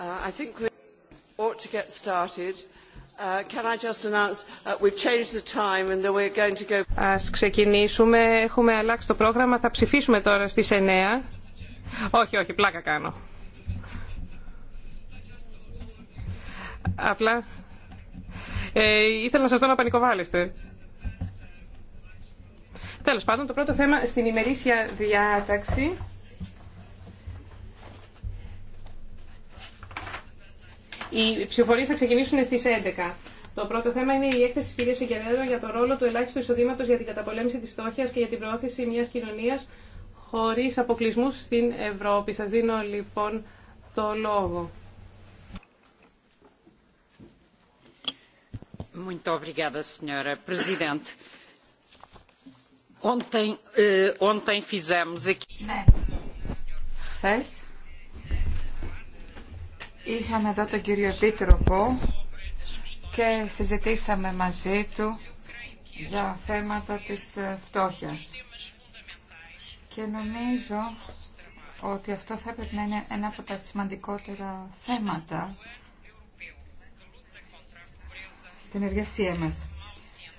Uh, I think we ought to get started. Uh, can I just announce uh, we've changed the time and we're going to go. Ας ξεκινήσουμε. Έχουμε αλλάξει το πρόγραμμα. Θα ψηφίσουμε τώρα στις 9. Όχι, όχι, πλάκα κάνω. Απλά ε, ήθελα να σας δω να πανικοβάλλεστε. Τέλος πάντων, το πρώτο θέμα στην ημερήσια διάταξη Οι ψηφοφορίε θα ξεκινήσουν στι 11. Το πρώτο θέμα είναι η έκθεση τη κυρία Φικερέδο για το ρόλο του ελάχιστου εισοδήματο για την καταπολέμηση τη φτώχεια και για την προώθηση μια κοινωνία χωρί αποκλεισμού στην Ευρώπη. Σα δίνω λοιπόν το λόγο. Muito obrigada, presidente. Ontem, eh, ontem fizemos ναι. Είχαμε εδώ τον κύριο Επίτροπο και συζητήσαμε μαζί του για θέματα της ε, φτώχειας. Και νομίζω ότι αυτό θα έπρεπε να είναι ένα από τα σημαντικότερα θέματα στην εργασία μας.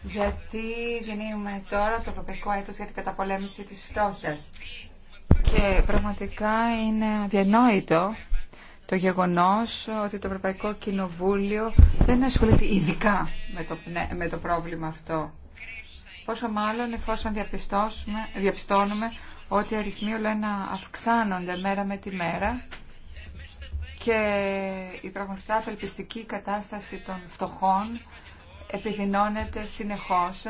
Γιατί γεννήουμε τώρα το Ευρωπαϊκό Έτος για την καταπολέμηση της φτώχειας. Και πραγματικά είναι αδιανόητο το γεγονός ότι το Ευρωπαϊκό Κοινοβούλιο δεν ασχολείται ειδικά με το, ναι, με το πρόβλημα αυτό. Πόσο μάλλον εφόσον διαπιστώνουμε ότι οι αριθμοί όλα να αυξάνονται μέρα με τη μέρα και η πραγματικά απελπιστική κατάσταση των φτωχών επιδεινώνεται συνεχώς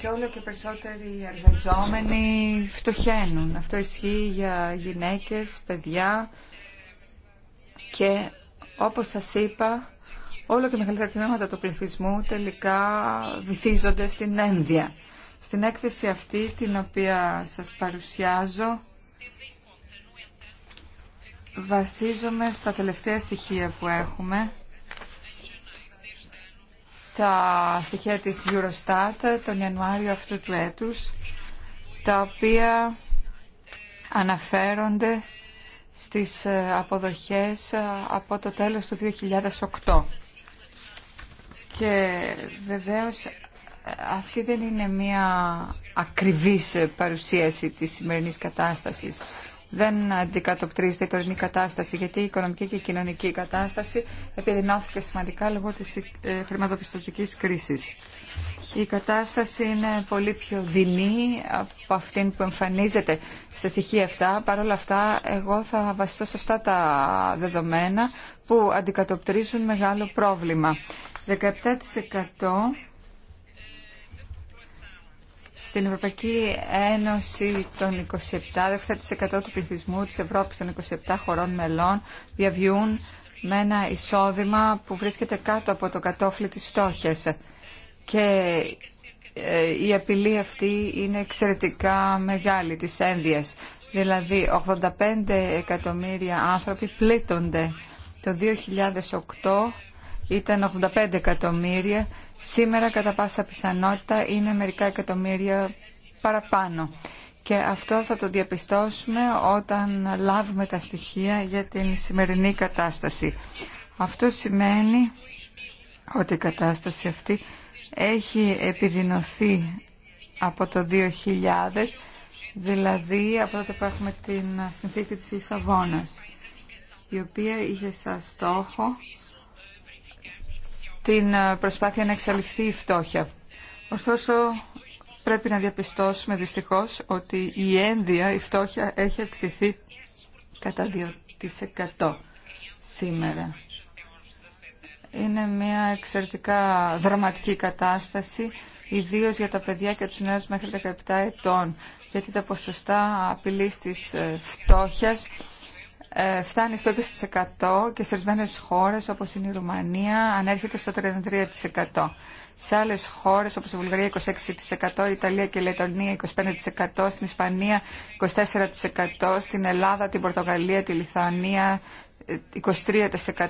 και όλο και περισσότεροι εργαζόμενοι φτωχαίνουν. Αυτό ισχύει για γυναίκες, παιδιά, και όπως σας είπα όλο και μεγαλύτερα τμήματα του πληθυσμού τελικά βυθίζονται στην ένδια. Στην έκθεση αυτή την οποία σας παρουσιάζω βασίζομαι στα τελευταία στοιχεία που έχουμε τα στοιχεία της Eurostat τον Ιανουάριο αυτού του έτους τα οποία αναφέρονται στις ε, αποδοχές ε, από το τέλος του 2008. Και βεβαίως ε, αυτή δεν είναι μια ακριβής παρουσίαση της σημερινής κατάστασης. Δεν αντικατοπτρίζεται η τωρινή κατάσταση, γιατί η οικονομική και η κοινωνική κατάσταση επιδεινώθηκε σημαντικά λόγω της χρηματοπιστωτικής κρίσης. Η κατάσταση είναι πολύ πιο δεινή από αυτήν που εμφανίζεται στα στοιχεία αυτά. Παρ' όλα αυτά, εγώ θα βασιστώ σε αυτά τα δεδομένα που αντικατοπτρίζουν μεγάλο πρόβλημα. 17% στην Ευρωπαϊκή Ένωση των 27, 17% του πληθυσμού της Ευρώπης των 27 χωρών μελών διαβιούν με ένα εισόδημα που βρίσκεται κάτω από το κατόφλι της φτώχειας και ε, η απειλή αυτή είναι εξαιρετικά μεγάλη της ένδυας. Δηλαδή 85 εκατομμύρια άνθρωποι πλήττονται. Το 2008 ήταν 85 εκατομμύρια, σήμερα κατά πάσα πιθανότητα είναι μερικά εκατομμύρια παραπάνω. Και αυτό θα το διαπιστώσουμε όταν λάβουμε τα στοιχεία για την σημερινή κατάσταση. Αυτό σημαίνει ότι η κατάσταση αυτή έχει επιδεινωθεί από το 2000, δηλαδή από τότε που έχουμε την συνθήκη της Λισαβόνας, η οποία είχε σαν στόχο την προσπάθεια να εξαλειφθεί η φτώχεια. Ωστόσο, πρέπει να διαπιστώσουμε δυστυχώς ότι η ένδια, η φτώχεια, έχει αυξηθεί κατά 2% σήμερα. Είναι μια εξαιρετικά δραματική κατάσταση, ιδίως για τα παιδιά και τους νέους μέχρι 17 ετών, γιατί τα ποσοστά απειλής της ε, φτώχειας ε, φτάνει στο 20% και σε ορισμένε χώρες όπως είναι η Ρουμανία ανέρχεται στο 33%. Σε άλλες χώρες όπως η Βουλγαρία 26%, η Ιταλία και η Λετωνία 25%, στην Ισπανία 24%, στην Ελλάδα, την Πορτογαλία, τη Λιθανία,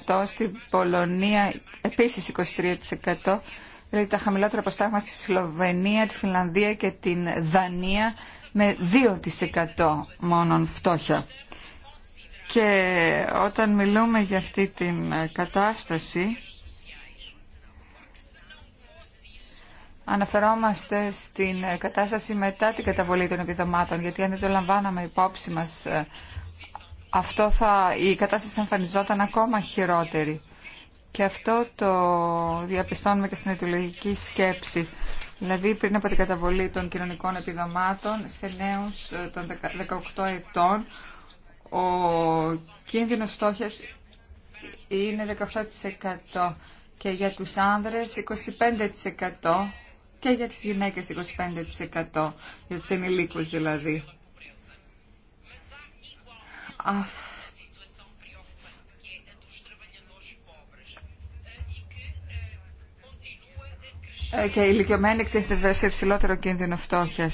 23%, στην Πολωνία επίσης 23%, δηλαδή τα χαμηλότερα αποστάγματα στη Σλοβενία, τη Φιλανδία και την Δανία με 2% μόνον φτώχεια. Και όταν μιλούμε για αυτή την ε, κατάσταση, αναφερόμαστε στην ε, κατάσταση μετά την καταβολή των επιδομάτων, γιατί αν δεν το λαμβάναμε υπόψη μας ε, αυτό θα, η κατάσταση θα εμφανιζόταν ακόμα χειρότερη. Και αυτό το διαπιστώνουμε και στην αιτιολογική σκέψη. Δηλαδή πριν από την καταβολή των κοινωνικών επιδομάτων σε νέους ε, των 18 ετών ο κίνδυνος στόχιας είναι 18% και για τους άνδρες 25% και για τις γυναίκες 25%, για τους ενηλίκους δηλαδή. Ε, και οι ηλικιωμένοι εκτίθενται σε υψηλότερο κίνδυνο φτώχεια.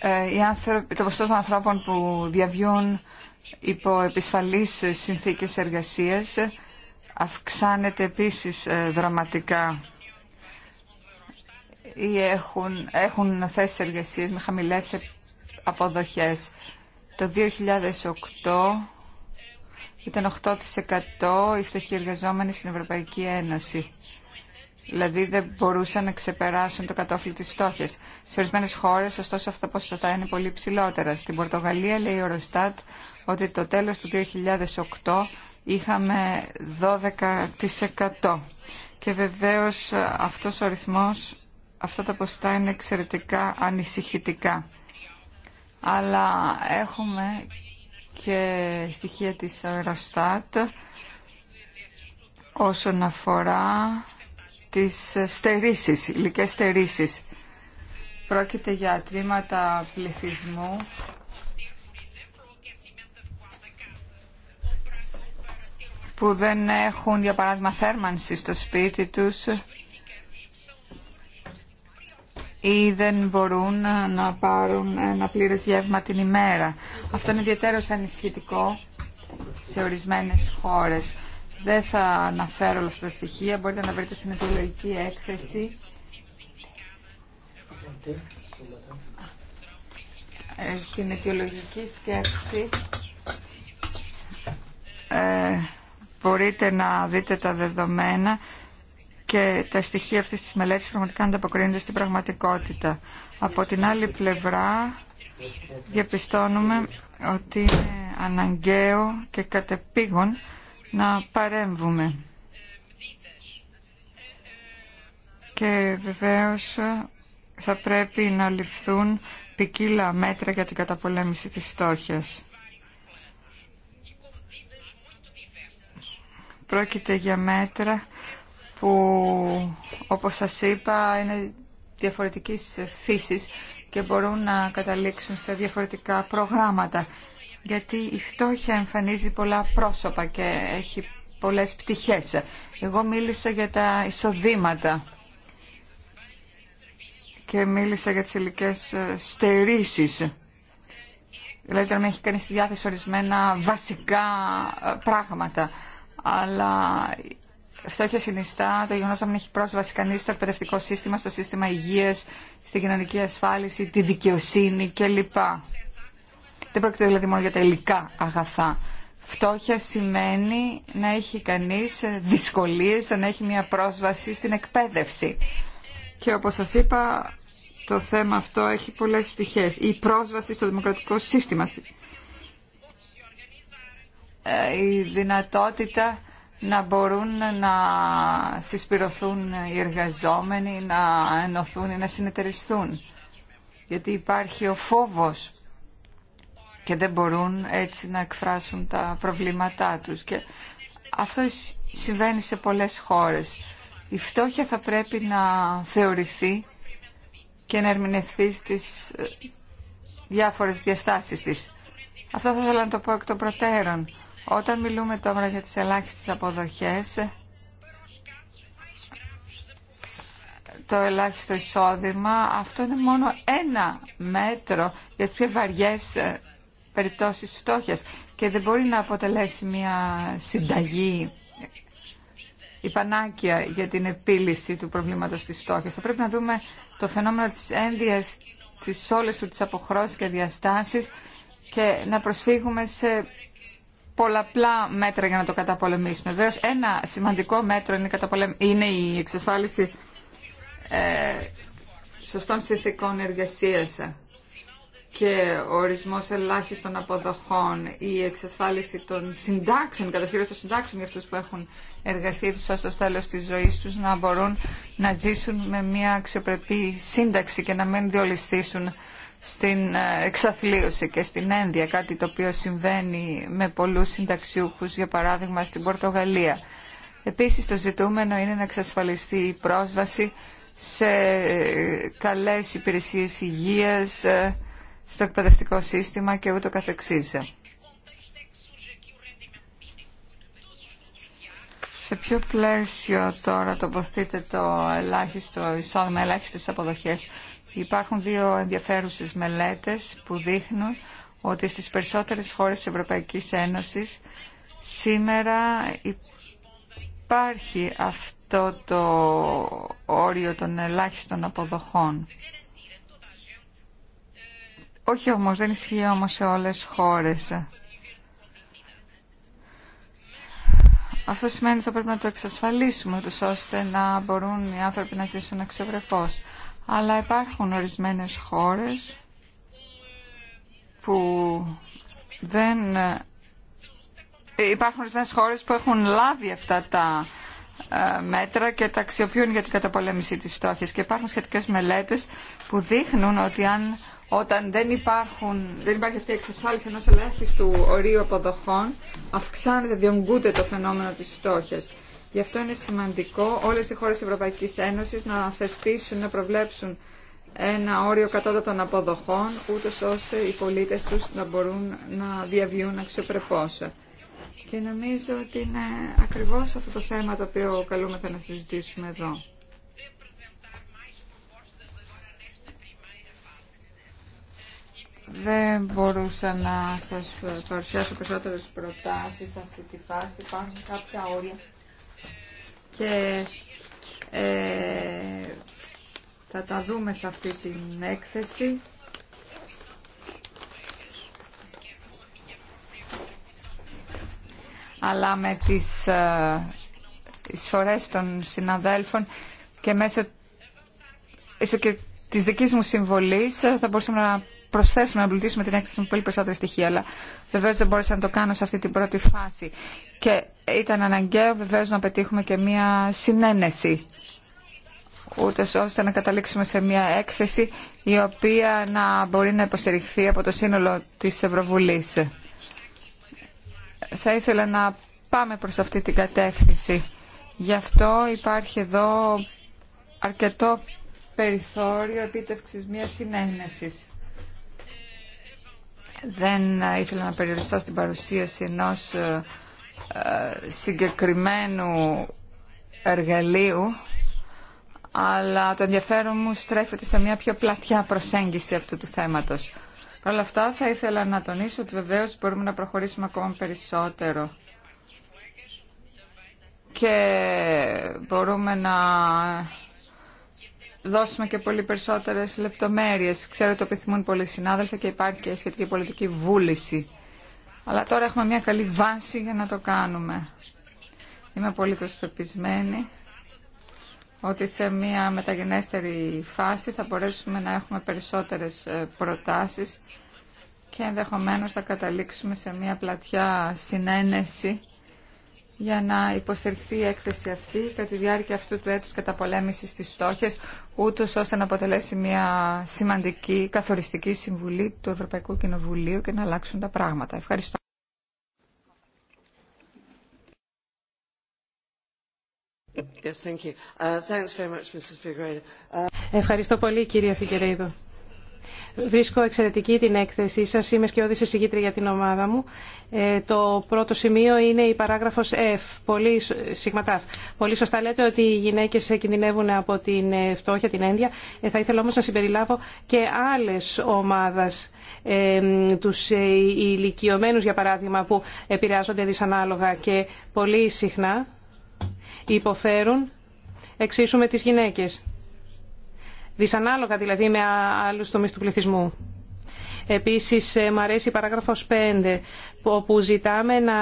Ε, το ποσοστό των ανθρώπων που διαβιούν υπό επισφαλής συνθήκες εργασίας αυξάνεται επίσης ε, δραματικά ή έχουν, έχουν θέσεις εργασίες με χαμηλές αποδοχές. Το 2008 ήταν 8% οι φτωχοί εργαζόμενοι στην Ευρωπαϊκή Ένωση. Δηλαδή δεν μπορούσαν να ξεπεράσουν το κατόφλι της φτώχειας. Σε ορισμένε χώρες, ωστόσο, αυτά τα ποσοστά είναι πολύ ψηλότερα. Στην Πορτογαλία λέει ο Ροστάτ ότι το τέλος του 2008 είχαμε 12%. Και βεβαίως αυτός ο ρυθμός αυτά τα ποστά είναι εξαιρετικά ανησυχητικά. Αλλά έχουμε και στοιχεία της Αεροστάτ όσον αφορά τις στερήσεις, υλικές στερήσεις. Πρόκειται για τμήματα πληθυσμού που δεν έχουν, για παράδειγμα, θέρμανση στο σπίτι τους ή δεν μπορούν να πάρουν ένα πλήρες γεύμα την ημέρα. Αυτό είναι ιδιαίτερο ανησυχητικό σε ορισμένες χώρες. Δεν θα αναφέρω όλα αυτά τα στοιχεία, μπορείτε να βρείτε στην επιλογική έκθεση. Ε, στην αιτιολογική σκέψη ε, μπορείτε να δείτε τα δεδομένα και τα στοιχεία αυτής της μελέτης πραγματικά ανταποκρίνονται στην πραγματικότητα. Από την άλλη πλευρά διαπιστώνουμε ότι είναι αναγκαίο και κατεπήγον να παρέμβουμε. Και βεβαίως θα πρέπει να ληφθούν ποικίλα μέτρα για την καταπολέμηση της φτώχειας. Πρόκειται για μέτρα που όπως σας είπα είναι διαφορετικής φύσης και μπορούν να καταλήξουν σε διαφορετικά προγράμματα γιατί η φτώχεια εμφανίζει πολλά πρόσωπα και έχει πολλές πτυχές. Εγώ μίλησα για τα εισοδήματα και μίλησα για τις υλικές ε, στερήσεις. Δηλαδή τώρα έχει κάνει στη διάθεση ορισμένα βασικά ε, πράγματα. Αλλά φτώχεια συνιστά το γεγονό ότι δεν έχει πρόσβαση κανεί στο εκπαιδευτικό σύστημα, στο σύστημα υγεία, στην κοινωνική ασφάλιση, τη δικαιοσύνη κλπ. Δεν πρόκειται δηλαδή μόνο για τα υλικά αγαθά. Φτώχεια σημαίνει να έχει κανεί δυσκολίε, στο να έχει μια πρόσβαση στην εκπαίδευση. Και όπω σα είπα, το θέμα αυτό έχει πολλέ πτυχές. Η πρόσβαση στο δημοκρατικό σύστημα. Ε, η δυνατότητα να μπορούν να συσπηρωθούν οι εργαζόμενοι, να ενωθούν ή να συνεταιριστούν. Γιατί υπάρχει ο φόβος και δεν μπορούν έτσι να εκφράσουν τα προβλήματά τους. Και αυτό συμβαίνει σε πολλές χώρες. Η φτώχεια θα πρέπει να θεωρηθεί και να ερμηνευθεί στις ε, διάφορες διαστάσεις της. Αυτό θα ήθελα να το πω εκ των προτέρων όταν μιλούμε τώρα για τις ελάχιστες αποδοχές, το ελάχιστο εισόδημα, αυτό είναι μόνο ένα μέτρο για τις πιο βαριές ε, περιπτώσεις φτώχειας και δεν μπορεί να αποτελέσει μια συνταγή υπανάκια για την επίλυση του προβλήματος της φτώχειας. Θα πρέπει να δούμε το φαινόμενο της ένδυας, της όλες του της αποχρώσεις και διαστάσεις και να προσφύγουμε σε πολλαπλά μέτρα για να το καταπολεμήσουμε. Βέβαια, ένα σημαντικό μέτρο είναι, η εξασφάλιση ε, σωστών συνθήκων εργασία και ο ορισμός ελάχιστων αποδοχών, η εξασφάλιση των συντάξεων, η καταχείριση των συντάξεων για αυτούς που έχουν εργαστεί τους το τέλος της ζωής τους να μπορούν να ζήσουν με μια αξιοπρεπή σύνταξη και να μην διολυστήσουν στην ε, εξαθλίωση και στην ένδια, κάτι το οποίο συμβαίνει με πολλούς συνταξιούχους, για παράδειγμα στην Πορτογαλία. Επίσης το ζητούμενο είναι να εξασφαλιστεί η πρόσβαση σε ε, καλές υπηρεσίες υγείας, ε, στο εκπαιδευτικό σύστημα και ούτω καθεξής. Σε ποιο πλαίσιο τώρα τοποθετείτε το ελάχιστο εισόδημα, ελάχιστες αποδοχές Υπάρχουν δύο ενδιαφέρουσες μελέτες που δείχνουν ότι στις περισσότερες χώρες της Ευρωπαϊκής Ένωσης σήμερα υπάρχει αυτό το όριο των ελάχιστων αποδοχών. Όχι όμως, δεν ισχύει όμως σε όλες τις χώρες. Αυτό σημαίνει ότι θα πρέπει να το εξασφαλίσουμε, ώστε να μπορούν οι άνθρωποι να ζήσουν αξιοπρεπώς αλλά υπάρχουν ορισμένες χώρες που δεν... Ε, υπάρχουν ορισμένε χώρες που έχουν λάβει αυτά τα ε, μέτρα και τα αξιοποιούν για την καταπολέμηση της φτώχειας και υπάρχουν σχετικές μελέτες που δείχνουν ότι αν, όταν δεν, υπάρχουν, δεν υπάρχει αυτή η εξασφάλιση ενός ελάχιστου ορίου αποδοχών αυξάνεται, διονγκούται το φαινόμενο της φτώχειας. Γι' αυτό είναι σημαντικό όλες οι χώρες Ευρωπαϊκής Ένωσης να θεσπίσουν, να προβλέψουν ένα όριο των αποδοχών, ούτως ώστε οι πολίτες τους να μπορούν να διαβιούν αξιοπρεπώς. Και νομίζω ότι είναι ακριβώς αυτό το θέμα το οποίο καλούμεθα να συζητήσουμε εδώ. Δεν μπορούσα να σας παρουσιάσω περισσότερες προτάσεις σε αυτή τη φάση. Υπάρχουν κάποια όρια και ε, θα τα δούμε σε αυτή την έκθεση. Αλλά με τις εισφορές των συναδέλφων και μέσω και της δικής μου συμβολής ε, θα μπορούσαμε να προσθέσουμε, να εμπλουτίσουμε την έκθεση με πολύ περισσότερα στοιχεία. Αλλά βεβαίως δεν μπόρεσα να το κάνω σε αυτή την πρώτη φάση και ήταν αναγκαίο βεβαίως να πετύχουμε και μία συνένεση ούτε ώστε να καταλήξουμε σε μια έκθεση η οποία να μπορεί να υποστηριχθεί από το σύνολο της Ευρωβουλής. Θα ήθελα να πάμε προς αυτή την κατεύθυνση. Γι' αυτό υπάρχει εδώ αρκετό περιθώριο επίτευξης μια συνένεσης. Δεν ήθελα να περιοριστώ στην παρουσίαση ενός ε, συγκεκριμένου εργαλείου αλλά το ενδιαφέρον μου στρέφεται σε μια πιο πλατιά προσέγγιση αυτού του θέματος. Παρ' όλα αυτά θα ήθελα να τονίσω ότι βεβαίως μπορούμε να προχωρήσουμε ακόμα περισσότερο και μπορούμε να δώσουμε και πολύ περισσότερες λεπτομέρειες. Ξέρω ότι το επιθυμούν πολλοί συνάδελφοι και υπάρχει και σχετική πολιτική βούληση αλλά τώρα έχουμε μια καλή βάση για να το κάνουμε. Είμαι πολύ προσπεπισμένη ότι σε μια μεταγενέστερη φάση θα μπορέσουμε να έχουμε περισσότερες ε, προτάσεις και ενδεχομένως θα καταλήξουμε σε μια πλατιά συνένεση για να υποστηριχθεί η έκθεση αυτή κατά τη διάρκεια αυτού του έτους πολέμηση της φτώχειας, ούτως ώστε να αποτελέσει μια σημαντική καθοριστική συμβουλή του Ευρωπαϊκού Κοινοβουλίου και να αλλάξουν τα πράγματα. Ευχαριστώ. Yes, thank you. Uh, thanks very much, Mrs. Uh, Ευχαριστώ πολύ, κύριε Φιγκερέιδο. Βρίσκω εξαιρετική την έκθεσή σας. Είμαι σκιώδης εισηγήτρια για την ομάδα μου. Ε, το πρώτο σημείο είναι η παράγραφος F, πολύ, σιγματάφ. Πολύ σωστά λέτε ότι οι γυναίκες κινδυνεύουν από την ε, φτώχεια, την ένδια. Ε, θα ήθελα όμως να συμπεριλάβω και άλλες ομάδες, ε, τους ηλικιωμένους για παράδειγμα, που επηρεάζονται δυσανάλογα και πολύ συχνά υποφέρουν εξίσου με τις γυναίκες δυσανάλογα δηλαδή με άλλους τομείς του πληθυσμού. Επίσης, ε, μου αρέσει η παράγραφος 5 όπου ζητάμε να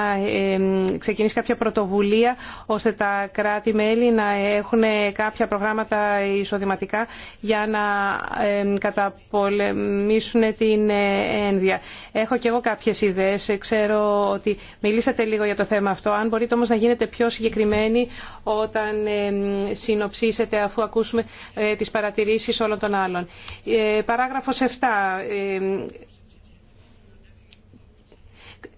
ξεκινήσει κάποια πρωτοβουλία ώστε τα κράτη-μέλη να έχουν κάποια προγράμματα εισοδηματικά για να καταπολεμήσουν την ε, ένδια. Έχω και εγώ κάποιες ιδέες. Ξέρω ότι μιλήσατε λίγο για το θέμα αυτό. Αν μπορείτε όμως να γίνετε πιο συγκεκριμένοι όταν συνοψίσετε αφού ακούσουμε ε, τις παρατηρήσεις όλων των άλλων. Ε, παράγραφος 7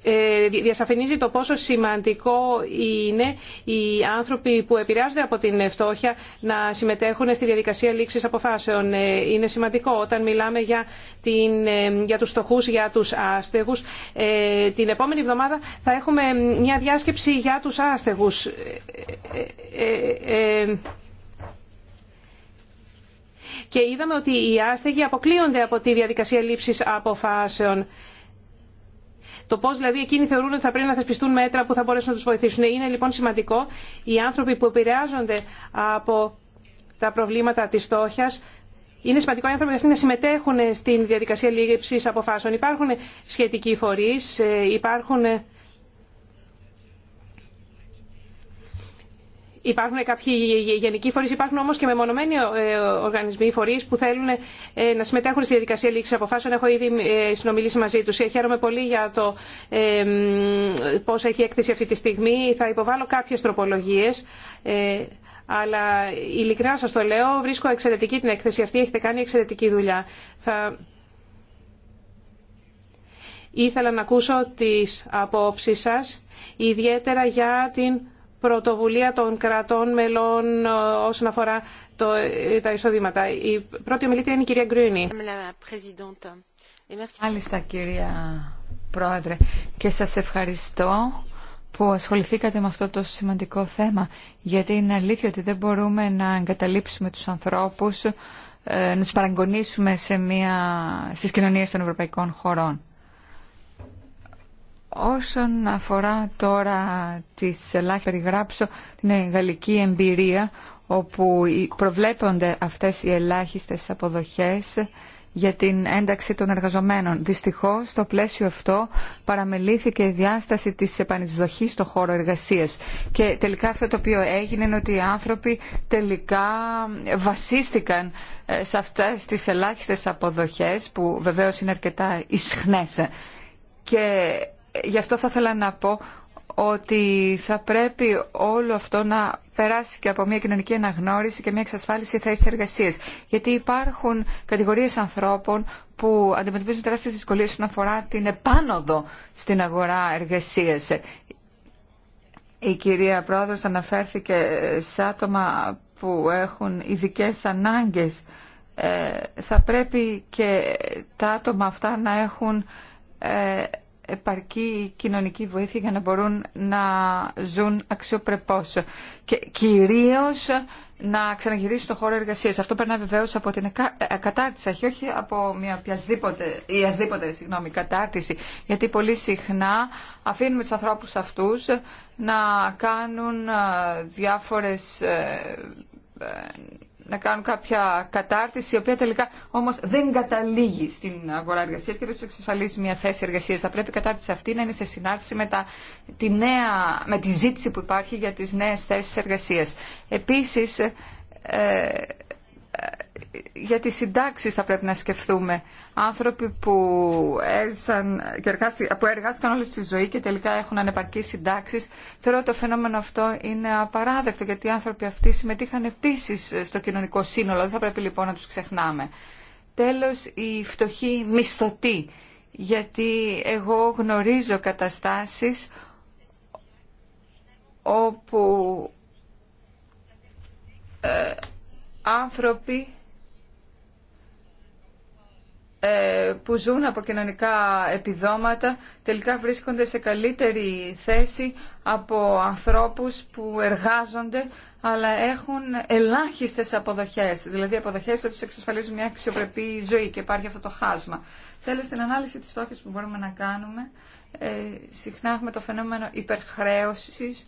ε, διασαφηνίζει το πόσο σημαντικό είναι οι άνθρωποι που επηρεάζονται από την φτώχεια να συμμετέχουν στη διαδικασία λήξης αποφάσεων. Ε, είναι σημαντικό όταν μιλάμε για, την, ε, για τους φτωχούς, για τους άστεγους. Την επόμενη εβδομάδα θα έχουμε μια διάσκεψη για τους άστεγους. Και είδαμε ότι οι άστεγοι αποκλείονται από τη διαδικασία λήψης αποφάσεων. Το πώ δηλαδή εκείνοι θεωρούν ότι θα πρέπει να θεσπιστούν μέτρα που θα μπορέσουν να του βοηθήσουν. Είναι λοιπόν σημαντικό οι άνθρωποι που επηρεάζονται από τα προβλήματα τη στόχια είναι σημαντικό οι άνθρωποι αυτοί να συμμετέχουν στην διαδικασία λήψη αποφάσεων. Υπάρχουν σχετικοί φορεί, ε, υπάρχουν ε, Υπάρχουν κάποιοι γενικοί φορεί, υπάρχουν όμω και μεμονωμένοι ε, οργανισμοί, φορεί που θέλουν ε, να συμμετέχουν στη διαδικασία λήξη αποφάσεων. Έχω ήδη ε, συνομιλήσει μαζί του. Χαίρομαι πολύ για το πώ έχει έκθεση αυτή τη στιγμή. Θα υποβάλω κάποιε τροπολογίε. Αλλά ειλικρινά σα το λέω, βρίσκω εξαιρετική την έκθεση αυτή. Έχετε κάνει εξαιρετική δουλειά. Θα... Ήθελα να ακούσω τι απόψει σα, ιδιαίτερα για την πρωτοβουλία των κρατών μελών ε, όσον αφορά το, ε, τα εισοδήματα. Η πρώτη ομιλήτρια είναι η κυρία Γκρίνη. Μάλιστα κυρία Πρόεδρε και σας ευχαριστώ που ασχοληθήκατε με αυτό το σημαντικό θέμα γιατί είναι αλήθεια ότι δεν μπορούμε να εγκαταλείψουμε τους ανθρώπους ε, να τους παραγκονίσουμε σε μια, στις κοινωνίες των ευρωπαϊκών χωρών. Όσον αφορά τώρα τις ελάχιστες περιγράψω την γαλλική εμπειρία όπου προβλέπονται αυτές οι ελάχιστες αποδοχές για την ένταξη των εργαζομένων. Δυστυχώς, στο πλαίσιο αυτό παραμελήθηκε η διάσταση της επανεισδοχής στο χώρο εργασίας. Και τελικά αυτό το οποίο έγινε είναι ότι οι άνθρωποι τελικά βασίστηκαν ε, σε αυτές τις ελάχιστες αποδοχές που βεβαίως είναι αρκετά ισχνές. Και γι' αυτό θα ήθελα να πω ότι θα πρέπει όλο αυτό να περάσει και από μια κοινωνική αναγνώριση και μια εξασφάλιση θέση εργασία. Γιατί υπάρχουν κατηγορίες ανθρώπων που αντιμετωπίζουν τεράστιες δυσκολίε όσον αφορά την επάνωδο στην αγορά εργασία. Η κυρία Πρόεδρος αναφέρθηκε σε άτομα που έχουν ειδικέ ανάγκες. Ε, θα πρέπει και τα άτομα αυτά να έχουν ε, επαρκή κοινωνική βοήθεια για να μπορούν να ζουν αξιοπρεπώς και κυρίως να ξαναγυρίσουν το χώρο εργασίας. Αυτό περνά βεβαίω από την ε, κατάρτιση, όχι από μια οποιασδήποτε, ή συγγνώμη, κατάρτιση, γιατί πολύ συχνά αφήνουμε τους ανθρώπους αυτούς να κάνουν ε, διάφορες ε, να κάνουν κάποια κατάρτιση, η οποία τελικά όμως δεν καταλήγει στην αγορά εργασία και δεν του εξασφαλίζει μια θέση εργασία. Θα πρέπει η κατάρτιση αυτή να είναι σε συνάρτηση με, τα, τη, νέα, με τη ζήτηση που υπάρχει για τις νέες θέσει εργασία. Επίσης, ε, για τις συντάξεις θα πρέπει να σκεφτούμε. Άνθρωποι που, έζησαν, που εργάστηκαν όλη τη ζωή και τελικά έχουν ανεπαρκείς συντάξεις, θεωρώ ότι το φαινόμενο αυτό είναι απαράδεκτο, γιατί οι άνθρωποι αυτοί συμμετείχαν επίση στο κοινωνικό σύνολο, δεν θα πρέπει λοιπόν να τους ξεχνάμε. Τέλος, η φτωχή μισθωτή, γιατί εγώ γνωρίζω καταστάσεις όπου... Ε, άνθρωποι ε, που ζουν από κοινωνικά επιδόματα τελικά βρίσκονται σε καλύτερη θέση από ανθρώπους που εργάζονται αλλά έχουν ελάχιστες αποδοχές, δηλαδή αποδοχές που τους εξασφαλίζουν μια αξιοπρεπή ζωή και υπάρχει αυτό το χάσμα. Τέλος, στην ανάλυση της στόχης που μπορούμε να κάνουμε, ε, συχνά έχουμε το φαινόμενο υπερχρέωσης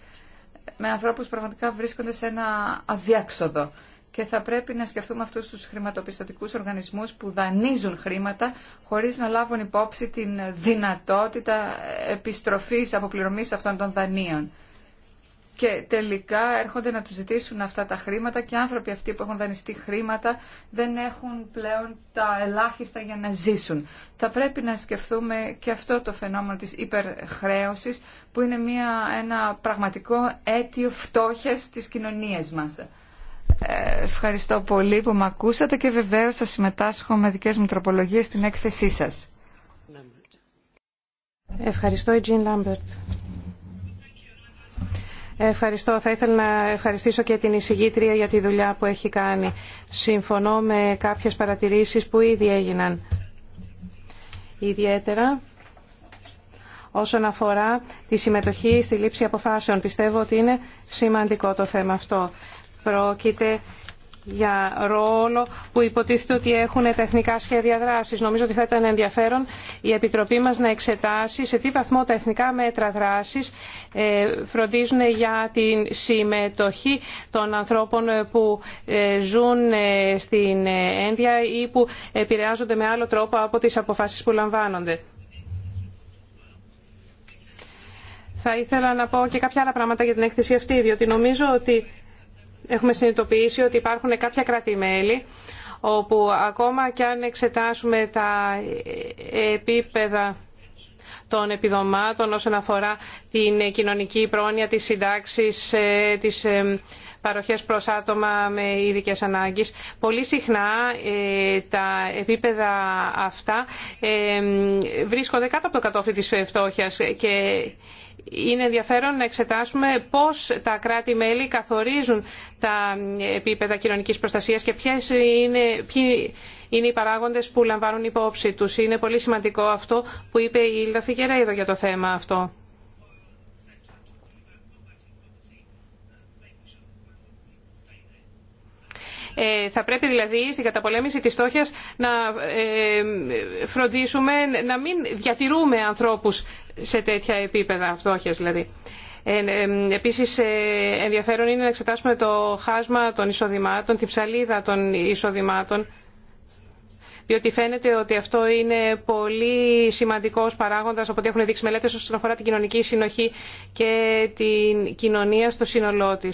με ανθρώπους που πραγματικά βρίσκονται σε ένα αδιάξοδο και θα πρέπει να σκεφτούμε αυτούς τους χρηματοπιστωτικούς οργανισμούς που δανείζουν χρήματα χωρίς να λάβουν υπόψη την δυνατότητα επιστροφής αποπληρωμής αυτών των δανείων. Και τελικά έρχονται να τους ζητήσουν αυτά τα χρήματα και οι άνθρωποι αυτοί που έχουν δανειστεί χρήματα δεν έχουν πλέον τα ελάχιστα για να ζήσουν. Θα πρέπει να σκεφτούμε και αυτό το φαινόμενο της υπερχρέωσης που είναι ένα πραγματικό αίτιο φτώχειας της κοινωνίας μας. Ε, ευχαριστώ πολύ που με ακούσατε και βεβαίως θα συμμετάσχω με δικές μου τροπολογίες στην έκθεσή σας. Ευχαριστώ, Jean Λάμπερτ. Ευχαριστώ. Θα ήθελα να ευχαριστήσω και την εισηγήτρια για τη δουλειά που έχει κάνει. Συμφωνώ με κάποιες παρατηρήσεις που ήδη έγιναν. Ιδιαίτερα όσον αφορά τη συμμετοχή στη λήψη αποφάσεων. Πιστεύω ότι είναι σημαντικό το θέμα αυτό. Πρόκειται για ρόλο που υποτίθεται ότι έχουν τα εθνικά σχέδια δράσης. Νομίζω ότι θα ήταν ενδιαφέρον η Επιτροπή μας να εξετάσει σε τι βαθμό τα εθνικά μέτρα δράσης ε, φροντίζουν για την συμμετοχή των ανθρώπων που ε, ζουν ε, στην Ένδια ή που επηρεάζονται με άλλο τρόπο από τις αποφάσεις που λαμβάνονται. Θα ήθελα να πω και κάποια άλλα πράγματα για την έκθεση αυτή, διότι νομίζω ότι έχουμε συνειδητοποιήσει ότι υπάρχουν κάποια όπου ακόμα και αν εξετάσουμε τα επίπεδα των επιδομάτων όσον αφορά την κοινωνική πρόνοια, της συντάξης, ε, της ε, παροχές προς άτομα με ειδικές ανάγκες. Πολύ συχνά ε, τα επίπεδα αυτά βρίσκονται κάτω από το κατόφλι της φτώχειας και είναι ενδιαφέρον να εξετάσουμε πώς τα κράτη-μέλη καθορίζουν τα επίπεδα κοινωνικής προστασίας και ποιες είναι, ποιοι είναι οι παράγοντες που λαμβάνουν υπόψη τους. Είναι πολύ σημαντικό αυτό που είπε η Ήλτα εδώ για το θέμα αυτό. Ε, θα πρέπει δηλαδή στην καταπολέμηση της στόχιας να ε, φροντίσουμε να μην διατηρούμε ανθρώπους σε τέτοια επίπεδα φτώχειας δηλαδή. Ε, επίσης ενδιαφέρον είναι να εξετάσουμε το χάσμα των εισοδημάτων, την ψαλίδα των εισοδημάτων διότι φαίνεται ότι αυτό είναι πολύ σημαντικό παράγοντα από ό,τι έχουν δείξει μελέτε όσον αφορά την κοινωνική συνοχή και την κοινωνία στο σύνολό τη.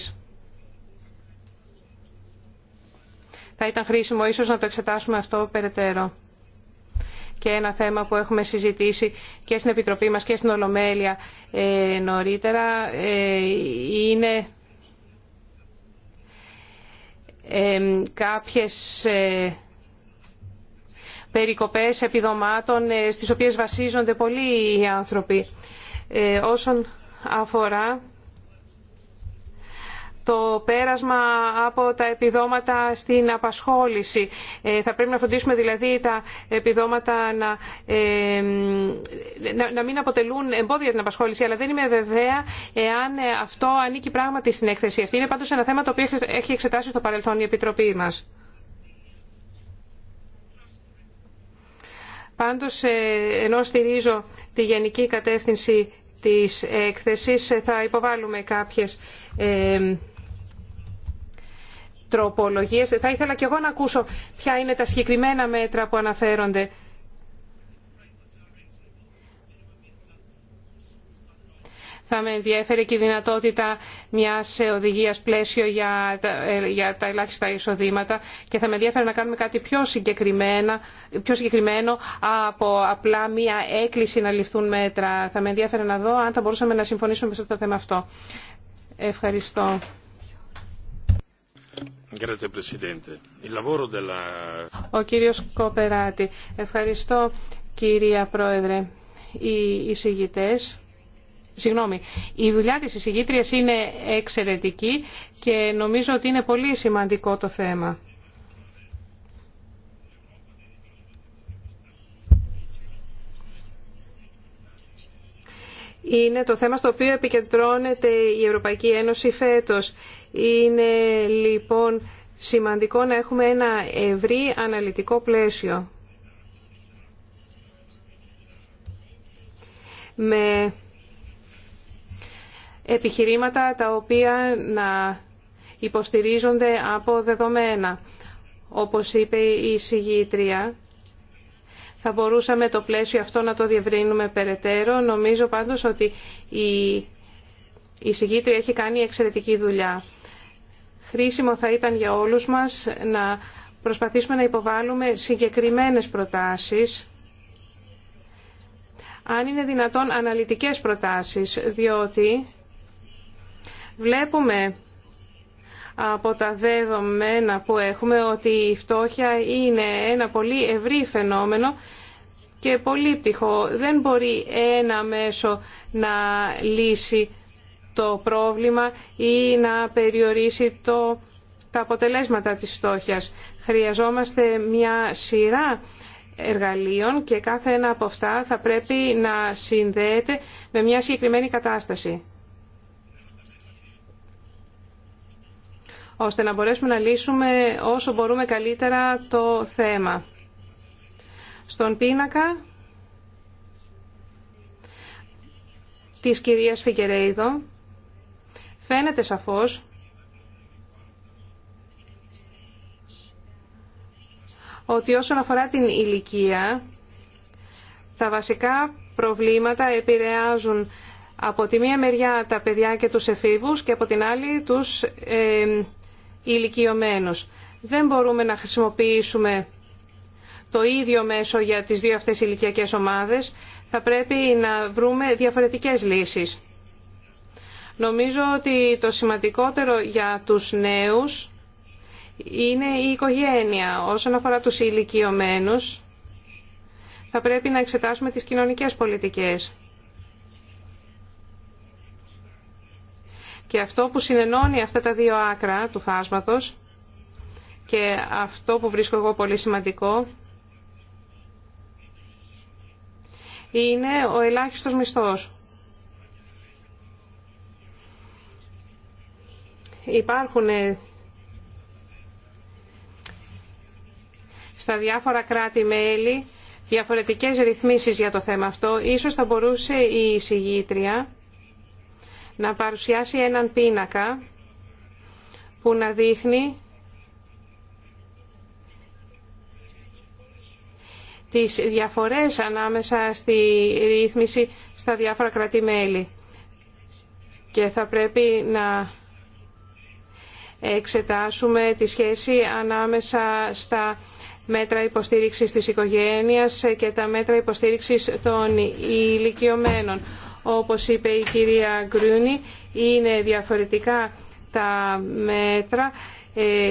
Θα ήταν χρήσιμο ίσως να το εξετάσουμε αυτό περαιτέρω. Και ένα θέμα που έχουμε συζητήσει και στην Επιτροπή μας και στην Ολομέλεια ε, νωρίτερα ε, είναι ε, κάποιες περικοπές επιδομάτων στις οποίες βασίζονται πολλοί οι άνθρωποι. Όσον αφορά το πέρασμα από τα επιδόματα στην απασχόληση. Ε, θα πρέπει να φροντίσουμε δηλαδή τα επιδόματα να, ε, να μην αποτελούν εμπόδια την απασχόληση, αλλά δεν είμαι βεβαία εάν αυτό ανήκει πράγματι στην έκθεση αυτή. Είναι πάντως ένα θέμα το οποίο έχει εξετάσει στο παρελθόν η Επιτροπή μας. Πάντως, ε, ενώ στηρίζω τη γενική κατεύθυνση της έκθεσης, θα υποβάλουμε κάποιες τροπολογίες. Θα ήθελα και εγώ να ακούσω ποια είναι τα συγκεκριμένα μέτρα που αναφέρονται. Θα με ενδιαφέρει και η δυνατότητα μιας οδηγία πλαίσιο για τα, ε, για τα ελάχιστα εισοδήματα και θα με ενδιαφέρει να κάνουμε κάτι πιο, πιο συγκεκριμένο από απλά μια έκκληση να ληφθούν μέτρα. Θα με ενδιαφέρει να δω αν θα μπορούσαμε να συμφωνήσουμε αυτό το θέμα αυτό. Ευχαριστώ. Ο κύριος Κοπεράτη. Ευχαριστώ κυρία Πρόεδρε. Οι εισηγητές... Συγγνώμη, η δουλειά της εισηγήτριας είναι εξαιρετική και νομίζω ότι είναι πολύ σημαντικό το θέμα. είναι το θέμα στο οποίο επικεντρώνεται η Ευρωπαϊκή Ένωση φέτος. Είναι λοιπόν σημαντικό να έχουμε ένα ευρύ αναλυτικό πλαίσιο. Με επιχειρήματα τα οποία να υποστηρίζονται από δεδομένα. Όπως είπε η συγγήτρια, θα μπορούσαμε το πλαίσιο αυτό να το διευρύνουμε περαιτέρω. Νομίζω πάντως ότι η, η συγκήτρια έχει κάνει εξαιρετική δουλειά. Χρήσιμο θα ήταν για όλους μας να προσπαθήσουμε να υποβάλουμε συγκεκριμένες προτάσεις, αν είναι δυνατόν αναλυτικές προτάσεις, διότι βλέπουμε από τα δεδομένα που έχουμε ότι η φτώχεια είναι ένα πολύ ευρύ φαινόμενο και πολύπτυχο. Δεν μπορεί ένα μέσο να λύσει το πρόβλημα ή να περιορίσει το, τα αποτελέσματα της φτώχειας. Χρειαζόμαστε μια σειρά εργαλείων και κάθε ένα από αυτά θα πρέπει να συνδέεται με μια συγκεκριμένη κατάσταση. ώστε να μπορέσουμε να λύσουμε όσο μπορούμε καλύτερα το θέμα. Στον πίνακα της κυρίας Φικερέιδο φαίνεται σαφώς ότι όσον αφορά την ηλικία, τα βασικά προβλήματα επηρεάζουν από τη μία μεριά τα παιδιά και τους εφήβους και από την άλλη τους ε, ηλικιωμένους. Δεν μπορούμε να χρησιμοποιήσουμε το ίδιο μέσο για τις δύο αυτές ηλικιακές ομάδες. Θα πρέπει να βρούμε διαφορετικές λύσεις. Νομίζω ότι το σημαντικότερο για τους νέους είναι η οικογένεια. Όσον αφορά τους ηλικιωμένους, θα πρέπει να εξετάσουμε τις κοινωνικές πολιτικές. Και αυτό που συνενώνει αυτά τα δύο άκρα του φάσματος και αυτό που βρίσκω εγώ πολύ σημαντικό είναι ο ελάχιστος μισθός. Υπάρχουν ε, στα διάφορα κράτη-μέλη διαφορετικές ρυθμίσεις για το θέμα αυτό. Ίσως θα μπορούσε η εισηγήτρια να παρουσιάσει έναν πίνακα που να δείχνει τις διαφορές ανάμεσα στη ρύθμιση στα διάφορα Και θα πρέπει να εξετάσουμε τη σχέση ανάμεσα στα μέτρα υποστήριξης της οικογένειας και τα μέτρα υποστήριξης των ηλικιωμένων. Όπως είπε η κυρία Γκρούνη, είναι διαφορετικά τα μέτρα. Ε,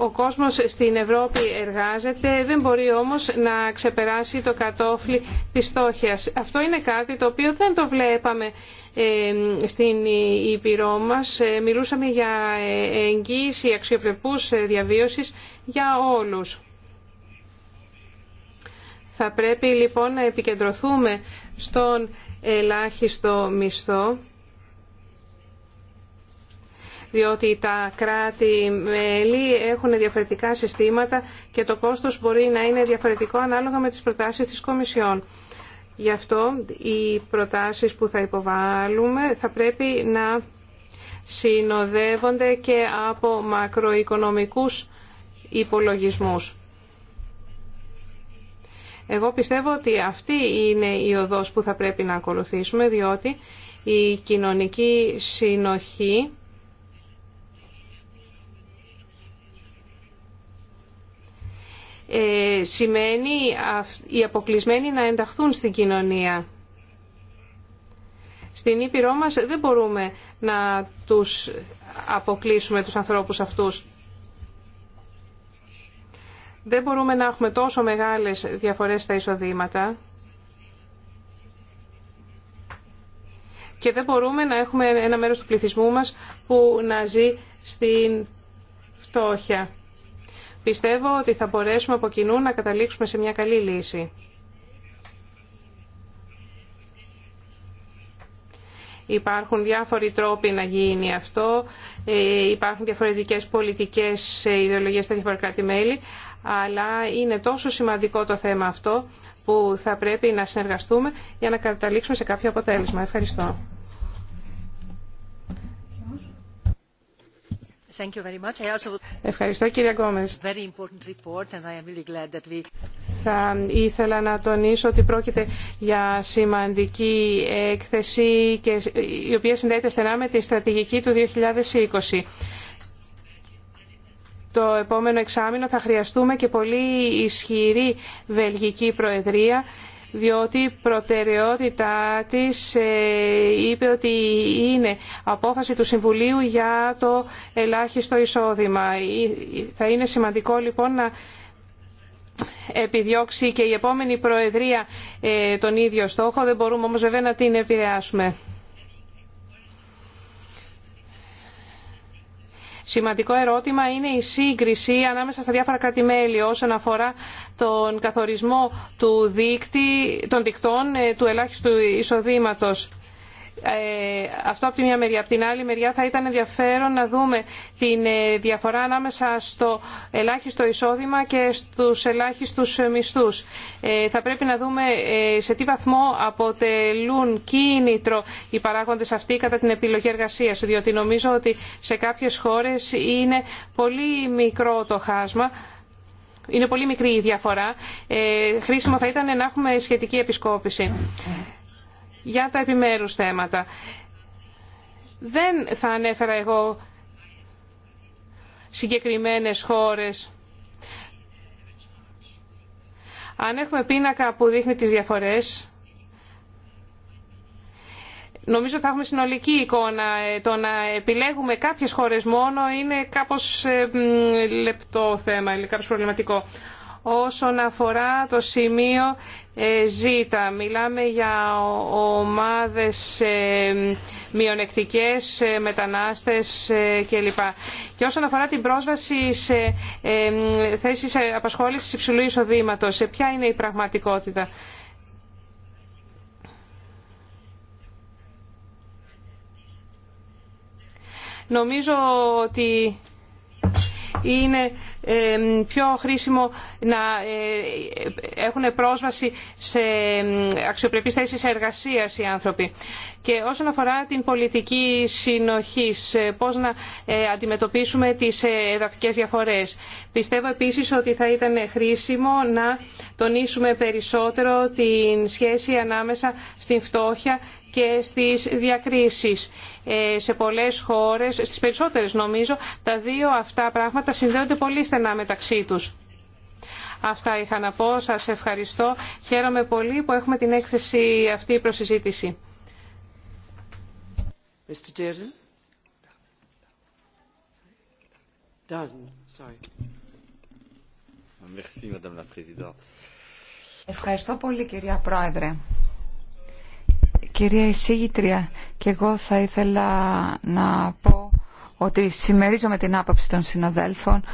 ο κόσμος στην Ευρώπη εργάζεται, δεν μπορεί όμως να ξεπεράσει το κατόφλι της στόχιας. Αυτό είναι κάτι το οποίο δεν το βλέπαμε ε, στην Ήπειρό μας. Ε, μιλούσαμε για εγγύηση αξιοπρεπούς διαβίωσης για όλους. Θα πρέπει λοιπόν να επικεντρωθούμε στον ελάχιστο μισθό διότι τα κράτη-μέλη έχουν διαφορετικά συστήματα και το κόστος μπορεί να είναι διαφορετικό ανάλογα με τις προτάσεις της Κομισιόν. Γι' αυτό οι προτάσεις που θα υποβάλουμε θα πρέπει να συνοδεύονται και από μακροοικονομικούς υπολογισμούς. Εγώ πιστεύω ότι αυτή είναι η οδός που θα πρέπει να ακολουθήσουμε, διότι η κοινωνική συνοχή ε, σημαίνει οι αποκλεισμένοι να ενταχθούν στην κοινωνία. Στην Ήπειρό μας δεν μπορούμε να τους αποκλείσουμε τους ανθρώπους αυτούς. Δεν μπορούμε να έχουμε τόσο μεγάλες διαφορές στα εισοδήματα και δεν μπορούμε να έχουμε ένα μέρος του πληθυσμού μας που να ζει στην φτώχεια. Πιστεύω ότι θα μπορέσουμε από κοινού να καταλήξουμε σε μια καλή λύση. Υπάρχουν διάφοροι τρόποι να γίνει αυτό, ε, υπάρχουν διαφορετικές πολιτικές ε, ιδεολογίες στα διαφορετικά μέλη, αλλά είναι τόσο σημαντικό το θέμα αυτό που θα πρέπει να συνεργαστούμε για να καταλήξουμε σε κάποιο αποτέλεσμα. Ευχαριστώ. Thank you very much. I also... Ευχαριστώ κύριε Γκόμες. Really we... Θα ήθελα να τονίσω ότι πρόκειται για σημαντική έκθεση και η οποία συνδέεται στενά με τη στρατηγική του 2020 το επόμενο εξάμεινο θα χρειαστούμε και πολύ ισχυρή βελγική προεδρία διότι η προτεραιότητά της ε, είπε ότι είναι απόφαση του Συμβουλίου για το ελάχιστο εισόδημα. Θα είναι σημαντικό λοιπόν να επιδιώξει και η επόμενη Προεδρία ε, τον ίδιο στόχο. Δεν μπορούμε όμως βέβαια να την επηρεάσουμε. Σημαντικό ερώτημα είναι η σύγκριση ανάμεσα στα διάφορα κράτη-μέλη όσον αφορά τον καθορισμό του των δικτών ε, του ελάχιστου εισοδήματος. Ε, αυτό από τη μια μεριά. Από την άλλη μεριά θα ήταν ενδιαφέρον να δούμε την ε, διαφορά ανάμεσα στο ελάχιστο εισόδημα και στους ελάχιστους ε, μισθούς. Θα πρέπει να δούμε σε τι βαθμό αποτελούν κίνητρο οι παράγοντες αυτοί κατά την επιλογή εργασίας, διότι νομίζω ότι σε κάποιες χώρες είναι πολύ μικρό το χάσμα είναι πολύ μικρή η διαφορά. Ε, χρήσιμο θα ήταν να έχουμε σχετική επισκόπηση για τα επιμέρους θέματα. Δεν θα ανέφερα εγώ συγκεκριμένες χώρες. Αν έχουμε πίνακα που δείχνει τις διαφορές, νομίζω θα έχουμε συνολική εικόνα. Ε, το να επιλέγουμε κάποιες χώρες μόνο είναι κάπως ε, λεπτό θέμα, είναι κάπως προβληματικό όσον αφορά το σημείο ε, Ζ. Μιλάμε για ομάδες ε, μειονεκτικές, ε, μετανάστες κλπ. Και όσον αφορά την πρόσβαση σε θέσεις απασχόλησης υψηλού εισοδήματος, ποια είναι η πραγματικότητα. Νομίζω ότι είναι πιο χρήσιμο να ε, ε, έχουν πρόσβαση σε αξιοπρεπείς θέσεις εργασίας οι άνθρωποι. Και όσον αφορά την πολιτική συνοχή, ε, πώς να αντιμετωπίσουμε τις εδαφικές διαφορές. Πιστεύω επίσης ότι θα ήταν χρήσιμο να τονίσουμε περισσότερο την σχέση ανάμεσα στην φτώχεια και στις διακρίσεις. Ε, σε πολλές χώρες, στις περισσότερες νομίζω, τα δύο αυτά πράγματα συνδέονται πολύ στενά μεταξύ τους. Αυτά είχα να πω. Σας ευχαριστώ. Χαίρομαι πολύ που έχουμε την έκθεση αυτή προς συζήτηση. Ευχαριστώ πολύ κυρία Πρόεδρε. Κυρία Εισήγητρια, και εγώ θα ήθελα να πω ότι συμμερίζομαι την άποψη των συναδέλφων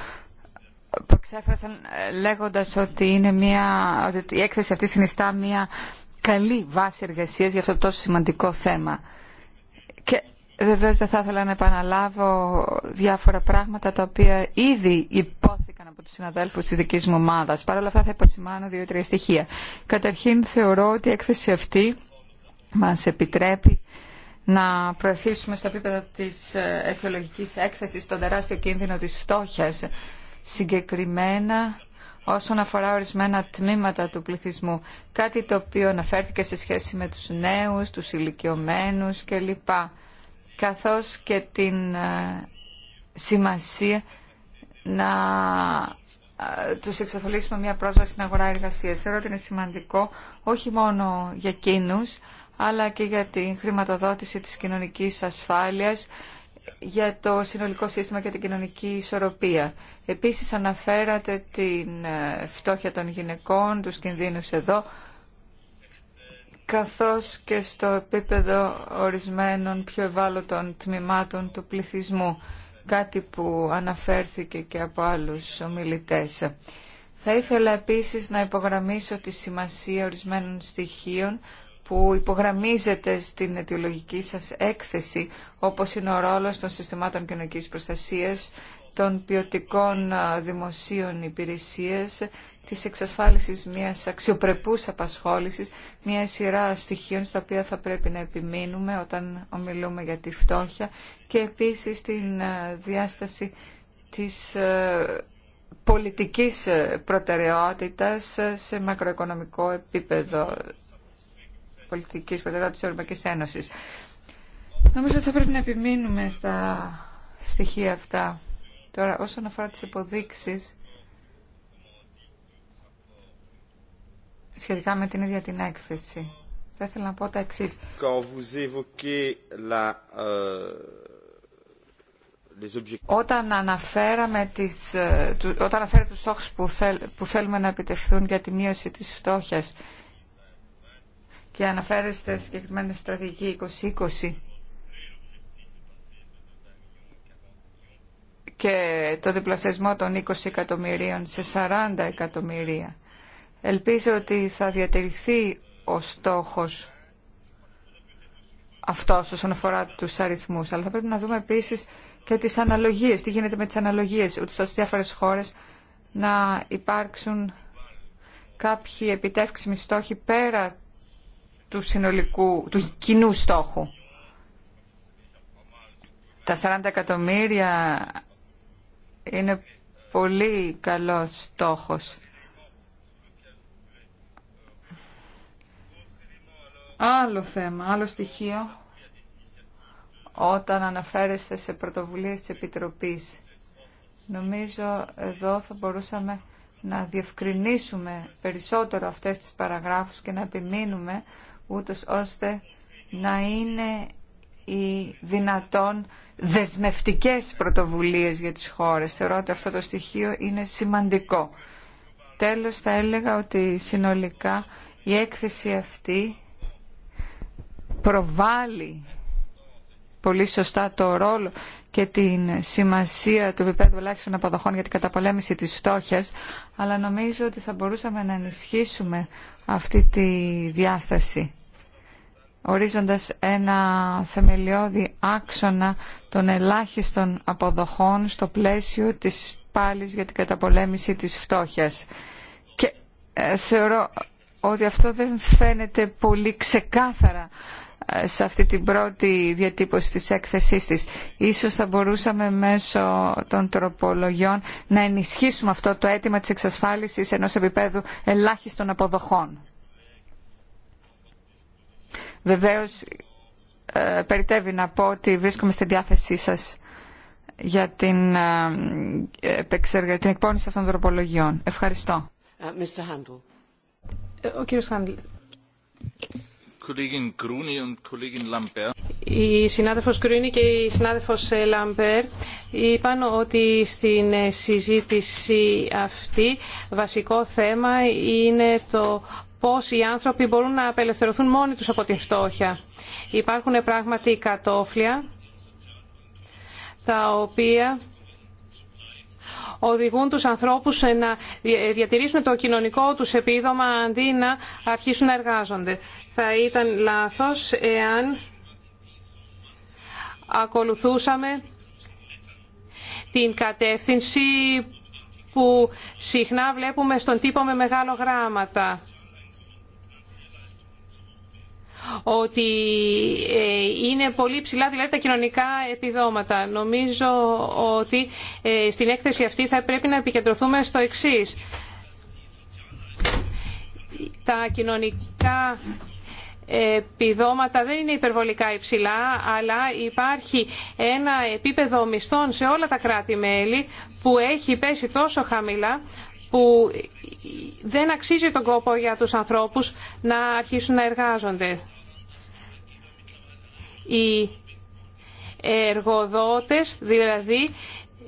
που εξέφρασαν ε, λέγοντας ότι, ότι η έκθεση αυτή συνιστά μια καλή βάση εργασίας για αυτό το τόσο σημαντικό θέμα. Και βεβαίως δεν θα ήθελα να επαναλάβω διάφορα πράγματα τα οποία ήδη υπόθηκαν από τους συναδέλφου της δικής μου ομάδας. Παρ' όλα αυτά θα υποσημάνω δύο-τρία στοιχεία. Καταρχήν θεωρώ ότι η έκθεση αυτή μας επιτρέπει να προωθήσουμε στο επίπεδο της ε, αρχαιολογικής έκθεσης τον τεράστιο κίνδυνο της φτώχειας, συγκεκριμένα όσον αφορά ορισμένα τμήματα του πληθυσμού, κάτι το οποίο αναφέρθηκε σε σχέση με τους νέους, τους ηλικιωμένους κλπ, καθώς και την ε, σημασία να ε, τους εξαφολίσουμε μια πρόσβαση στην αγορά εργασία. Θεωρώ ότι είναι σημαντικό όχι μόνο για εκείνους, αλλά και για την χρηματοδότηση της κοινωνικής ασφάλειας, για το συνολικό σύστημα και την κοινωνική ισορροπία. Επίσης αναφέρατε την ε, φτώχεια των γυναικών, τους κινδύνους εδώ, καθώς και στο επίπεδο ορισμένων πιο ευάλωτων τμήματων του πληθυσμού, κάτι που αναφέρθηκε και από άλλους ομιλητές. Θα ήθελα επίσης να υπογραμμίσω τη σημασία ορισμένων στοιχείων που υπογραμμίζεται στην αιτιολογική σας έκθεση, όπως είναι ο ρόλος των συστημάτων κοινωνικής προστασίας, των ποιοτικών δημοσίων υπηρεσίες, της εξασφάλισης μιας αξιοπρεπούς απασχόλησης, μια σειρά στοιχείων στα οποία θα πρέπει να επιμείνουμε όταν ομιλούμε για τη φτώχεια και επίσης την διάσταση της πολιτικής προτεραιότητας σε μακροοικονομικό επίπεδο Πολιτική προτεραιότητας τη Ευρωπαϊκή Ένωση. Νομίζω ότι θα πρέπει να επιμείνουμε στα στοιχεία αυτά. Τώρα, όσον αφορά τι υποδείξει σχετικά με την ίδια την έκθεση, θα ήθελα να πω τα εξή. Euh, όταν αναφέραμε τις, ε, όταν αναφέραμε τους στόχους που, θέλ, που θέλουμε να επιτευχθούν για τη μείωση της φτώχειας, και αναφέρεστε στη συγκεκριμένη στρατηγική 2020 και το διπλασιασμό των 20 εκατομμυρίων σε 40 εκατομμυρία. Ελπίζω ότι θα διατηρηθεί ο στόχος αυτός όσον αφορά τους αριθμούς, αλλά θα πρέπει να δούμε επίσης και τις αναλογίες, τι γίνεται με τις αναλογίες, ώστε στις διάφορες χώρες να υπάρξουν κάποιοι επιτεύξιμοι στόχοι πέρα του συνολικού, του κοινού στόχου. Τα 40 εκατομμύρια είναι πολύ καλός στόχος. Άλλο θέμα, άλλο στοιχείο, όταν αναφέρεστε σε πρωτοβουλίες της Επιτροπής. Νομίζω εδώ θα μπορούσαμε να διευκρινίσουμε περισσότερο αυτές τις παραγράφους και να επιμείνουμε ούτως ώστε να είναι οι δυνατόν δεσμευτικές πρωτοβουλίες για τις χώρες. Θεωρώ ότι αυτό το στοιχείο είναι σημαντικό. Τέλος θα έλεγα ότι συνολικά η έκθεση αυτή προβάλλει πολύ σωστά το ρόλο και την σημασία του επίπεδου ελάχιστων αποδοχών για την καταπολέμηση της φτώχειας, αλλά νομίζω ότι θα μπορούσαμε να ενισχύσουμε αυτή τη διάσταση ορίζοντας ένα θεμελιώδη άξονα των ελάχιστων αποδοχών στο πλαίσιο της πάλης για την καταπολέμηση της φτώχειας. Και ε, θεωρώ ότι αυτό δεν φαίνεται πολύ ξεκάθαρα ε, σε αυτή την πρώτη διατύπωση της έκθεσής της. Ίσως θα μπορούσαμε μέσω των τροπολογιών να ενισχύσουμε αυτό το αίτημα της εξασφάλισης ενός επίπεδου ελάχιστων αποδοχών. Βεβαίως, ε, περιτέβει να πω ότι βρίσκομαι στη διάθεσή σας για την, ε, εκπόνηση αυτών των τροπολογιών. Ευχαριστώ. Ε, ε, ο κύριος Χάντλ. Η συνάδελφος Κρούνη και η συνάδελφος Λαμπέρ είπαν ότι στην συζήτηση αυτή βασικό θέμα είναι το πώς οι άνθρωποι μπορούν να απελευθερωθούν μόνοι τους από την φτώχεια. Υπάρχουν πράγματι κατόφλια τα οποία οδηγούν τους ανθρώπους να διατηρήσουν το κοινωνικό τους επίδομα αντί να αρχίσουν να εργάζονται. Θα ήταν λάθος εάν ακολουθούσαμε την κατεύθυνση που συχνά βλέπουμε στον τύπο με μεγάλο γράμματα ότι ε, είναι πολύ ψηλά δηλαδή τα κοινωνικά επιδόματα. Νομίζω ότι ε, στην έκθεση αυτή θα πρέπει να επικεντρωθούμε στο εξής. Τα κοινωνικά επιδόματα δεν είναι υπερβολικά υψηλά, αλλά υπάρχει ένα επίπεδο μισθών σε όλα τα κράτη-μέλη που έχει πέσει τόσο χαμηλά που δεν αξίζει τον κόπο για τους ανθρώπους να αρχίσουν να εργάζονται. Οι εργοδότες δηλαδή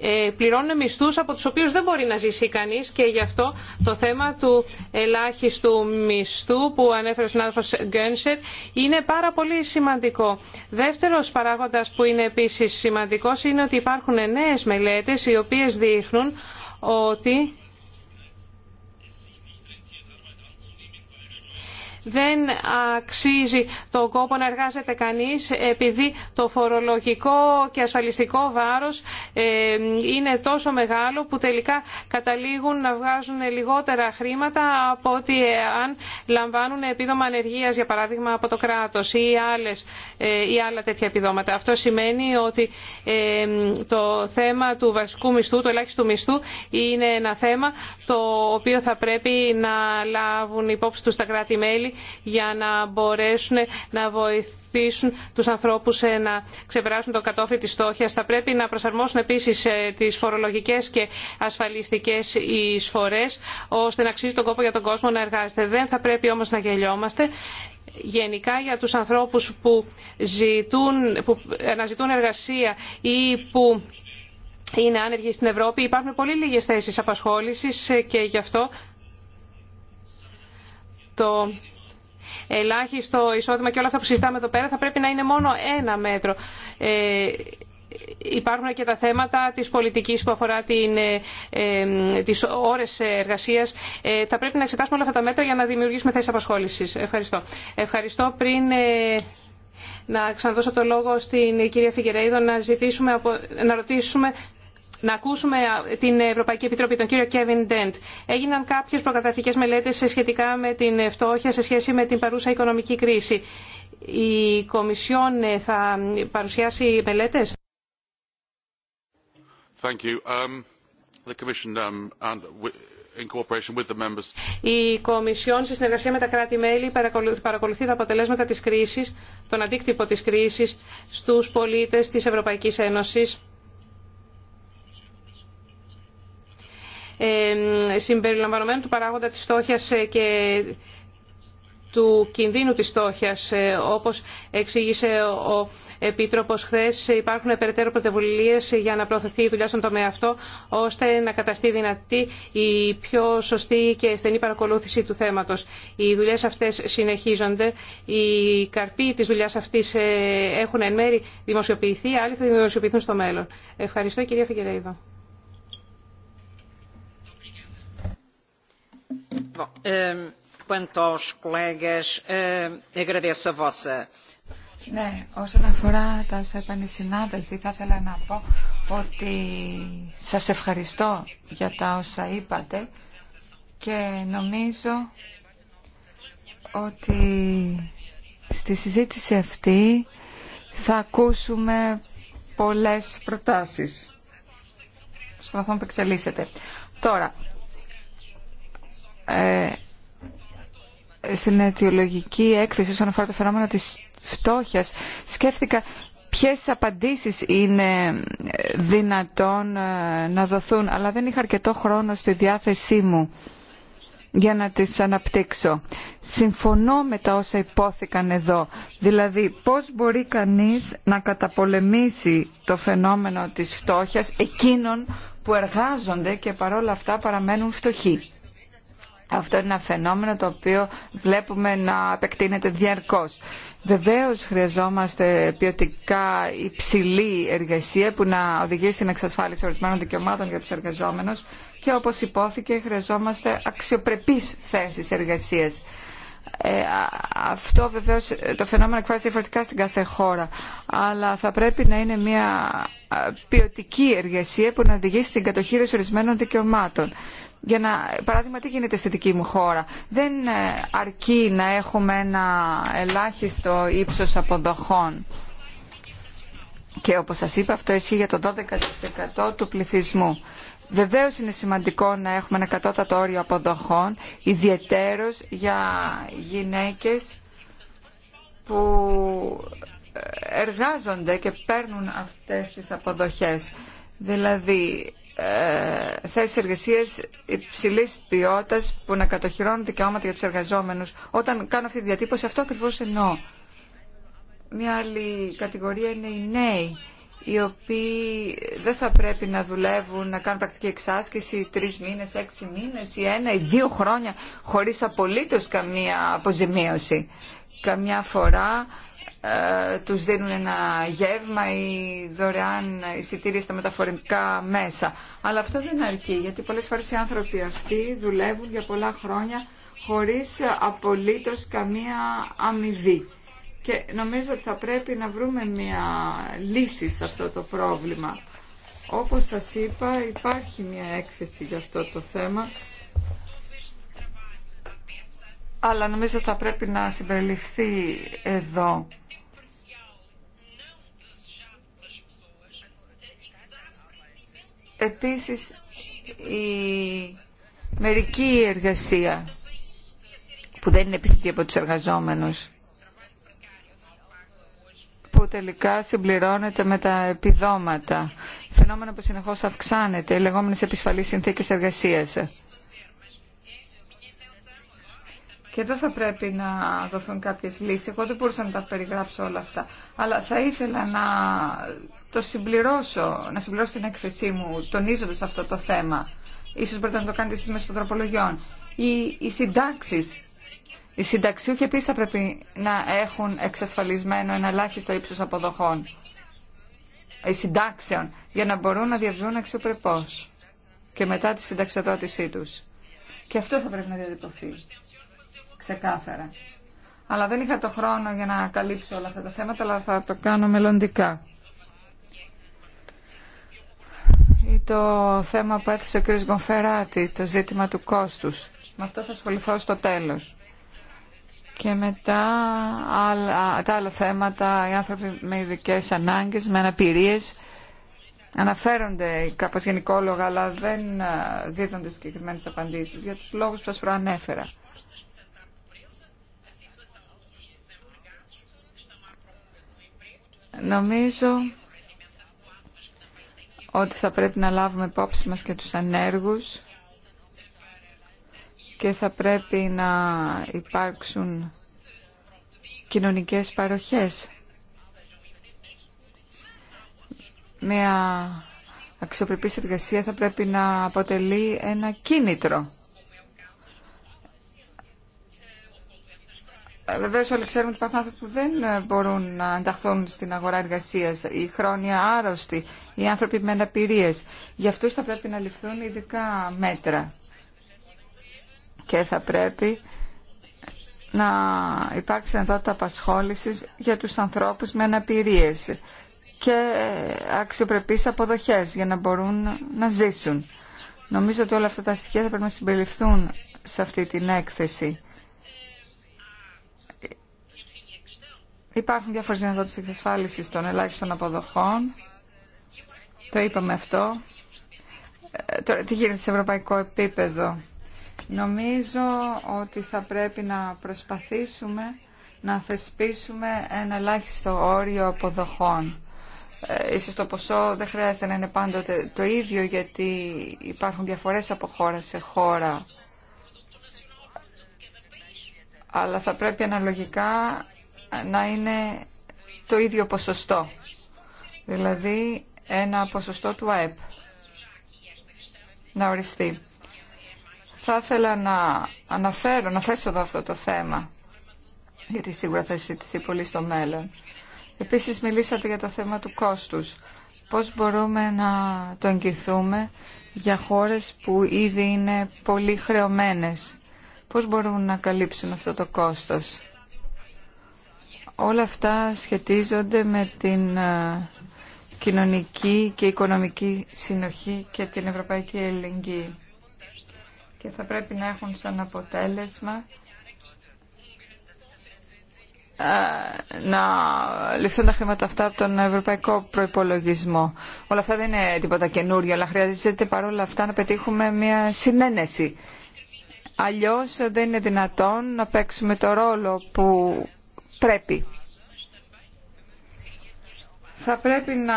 ε, πληρώνουν μισθούς από τους οποίους δεν μπορεί να ζήσει κανείς και γι' αυτό το θέμα του ελάχιστου μισθού που ανέφερε ο συνάδελφος Γκένσερ είναι πάρα πολύ σημαντικό. Δεύτερος παράγοντας που είναι επίσης σημαντικός είναι ότι υπάρχουν νέες μελέτες οι οποίες δείχνουν ότι Δεν αξίζει τον κόπο να εργάζεται κανείς επειδή το φορολογικό και ασφαλιστικό βάρος ε, είναι τόσο μεγάλο που τελικά καταλήγουν να βγάζουν λιγότερα χρήματα από ότι ε, αν λαμβάνουν επίδομα ανεργίας για παράδειγμα από το κράτος ή, άλλες, ε, ή άλλα τέτοια επιδόματα. Αυτό σημαίνει ότι το θέμα του βασικού μισθού, του ελάχιστου μισθού είναι ένα θέμα το οποίο θα πρέπει να λάβουν υπόψη τους τα κράτη-μέλη για να μπορέσουν να βοηθήσουν τους ανθρώπους να ξεπεράσουν το κατόφι της στόχιας. Θα πρέπει να προσαρμόσουν επίσης ε, τις φορολογικές και ασφαλιστικές εισφορές ώστε να αξίζει τον κόπο για τον κόσμο να εργάζεται. Δεν θα πρέπει όμως να γελιόμαστε γενικά για τους ανθρώπους που, ζητούν, που αναζητούν εργασία ή που είναι άνεργοι στην Ευρώπη. Υπάρχουν πολύ λίγες θέσεις απασχόλησης ε, και γι' αυτό το ελάχιστο εισόδημα και όλα αυτά που συζητάμε εδώ πέρα θα πρέπει να είναι μόνο ένα μέτρο. Ε, υπάρχουν και τα θέματα της πολιτικής που αφορά την, ε, ε τις ώρες εργασίας. Ε, θα πρέπει να εξετάσουμε όλα αυτά τα μέτρα για να δημιουργήσουμε θέσεις απασχόλησης. Ευχαριστώ. Ευχαριστώ πριν... Ε, να ξαναδώσω το λόγο στην κυρία Φιγκερέιδο να, να ρωτήσουμε να ακούσουμε την Ευρωπαϊκή Επιτροπή, τον κύριο Κέβιν Ντέντ. Έγιναν κάποιε προκαταρκτικέ μελέτε σχετικά με την φτώχεια σε σχέση με την παρούσα οικονομική κρίση. Η Κομισιόν ε, θα παρουσιάσει μελέτε. Um, um, Η Κομισιόν, σε συνεργασία με τα κράτη-μέλη, παρακολουθεί τα αποτελέσματα της κρίσης, τον αντίκτυπο της κρίσης στους πολίτες της Ευρωπαϊκής Ένωσης συμπεριλαμβανομένου του παράγοντα της φτώχειας ε, και του κινδύνου της στόχιας. Ε, όπως εξήγησε ο Επίτροπος χθε, υπάρχουν περαιτέρω πρωτοβουλίε για να προωθηθεί η δουλειά στον τομέα αυτό, ώστε να καταστεί δυνατή η πιο σωστή και στενή παρακολούθηση του θέματος. Οι δουλειέ αυτές συνεχίζονται. Οι καρποί τη δουλειά αυτής ε, έχουν εν μέρη δημοσιοποιηθεί, άλλοι θα δημοσιοποιηθούν στο μέλλον. Ευχαριστώ κυρία Φιγκερέιδο. Ehm, ehm, ναι, όσον αφορά τα όσα είπαν οι συνάδελφοι, θα ήθελα να πω ότι σας ευχαριστώ για τα όσα είπατε και νομίζω ότι στη συζήτηση αυτή θα ακούσουμε πολλές προτάσεις στον να που Τώρα, ε, στην αιτιολογική έκθεση όσον αφορά το φαινόμενο της φτώχειας σκέφτηκα ποιες απαντήσεις είναι δυνατόν ε, να δοθούν αλλά δεν είχα αρκετό χρόνο στη διάθεσή μου για να τις αναπτύξω. Συμφωνώ με τα όσα υπόθηκαν εδώ. Δηλαδή, πώς μπορεί κανείς να καταπολεμήσει το φαινόμενο της φτώχειας εκείνων που εργάζονται και παρόλα αυτά παραμένουν φτωχοί. Αυτό είναι ένα φαινόμενο το οποίο βλέπουμε να επεκτείνεται διαρκώς. Βεβαίως χρειαζόμαστε ποιοτικά υψηλή εργασία που να οδηγεί στην εξασφάλιση ορισμένων δικαιωμάτων για τους εργαζόμενους και όπως υπόθηκε χρειαζόμαστε αξιοπρεπείς θέσεις εργασίας. Ε, αυτό βεβαίως το φαινόμενο εκφράζεται διαφορετικά στην κάθε χώρα αλλά θα πρέπει να είναι μια ποιοτική εργασία που να οδηγεί στην κατοχήρωση ορισμένων δικαιωμάτων. Για να, παράδειγμα, τι γίνεται στη δική μου χώρα. Δεν ε, αρκεί να έχουμε ένα ελάχιστο ύψος αποδοχών. Και όπως σας είπα, αυτό ισχύει για το 12% του πληθυσμού. Βεβαίως είναι σημαντικό να έχουμε ένα κατώτατο όριο αποδοχών, ιδιαιτέρως για γυναίκες που ε, εργάζονται και παίρνουν αυτές τις αποδοχές. Δηλαδή, ε, θέσει εργασία υψηλή υψηλής ποιότητας που να κατοχυρώνουν δικαιώματα για του εργαζόμενου Όταν κάνω αυτή τη διατύπωση αυτό ακριβώ εννοώ. Μια άλλη κατηγορία είναι οι νέοι οι οποίοι δεν θα πρέπει να δουλεύουν, να κάνουν πρακτική εξάσκηση τρεις μήνες, έξι μήνες ή ένα ή δύο χρόνια χωρίς απολύτως καμία αποζημίωση. Καμιά φορά ε, τους δίνουν ένα γεύμα ή δωρεάν εισιτήρια στα μεταφορικά μέσα. Αλλά αυτό δεν αρκεί, γιατί πολλές φορές οι άνθρωποι αυτοί δουλεύουν για πολλά χρόνια χωρίς απολύτως καμία αμοιβή. Και νομίζω ότι θα πρέπει να βρούμε μια λύση σε αυτό το πρόβλημα. Όπως σας είπα, υπάρχει μια έκθεση για αυτό το θέμα, αλλά νομίζω θα πρέπει να συμπεριληφθεί εδώ Επίσης, η μερική εργασία που δεν είναι επιθυμητή από τους εργαζόμενους που τελικά συμπληρώνεται με τα επιδόματα. Φαινόμενο που συνεχώς αυξάνεται, οι λεγόμενες επισφαλείς συνθήκες εργασίας. Και εδώ θα πρέπει να δοθούν κάποιες λύσεις. Εγώ δεν μπορούσα να τα περιγράψω όλα αυτά. Αλλά θα ήθελα να το συμπληρώσω, να συμπληρώσω την έκθεσή μου, τονίζοντας αυτό το θέμα. Ίσως μπορείτε να το κάνετε εσείς μέσα των τροπολογιών. Οι, οι συντάξει. Οι συνταξιούχοι επίσης θα πρέπει να έχουν εξασφαλισμένο ένα ελάχιστο ύψος αποδοχών ε, συντάξεων για να μπορούν να διαβιούν αξιοπρεπώς και μετά τη συνταξιοδότησή του. Και αυτό θα πρέπει να διατυπωθεί ξεκάθαρα. Αλλά δεν είχα το χρόνο για να καλύψω όλα αυτά τα θέματα, αλλά θα το κάνω μελλοντικά. Ή το θέμα που έθεσε ο κ. Γκομφεράτη, το ζήτημα του κόστους. Με αυτό θα ασχοληθώ στο τέλος. Και μετά άλλα, τα άλλα θέματα, οι άνθρωποι με ειδικέ ανάγκες, με αναπηρίες, αναφέρονται κάπως γενικόλογα, αλλά δεν δίδονται συγκεκριμένες απαντήσεις για τους λόγους που σας προανέφερα. Νομίζω ότι θα πρέπει να λάβουμε υπόψη μας και τους ανέργους και θα πρέπει να υπάρξουν κοινωνικές παροχές. Μια αξιοπρεπής εργασία θα πρέπει να αποτελεί ένα κίνητρο Ε, Βεβαίω όλοι ξέρουμε ότι υπάρχουν άνθρωποι που δεν ε, μπορούν να ενταχθούν στην αγορά εργασία, οι χρόνια άρρωστοι, οι άνθρωποι με αναπηρίε. Γι' αυτού θα πρέπει να ληφθούν ειδικά μέτρα. Και θα πρέπει να υπάρξει δυνατότητα απασχόληση για του ανθρώπου με αναπηρίε και ε, αξιοπρεπείς αποδοχές για να μπορούν να ζήσουν. Νομίζω ότι όλα αυτά τα στοιχεία θα πρέπει να συμπεριληφθούν σε αυτή την έκθεση Υπάρχουν διάφορε δυνατότητε εξασφάλιση των ελάχιστων αποδοχών. Το είπαμε αυτό. Ε, τώρα, τι γίνεται σε ευρωπαϊκό επίπεδο. Νομίζω ότι θα πρέπει να προσπαθήσουμε να θεσπίσουμε ένα ελάχιστο όριο αποδοχών. Ε, ίσως το ποσό δεν χρειάζεται να είναι πάντοτε το ίδιο γιατί υπάρχουν διαφορές από χώρα σε χώρα. Αλλά θα πρέπει αναλογικά να είναι το ίδιο ποσοστό, δηλαδή ένα ποσοστό του ΑΕΠ να οριστεί. Θα ήθελα να αναφέρω, να θέσω εδώ αυτό το θέμα, γιατί σίγουρα θα συζητηθεί πολύ στο μέλλον. Επίσης μιλήσατε για το θέμα του κόστους. Πώς μπορούμε να το εγγυθούμε για χώρες που ήδη είναι πολύ χρεωμένες. Πώς μπορούν να καλύψουν αυτό το κόστος όλα αυτά σχετίζονται με την ε, κοινωνική και οικονομική συνοχή και την ευρωπαϊκή ελληνική και θα πρέπει να έχουν σαν αποτέλεσμα ε, να ληφθούν τα χρήματα αυτά από τον ευρωπαϊκό προϋπολογισμό. Όλα αυτά δεν είναι τίποτα καινούργια, αλλά χρειάζεται παρόλα αυτά να πετύχουμε μια συνένεση. Αλλιώς δεν είναι δυνατόν να παίξουμε το ρόλο που πρέπει. Θα πρέπει να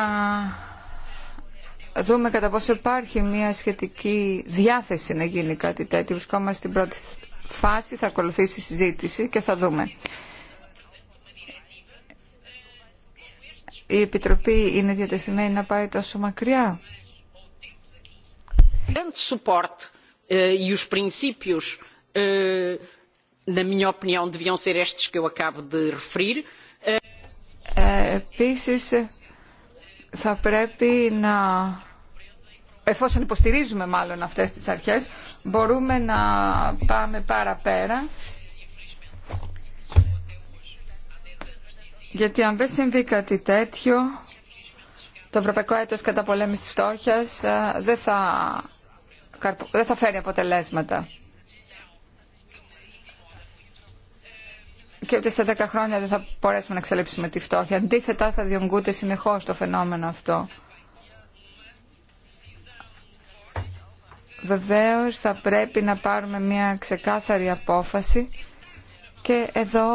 δούμε κατά πόσο υπάρχει μια σχετική διάθεση να γίνει κάτι τέτοιο. Βρισκόμαστε στην πρώτη φάση, θα ακολουθήσει η συζήτηση και θα δούμε. Η Επιτροπή είναι διατεθειμένη να πάει τόσο μακριά. Δεν support ε, princípios ε, na minha opinião, deviam ser estes que eu acabo Επίσης, θα πρέπει να, εφόσον υποστηρίζουμε μάλλον αυτές τις αρχές, μπορούμε να πάμε παραπέρα. Γιατί αν δεν συμβεί κάτι τέτοιο, το Ευρωπαϊκό Έτος Καταπολέμησης Φτώχειας ε, δεν θα, δεν θα φέρει αποτελέσματα. και ούτε σε 10 χρόνια δεν θα μπορέσουμε να εξαλείψουμε τη φτώχεια. Αντίθετα θα διονγκούται συνεχώς το φαινόμενο αυτό. Βεβαίως θα πρέπει να πάρουμε μια ξεκάθαρη απόφαση και εδώ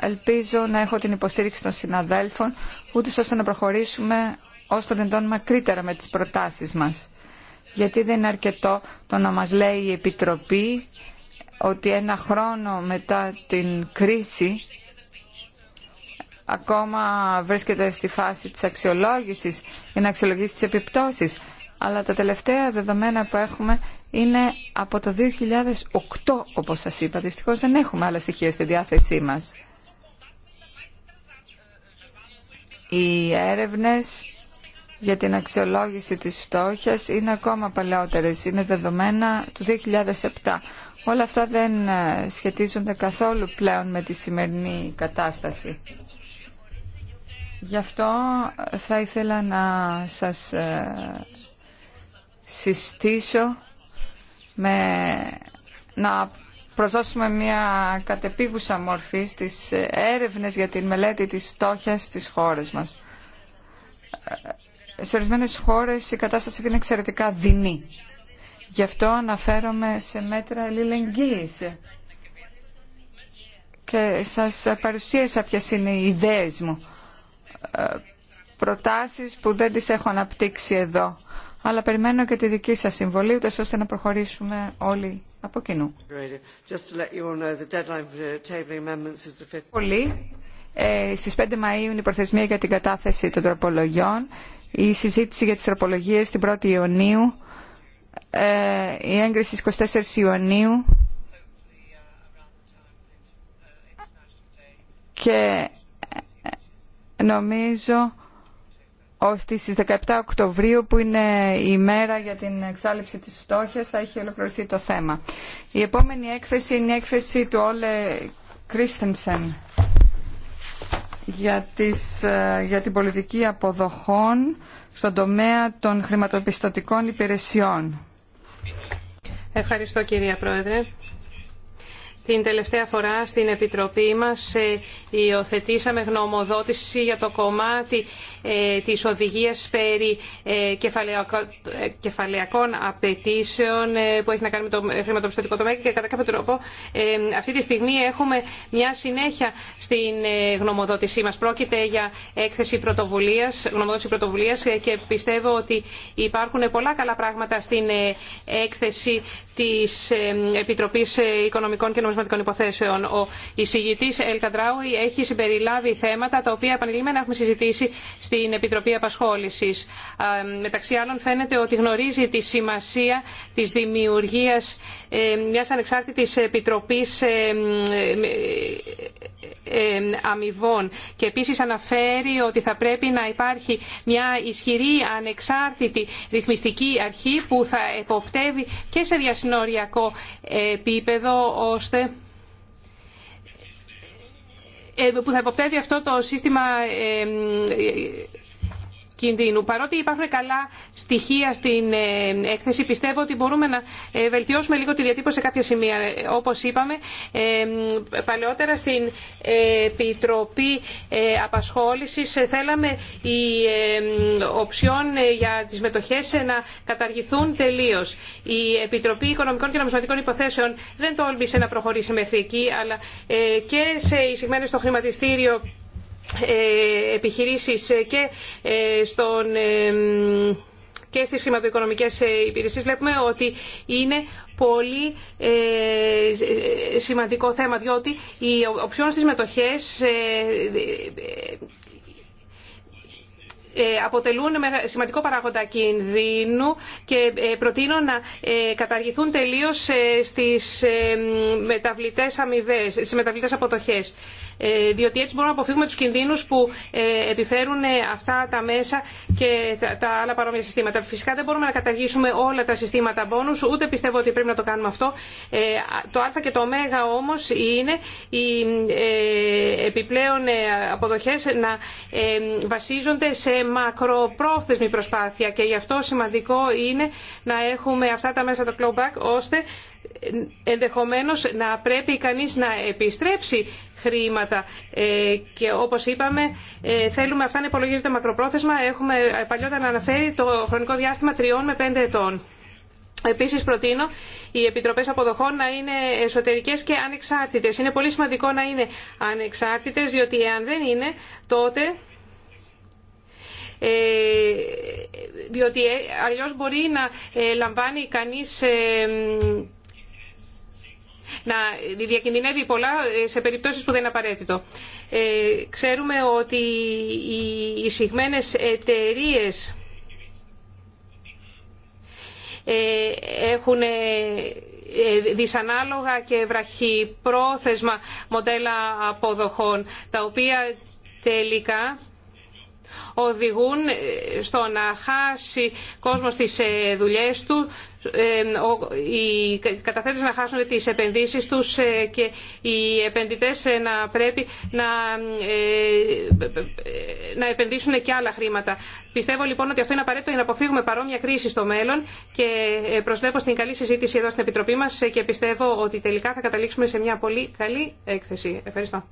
ελπίζω να έχω την υποστήριξη των συναδέλφων ούτως ώστε να προχωρήσουμε ώστε το δυνατόν μακρύτερα με τις προτάσεις μας. Γιατί δεν είναι αρκετό το να μας λέει η Επιτροπή ότι ένα χρόνο μετά την κρίση ακόμα βρίσκεται στη φάση της αξιολόγησης για να αξιολογήσει τις επιπτώσεις. Αλλά τα τελευταία δεδομένα που έχουμε είναι από το 2008, όπως σας είπα. δυστυχώ, δεν έχουμε άλλα στοιχεία στη διάθεσή μας. Οι έρευνες για την αξιολόγηση της φτώχειας είναι ακόμα παλαιότερες. Είναι δεδομένα του 2007. Όλα αυτά δεν ε, σχετίζονται καθόλου πλέον με τη σημερινή κατάσταση. Γι' αυτό ε, θα ήθελα να σας ε, συστήσω με να προσδώσουμε μια κατεπίγουσα μορφή στις έρευνες για την μελέτη της φτώχειας στις χώρες μας. Σε ορισμένες χώρες η κατάσταση είναι εξαιρετικά δεινή. Γι' αυτό αναφέρομαι σε μέτρα αλληλεγγύης. Και σας παρουσίασα ποιες είναι οι ιδέες μου. Ε, προτάσεις που δεν τις έχω αναπτύξει εδώ. Αλλά περιμένω και τη δική σας συμβολή, ούτε ώστε να προχωρήσουμε όλοι από κοινού. Πολύ. Ε, στις 5 Μαΐου είναι η προθεσμία για την κατάθεση των τροπολογιών. Η συζήτηση για τις τροπολογίες την 1η Ιουνίου ε, η έγκριση στις 24 Ιουνίου και ε, νομίζω ότι στις 17 Οκτωβρίου που είναι η μέρα για την εξάλληψη της φτώχειας θα έχει ολοκληρωθεί το θέμα. Η επόμενη έκθεση είναι η έκθεση του Όλε Κρίστενσεν για, τις, ε, για την πολιτική αποδοχών στον τομέα των χρηματοπιστωτικών υπηρεσιών. Ευχαριστώ κυρία Πρόεδρε. Την τελευταία φορά στην Επιτροπή μας ε, υιοθετήσαμε γνωμοδότηση για το κομμάτι ε, της οδηγίας περί ε, κεφαλαιακών απαιτήσεων που έχει να κάνει με το χρηματοπιστωτικό τομέα και κατά κάποιο τρόπο αυτή τη στιγμή έχουμε μια συνέχεια στην γνωμοδότησή μας. Πρόκειται για έκθεση πρωτοβουλίας, γνωμοδότηση πρωτοβουλίας και πιστεύω ότι υπάρχουν πολλά καλά πράγματα στην έκθεση της Επιτροπής ε, Οικονομικών και Νομισματικών Υποθέσεων. Ο εισηγητής Ελ Καντράουι έχει συμπεριλάβει θέματα τα οποία επανειλημμένα έχουμε συζητήσει στην Επιτροπή Απασχόλησης. Μεταξύ άλλων φαίνεται ότι γνωρίζει τη σημασία της δημιουργίας ε, μιας ανεξάρτητης επιτροπής ε, αμοιβών και επίσης αναφέρει ότι θα πρέπει να υπάρχει μια ισχυρή ανεξάρτητη ρυθμιστική αρχή που θα εποπτεύει και σε συνοριακό επίπεδο ώστε ε, που θα υποπτεύει αυτό το σύστημα ε, κινδύνου. Παρότι υπάρχουν καλά στοιχεία στην ε, έκθεση, πιστεύω ότι μπορούμε να ε, βελτιώσουμε λίγο τη διατύπωση σε κάποια σημεία. Ε, όπως είπαμε, παλαιότερα στην Επιτροπή Απασχόλησης θέλαμε οι οψιών για τις μετοχές να καταργηθούν τελείως. Η Επιτροπή Οικονομικών και Νομισματικών Υποθέσεων δεν τόλμησε να προχωρήσει μέχρι εκεί, αλλά και σε εισηγμένες στο χρηματιστήριο ε, επιχειρήσεις και ε, στον ε, και στις χρηματοοικονομικές υπηρεσίες βλέπουμε ότι είναι πολύ σημαντικό θέμα διότι οι οψιόν στις μετοχές αποτελούν σημαντικό παράγοντα κινδύνου και προτείνω να καταργηθούν τελείως στις μεταβλητές αμοιβές, στις μεταβλητές αποτοχές. Ε, διότι έτσι μπορούμε να αποφύγουμε τους κινδύνους που ε, επιφέρουν ε, αυτά τα μέσα και τα άλλα παρόμοια συστήματα. Φυσικά δεν μπορούμε να καταργήσουμε όλα τα συστήματα μπόνους, ούτε πιστεύω ότι πρέπει να το κάνουμε αυτό. Το α και το ω όμως είναι οι επιπλέον αποδοχές να βασίζονται σε μακροπρόθεσμη προσπάθεια και γι' αυτό σημαντικό είναι να έχουμε αυτά τα μέσα το clawback ώστε ενδεχομένως να πρέπει κανείς να επιστρέψει χρήματα ε, και όπως είπαμε ε, θέλουμε αυτά να υπολογίζονται μακροπρόθεσμα. Έχουμε ε, παλιότερα αναφέρει το χρονικό διάστημα τριών με πέντε ετών. Επίσης προτείνω οι επιτροπές αποδοχών να είναι εσωτερικές και ανεξάρτητες. Είναι πολύ σημαντικό να είναι ανεξάρτητες διότι εάν δεν είναι τότε ε, διότι αλλιώς μπορεί να λαμβάνει κανείς να διακινδυνεύει πολλά ε, σε περιπτώσεις που δεν είναι απαραίτητο. Ε, ξέρουμε ότι οι εισηγμένες εταιρείε ε, έχουν δυσανάλογα και πρόθεσμα μοντέλα αποδοχών, τα οποία τελικά οδηγούν στο να χάσει κόσμος τις δουλειές του, οι καταθέτες να χάσουν τις επενδύσεις τους ε, και οι επενδυτές ε, να πρέπει ε, να, επενδύσουν και άλλα χρήματα. Πιστεύω λοιπόν ότι αυτό είναι απαραίτητο για να αποφύγουμε παρόμοια κρίση στο μέλλον και προσβλέπω στην καλή συζήτηση εδώ στην Επιτροπή μας και πιστεύω ότι τελικά θα καταλήξουμε σε μια πολύ καλή έκθεση. Ευχαριστώ.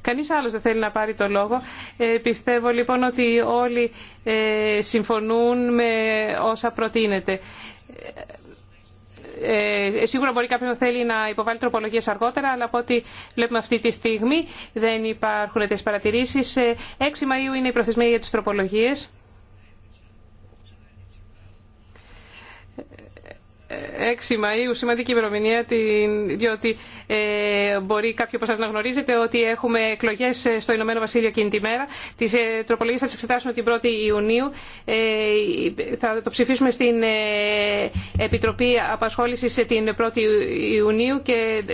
Κανείς άλλος δεν θέλει να πάρει το λόγο. Ε, πιστεύω λοιπόν ότι όλοι ε, συμφωνούν με όσα προτείνεται. Ε, ε, σίγουρα μπορεί κάποιος να θέλει να υποβάλει τροπολογίες αργότερα, αλλά από ό,τι βλέπουμε αυτή τη στιγμή δεν υπάρχουν τέτοιες παρατηρήσεις. 6 Μαΐου είναι η προθεσμία για τις τροπολογίες. 6 Μαΐου, σημαντική ημερομηνία, διότι ε, μπορεί κάποιοι από εσά να γνωρίζετε ότι έχουμε εκλογέ ε, στο Ηνωμένο Βασίλειο εκείνη τη μέρα. Τις ε, τροπολογίες θα τι εξετάσουμε την 1η Ιουνίου. Ε, θα το ψηφίσουμε στην ε, Επιτροπή Απασχόλησης την 1η Ιουνίου και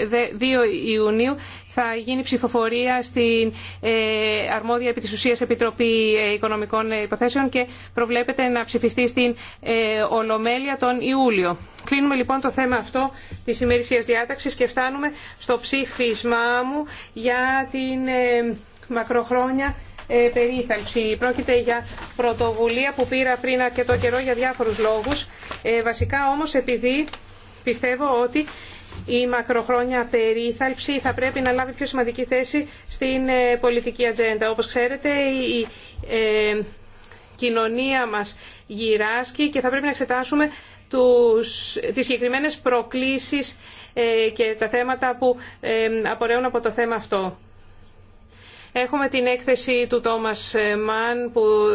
2 Ιουνίου θα γίνει ψηφοφορία στην ε, αρμόδια επί της ουσίας Επιτροπή ε, Οικονομικών ε, Υποθέσεων και προβλέπεται να ψηφιστεί στην Ολομέλεια τον Ιούλιο. Κλείνουμε λοιπόν το θέμα αυτό της ημερησίας διάταξης και φτάνουμε στο ψήφισμά μου για την μακροχρόνια περίθαλψη. Πρόκειται για πρωτοβουλία που πήρα πριν αρκετό καιρό για διάφορους λόγους. Βασικά όμως επειδή πιστεύω ότι η μακροχρόνια περίθαλψη θα πρέπει να λάβει πιο σημαντική θέση στην ε, πολιτική ατζέντα. Όπως ξέρετε, η ε, κοινωνία μας γυράσκει και θα πρέπει να εξετάσουμε τους, τις συγκεκριμένες προκλήσεις ε, και τα θέματα που απορρέουν από το θέμα αυτό. Έχουμε την έκθεση του Τόμας Μαν,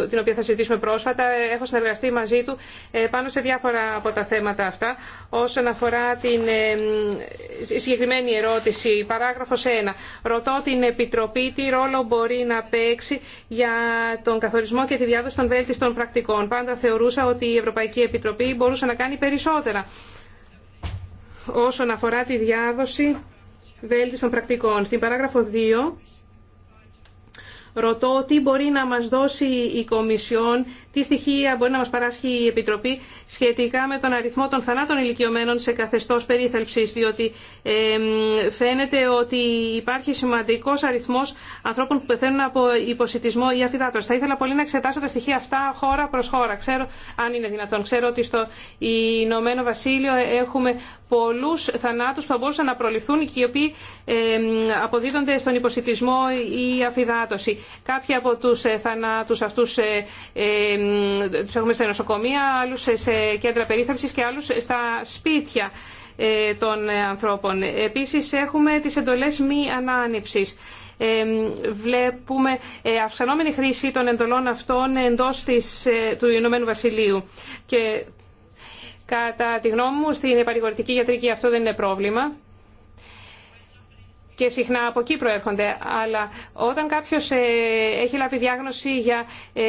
την οποία θα συζητήσουμε πρόσφατα. Έχω συνεργαστεί μαζί του ε, πάνω σε διάφορα από τα θέματα αυτά. Όσον αφορά την ε, συγκεκριμένη ερώτηση, παράγραφο 1. Ρωτώ την Επιτροπή τι ρόλο μπορεί να παίξει για τον καθορισμό και τη διάδοση των βέλτιστων πρακτικών. Πάντα θεωρούσα ότι η Ευρωπαϊκή Επιτροπή μπορούσε να κάνει περισσότερα όσον αφορά τη διάδοση βέλτιστων πρακτικών. Στην παράγραφο 2 ρωτώ τι μπορεί να μας δώσει η Κομισιόν, τι στοιχεία μπορεί να μας παράσχει η Επιτροπή σχετικά με τον αριθμό των θανάτων ηλικιωμένων σε καθεστώς περίθαλψης, διότι φαίνεται ότι υπάρχει σημαντικός αριθμός ανθρώπων που πεθαίνουν από υποσυτισμό ή αφυδάτωση. Θα ήθελα πολύ να εξετάσω τα στοιχεία αυτά χώρα προς χώρα. Ξέρω αν είναι δυνατόν. Ξέρω ότι στο Ηνωμένο Βασίλειο έχουμε Πολλού θανάτους που θα μπορούσαν να προληφθούν και οι οποίοι αποδίδονται στον υποσυτισμό ή αφιδάτωση. Κάποιοι από τους ε, θανάτους αυτούς ε, τους έχουμε σε νοσοκομεία, άλλου, σε κέντρα περίθαλψης και άλλου, στα σπίτια ε, των ανθρώπων. Επίσης έχουμε τις εντολές μη ανάνυψης. Βλέπουμε αυξανόμενη χρήση των εντολών αυτών εντός της, του Ηνωμένου Βασιλείου. Και Κατά τη γνώμη μου, στην παρηγορητική γιατρική αυτό δεν είναι πρόβλημα και συχνά από εκεί προέρχονται. Αλλά όταν κάποιος ε, έχει λάβει διάγνωση για ε,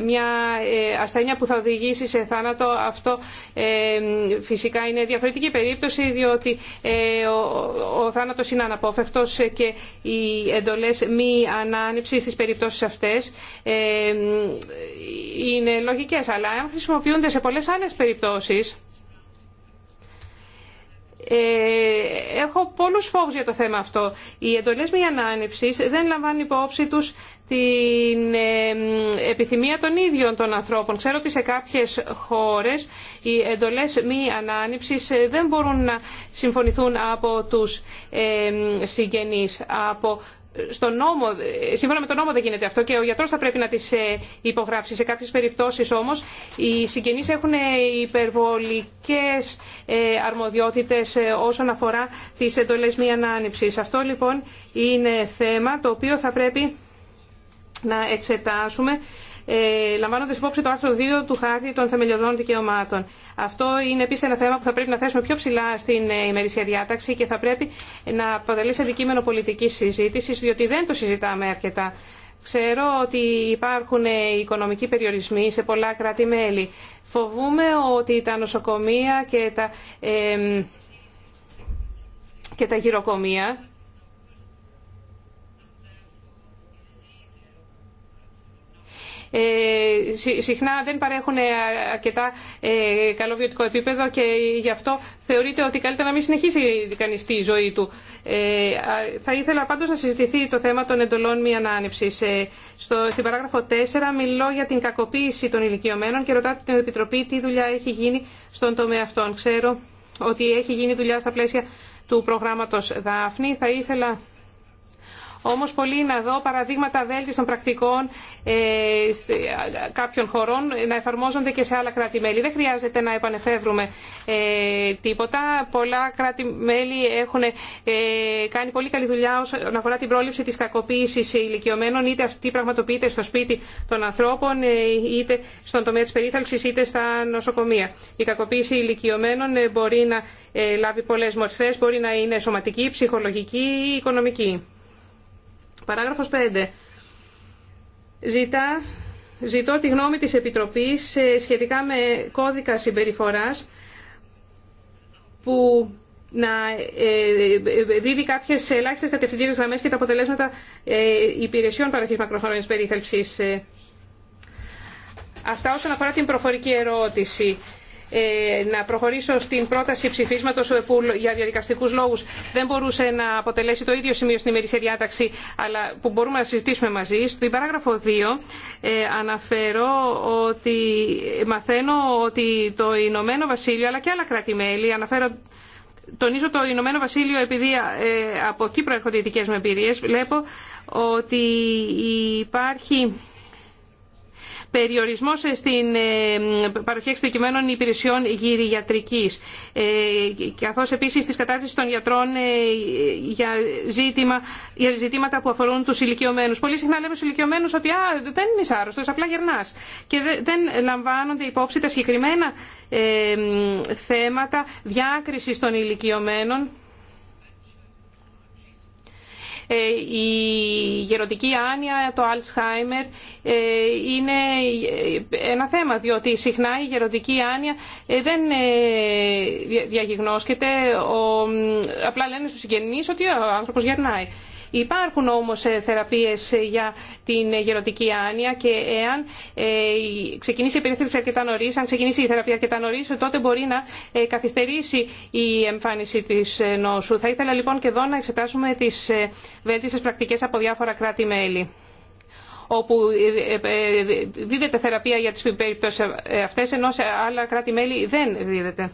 μια ε, ασθένεια που θα οδηγήσει σε θάνατο, αυτό φυσικά είναι διαφορετική περίπτωση, διότι ο θάνατος είναι αναπόφευκτος και οι εντολές μη ανάνυψη στις περιπτώσεις αυτές είναι λογικές. Αλλά αν χρησιμοποιούνται σε πολλές άλλες περιπτώσεις, ε, έχω πολλούς φόβους για το θέμα αυτό. Οι εντολές μη ανάνυψης δεν λαμβάνουν υπόψη τους την ε, επιθυμία των ίδιων των ανθρώπων. Ξέρω ότι σε κάποιες χώρες οι εντολές μη ανάνυψης ε, δεν μπορούν να συμφωνηθούν από τους συγγενείς, από στο νόμο, σύμφωνα με τον νόμο δεν γίνεται αυτό και ο γιατρός θα πρέπει να τις ε, υπογράψει. Σε κάποιες περιπτώσεις όμως οι συγγενεί έχουν ε, υπερβολικές ε, αρμοδιότητες όσον αφορά τι εντολές μη ανάνυψης. Αυτό λοιπόν είναι θέμα το οποίο θα πρέπει να εξετάσουμε ε, λαμβάνοντα υπόψη το άρθρο 2 του Χάρτη των Θεμελιωδών Δικαιωμάτων. Αυτό είναι επίση ένα θέμα που θα πρέπει να θέσουμε πιο ψηλά στην ε, ημερήσια διάταξη και θα πρέπει να σε αντικείμενο πολιτική συζήτηση, διότι δεν το συζητάμε αρκετά. Ξέρω ότι υπάρχουν ε, οικονομικοί περιορισμοί σε πολλά κράτη-μέλη. Φοβούμε ότι τα νοσοκομεία και τα, ε, και τα γυροκομεία Ε, συχνά δεν παρέχουν ε, αρκετά ε, καλό βιωτικό επίπεδο και γι' αυτό θεωρείται ότι καλύτερα να μην συνεχίσει κανεί τη ζωή του. Θα ήθελα πάντως να συζητηθεί το θέμα των εντολών μη Ε, Στην παράγραφο 4 μιλώ για την κακοποίηση των ηλικιωμένων και ρωτάτε την Επιτροπή τι δουλειά έχει γίνει στον τομέα αυτόν. Ξέρω ότι έχει γίνει δουλειά στα πλαίσια του προγράμματος Δάφνη. Θα ήθελα Όμω πολύ να δω παραδείγματα βέλτιστων πρακτικών ε, κάποιων χωρών να εφαρμόζονται και σε άλλα κράτη-μέλη. Δεν χρειάζεται να επανεφεύρουμε ε, τίποτα. Πολλά κράτη-μέλη έχουν ε, κάνει πολύ καλή δουλειά όσον αφορά την πρόληψη τη κακοποίηση ηλικιωμένων, είτε αυτή πραγματοποιείται στο σπίτι των ανθρώπων, είτε στον τομέα τη περίθαλψη, είτε στα νοσοκομεία. Η κακοποίηση ηλικιωμένων μπορεί να λάβει πολλέ μορφέ, μπορεί να είναι σωματική, ψυχολογική ή οικονομική. Παράγραφος 5. Ζητά, ζητώ τη γνώμη της Επιτροπής ε, σχετικά με κώδικα συμπεριφοράς που να ε, ε, δίδει κάποιες ελάχιστες κατευθυντήρες γραμμέ και τα αποτελέσματα υπηρεσιών παροχής μακροχρόνιας περίθαλψης. Αυτά όσον αφορά την προφορική ερώτηση. Ε, να προχωρήσω στην πρόταση ψηφίσματος ε, που για διαδικαστικού λόγου δεν μπορούσε να αποτελέσει το ίδιο σημείο στην ημερήσια διάταξη αλλά που μπορούμε να συζητήσουμε μαζί. Στην παράγραφο 2 ε, αναφέρω ότι μαθαίνω ότι το Ηνωμένο Βασίλειο αλλά και άλλα κράτη-μέλη αναφέρω Τονίζω το Ηνωμένο Βασίλειο επειδή από εκεί προέρχονται οι μου εμπειρίες. Βλέπω ότι υπάρχει Περιορισμό στην ε, παροχή εξειδικευμένων υπηρεσιών και ε, καθώ επίση τη κατάρτιση των γιατρών ε, για, ζητήματα που αφορούν του ηλικιωμένου. Πολύ συχνά λέμε στου ηλικιωμένου ότι δεν είναι άρρωστο, απλά γερνάς. Και δεν λαμβάνονται υπόψη τα συγκεκριμένα θέματα διάκριση των ηλικιωμένων ε, η γεροντική άνοια, το Alzheimer ε, είναι ε, ένα θέμα διότι συχνά η γεροντική άνοια δεν διαγιγνώσκεται. Απλά λένε στους συγγενείς ότι ο άνθρωπος γερνάει. Υπάρχουν όμως ε, θεραπείες ε, για την γεροτική άνοια και εάν ε, ξεκινήσει η περίθεση αρκετά νωρί, αν ξεκινήσει η θεραπεία αρκετά νωρί, τότε μπορεί να καθυστερήσει η εμφάνιση της νόσου. Θα ήθελα λοιπόν και εδώ να εξετάσουμε τις βέλτιστες πρακτικές από διάφορα κράτη-μέλη όπου δίδεται θεραπεία για τις περιπτώσεις αυτές, ενώ σε άλλα κράτη-μέλη δεν δίδεται.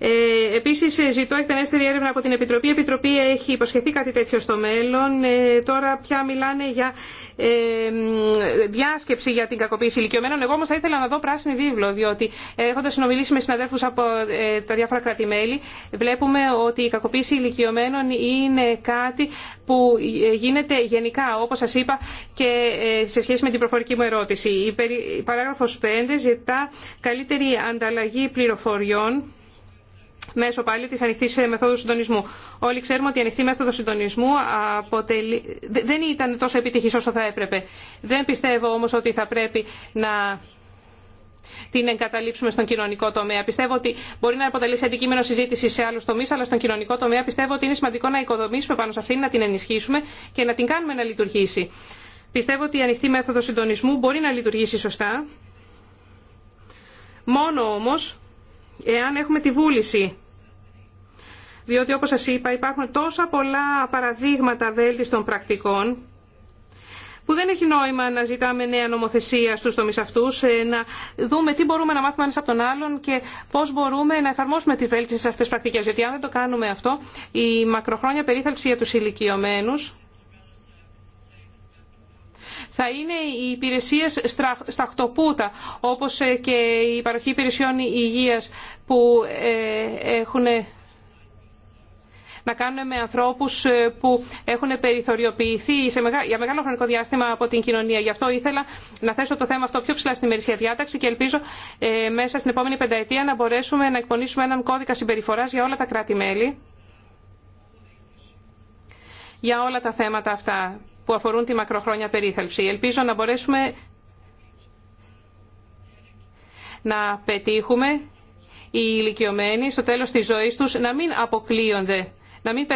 Ε, επίσης ζητώ εκτενέστερη έρευνα από την Επιτροπή. Η Επιτροπή έχει υποσχεθεί κάτι τέτοιο στο μέλλον. Ε, τώρα πια μιλάνε για ε, διάσκεψη για την κακοποίηση ηλικιωμένων. Εγώ όμως θα ήθελα να δω πράσινη βίβλο, διότι έχοντα συνομιλήσει με συναδέλφους από ε, τα διάφορα κράτη-μέλη, βλέπουμε ότι η κακοποίηση ηλικιωμένων είναι κάτι που γίνεται γενικά, όπω σα είπα, και ε, σε σχέση με την προφορική μου ερώτηση. Η παράγραφος 5 ζητά καλύτερη ανταλλαγή πληροφοριών μέσω πάλι της ανοιχτής ε, μεθόδου συντονισμού. Όλοι ξέρουμε ότι η ανοιχτή μέθοδος συντονισμού αποτελεί... δεν ήταν τόσο επιτυχής όσο θα έπρεπε. Δεν πιστεύω όμως ότι θα πρέπει να την εγκαταλείψουμε στον κοινωνικό τομέα. Πιστεύω ότι μπορεί να αποτελέσει αντικείμενο συζήτηση σε άλλου τομεί, αλλά στον κοινωνικό τομέα πιστεύω ότι είναι σημαντικό να οικοδομήσουμε πάνω σε αυτήν, να την ενισχύσουμε και να την κάνουμε να λειτουργήσει. Πιστεύω ότι η ανοιχτή μέθοδο συντονισμού μπορεί να λειτουργήσει σωστά. Μόνο όμως εάν έχουμε τη βούληση. Διότι όπως σας είπα υπάρχουν τόσα πολλά παραδείγματα βέλτιστων πρακτικών που δεν έχει νόημα να ζητάμε νέα νομοθεσία στους τομείς αυτούς, ε, να δούμε τι μπορούμε να μάθουμε ένας από τον άλλον και πώς μπορούμε να εφαρμόσουμε τις βέλτιστες αυτές τις πρακτικές. Γιατί αν δεν το κάνουμε αυτό, η μακροχρόνια περίθαλψη για τους ηλικιωμένους θα είναι οι υπηρεσίες στα όπως ε, και η παροχή υπηρεσιών υγείας που ε, έχουν ε, να κάνουν με ανθρώπους που έχουν περιθωριοποιηθεί σε για μεγάλο χρονικό διάστημα από την κοινωνία. Γι' αυτό ήθελα να θέσω το θέμα αυτό πιο ψηλά στην ημερησία διάταξη και ελπίζω μέσα στην επόμενη πενταετία να μπορέσουμε να εκπονήσουμε έναν κώδικα συμπεριφοράς για όλα τα κράτη-μέλη για όλα τα θέματα αυτά που αφορούν τη μακροχρόνια περίθαλψη. Ελπίζω να μπορέσουμε να πετύχουμε οι ηλικιωμένοι στο τέλος της ζωής τους να μην αποκλείονται, να μην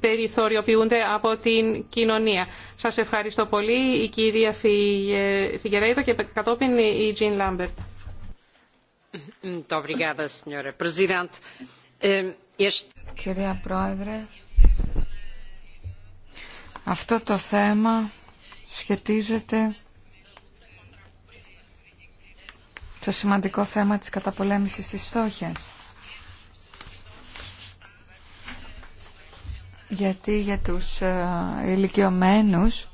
περιθωριοποιούνται από την κοινωνία. Σας ευχαριστώ πολύ η κυρία Φιγερέιδο και κατόπιν η Τζιν Λάμπερτ. Ε, κυρία αυτό το θέμα σχετίζεται το σημαντικό θέμα της καταπολέμησης της φτώχειας. Γιατί για τους ε, ηλικιωμένους,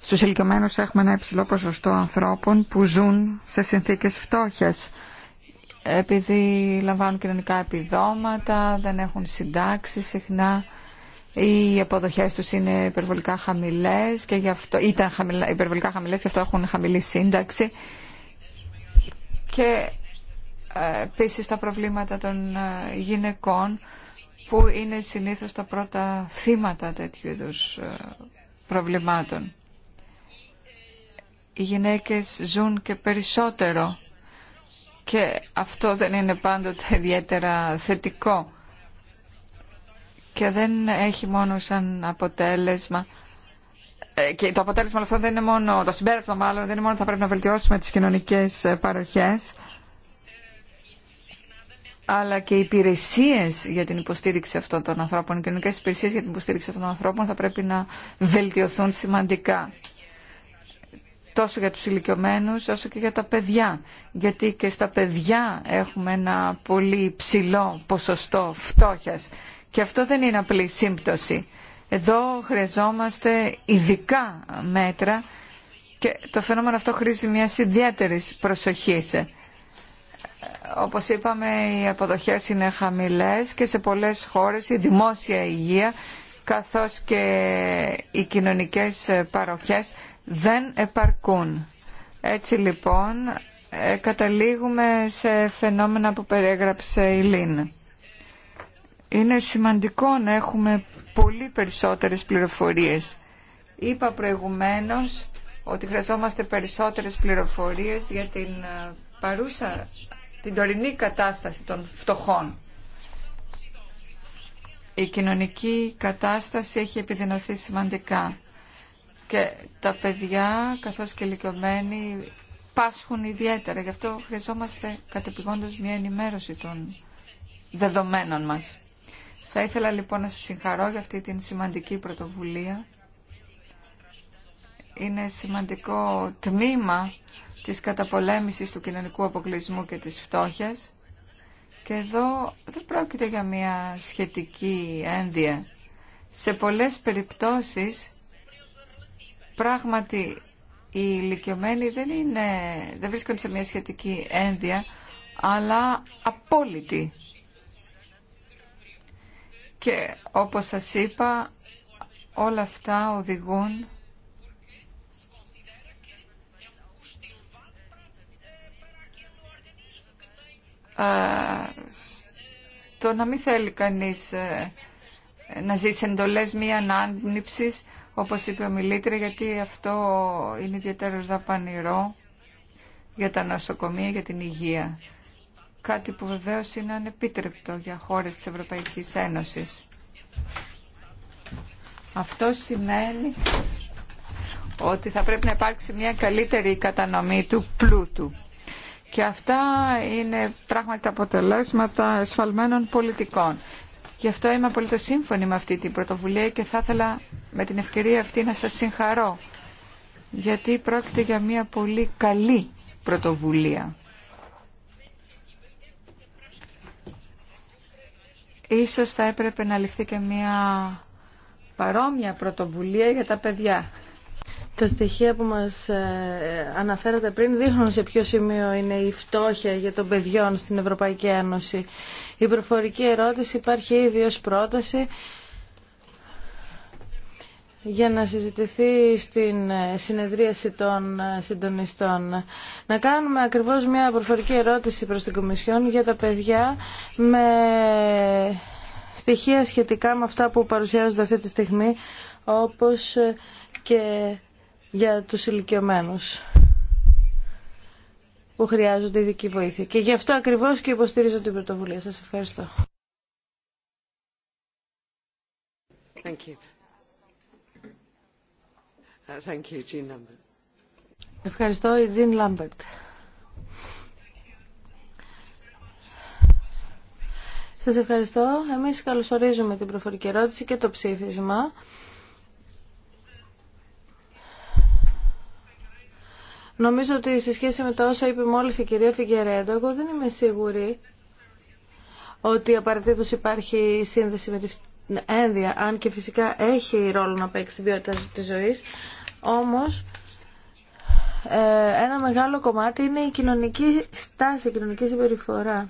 στους ηλικιωμένους έχουμε ένα υψηλό ποσοστό ανθρώπων που ζουν σε συνθήκες φτώχειας επειδή λαμβάνουν κοινωνικά επιδόματα, δεν έχουν συντάξει συχνά οι αποδοχές τους είναι υπερβολικά χαμηλές και γι αυτό, ήταν υπερβολικά χαμηλές και αυτό έχουν χαμηλή σύνταξη και ε, επίση τα προβλήματα των ε, γυναικών που είναι συνήθως τα πρώτα θύματα τέτοιου είδου ε, προβλημάτων. Οι γυναίκες ζουν και περισσότερο και αυτό δεν είναι πάντοτε ιδιαίτερα θετικό και δεν έχει μόνο σαν αποτέλεσμα ε, και το αποτέλεσμα αυτό δεν είναι μόνο, το συμπέρασμα μάλλον δεν είναι μόνο ότι θα πρέπει να βελτιώσουμε τις κοινωνικές ε, παροχές αλλά και οι υπηρεσίε για την υποστήριξη αυτών των ανθρώπων, οι κοινωνικέ υπηρεσίε για την υποστήριξη αυτών των ανθρώπων θα πρέπει να βελτιωθούν σημαντικά. Τόσο για του ηλικιωμένου όσο και για τα παιδιά. Γιατί και στα παιδιά έχουμε ένα πολύ ψηλό ποσοστό φτώχεια. Και αυτό δεν είναι απλή σύμπτωση. Εδώ χρειαζόμαστε ειδικά μέτρα και το φαινόμενο αυτό χρήζει μια ιδιαίτερη προσοχή. Όπως είπαμε, οι αποδοχές είναι χαμηλές και σε πολλές χώρες η δημόσια υγεία καθώς και οι κοινωνικές παροχές δεν επαρκούν. Έτσι λοιπόν ε, καταλήγουμε σε φαινόμενα που περιέγραψε η Λίνα είναι σημαντικό να έχουμε πολύ περισσότερες πληροφορίες. Είπα προηγουμένως ότι χρειαζόμαστε περισσότερες πληροφορίες για την ε, παρούσα, την τωρινή κατάσταση των φτωχών. Η κοινωνική κατάσταση έχει επιδεινωθεί σημαντικά και τα παιδιά καθώς και ηλικιωμένοι πάσχουν ιδιαίτερα. Γι' αυτό χρειαζόμαστε κατεπηγόντως μια ενημέρωση των δεδομένων μας. Θα ήθελα λοιπόν να σας συγχαρώ για αυτή την σημαντική πρωτοβουλία. Είναι σημαντικό τμήμα της καταπολέμησης του κοινωνικού αποκλεισμού και της φτώχειας. Και εδώ δεν πρόκειται για μια σχετική ένδια. Σε πολλές περιπτώσεις πράγματι οι ηλικιωμένοι δεν, είναι, δεν βρίσκονται σε μια σχετική ένδια αλλά απόλυτοι. Και όπως σας είπα, όλα αυτά οδηγούν το να μην θέλει κανείς ε, να ζήσει εντολές μη ανάμνηψης, όπως είπε ο Μιλήτρη, γιατί αυτό είναι ιδιαίτερο δαπανηρό για τα νοσοκομεία, για την υγεία κάτι που βεβαίω είναι ανεπίτρεπτο για χώρες της Ευρωπαϊκής Ένωσης. Αυτό σημαίνει ότι θα πρέπει να υπάρξει μια καλύτερη κατανομή του πλούτου. Και αυτά είναι πράγματι τα αποτελέσματα εσφαλμένων πολιτικών. Γι' αυτό είμαι απολύτως σύμφωνη με αυτή την πρωτοβουλία και θα ήθελα με την ευκαιρία αυτή να σας συγχαρώ. Γιατί πρόκειται για μια πολύ καλή πρωτοβουλία. Ίσως θα έπρεπε να ληφθεί και μια παρόμοια πρωτοβουλία για τα παιδιά. Τα στοιχεία που μας ε, αναφέρατε πριν δείχνουν σε ποιο σημείο είναι η φτώχεια για των παιδιών στην Ευρωπαϊκή Ένωση. Η προφορική ερώτηση υπάρχει ήδη ως πρόταση για να συζητηθεί στην ε, συνεδρίαση των ε, συντονιστών. Να κάνουμε ακριβώς μια προφορική ερώτηση προς την Κομισιόν για τα παιδιά με στοιχεία σχετικά με αυτά που παρουσιάζονται αυτή τη στιγμή, όπως ε, και για τους ηλικιωμένου που χρειάζονται ειδική βοήθεια. Και γι' αυτό ακριβώς και υποστηρίζω την πρωτοβουλία. Σας ευχαριστώ. Ευχαριστώ, Σας ευχαριστώ. Εμείς καλωσορίζουμε την προφορική ερώτηση και το ψήφισμα. Νομίζω ότι σε σχέση με τα όσα είπε μόλις η κυρία Φιγκερέντο, εγώ δεν είμαι σίγουρη ότι απαραίτητο υπάρχει σύνδεση με τη ένδια, αν και φυσικά έχει ρόλο να παίξει την ποιότητα της ζωής, όμως ε, ένα μεγάλο κομμάτι είναι η κοινωνική στάση, η κοινωνική συμπεριφορά.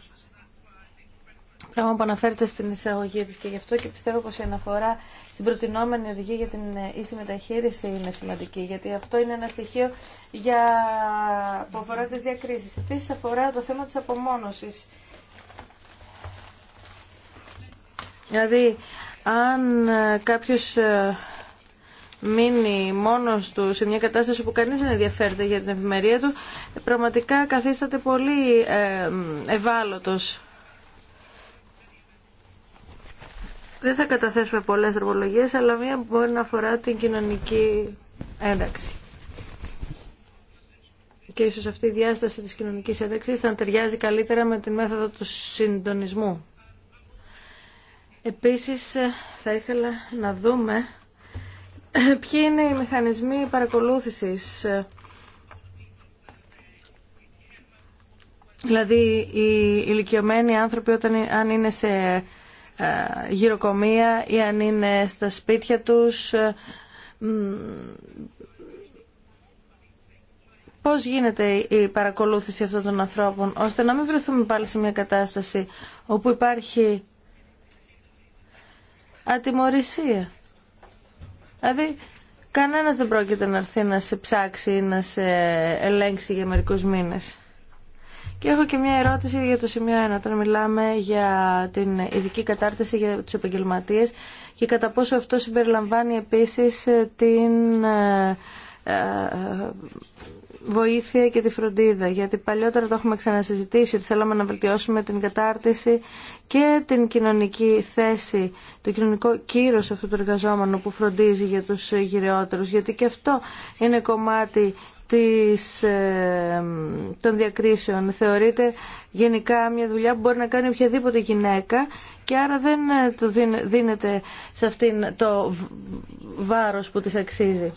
Πράγμα που αναφέρεται στην εισαγωγή της και γι' αυτό και πιστεύω πως η αναφορά στην προτινόμενη οδηγία για την ίση μεταχείριση είναι σημαντική, γιατί αυτό είναι ένα στοιχείο για... που αφορά τις διακρίσεις. Επίσης αφορά το θέμα της απομόνωσης. Δηλαδή, αν ε, κάποιος ε, μείνει μόνος του σε μια κατάσταση που κανείς δεν ενδιαφέρεται για την ευημερία του, πραγματικά καθίσταται πολύ ε, ευάλωτος. Δεν θα καταθέσουμε πολλές τροπολογίες, αλλά μία μπορεί να αφορά την κοινωνική ένταξη. Και ίσως αυτή η διάσταση της κοινωνικής ένταξης θα ταιριάζει καλύτερα με την μέθοδο του συντονισμού. Επίσης θα ήθελα να δούμε ποιοι είναι οι μηχανισμοί παρακολούθησης Δηλαδή οι ηλικιωμένοι άνθρωποι όταν, αν είναι σε ε, γυροκομεία ή αν είναι στα σπίτια τους ε, πώς γίνεται η παρακολούθηση αυτών των ανθρώπων ώστε να μην βρεθούμε πάλι σε μια κατάσταση όπου υπάρχει ατιμορρησία. Δηλαδή, κανένας δεν πρόκειται να έρθει να σε ψάξει ή να σε ελέγξει για μερικού μήνε. Και έχω και μια ερώτηση για το σημείο 1, όταν μιλάμε για την ειδική κατάρτιση για του επαγγελματίε και κατά πόσο αυτό συμπεριλαμβάνει επίσης την ε, ε, βοήθεια και τη φροντίδα. Γιατί παλιότερα το έχουμε ξανασυζητήσει ότι θέλαμε να βελτιώσουμε την κατάρτιση και την κοινωνική θέση, το κοινωνικό κύρος αυτού του εργαζόμενου που φροντίζει για του γυραιότερου. Γιατί και αυτό είναι κομμάτι της, ε, των διακρίσεων. Θεωρείται γενικά μια δουλειά που μπορεί να κάνει οποιαδήποτε γυναίκα και άρα δεν ε, του δίνεται σε αυτήν το βάρος που της αξίζει.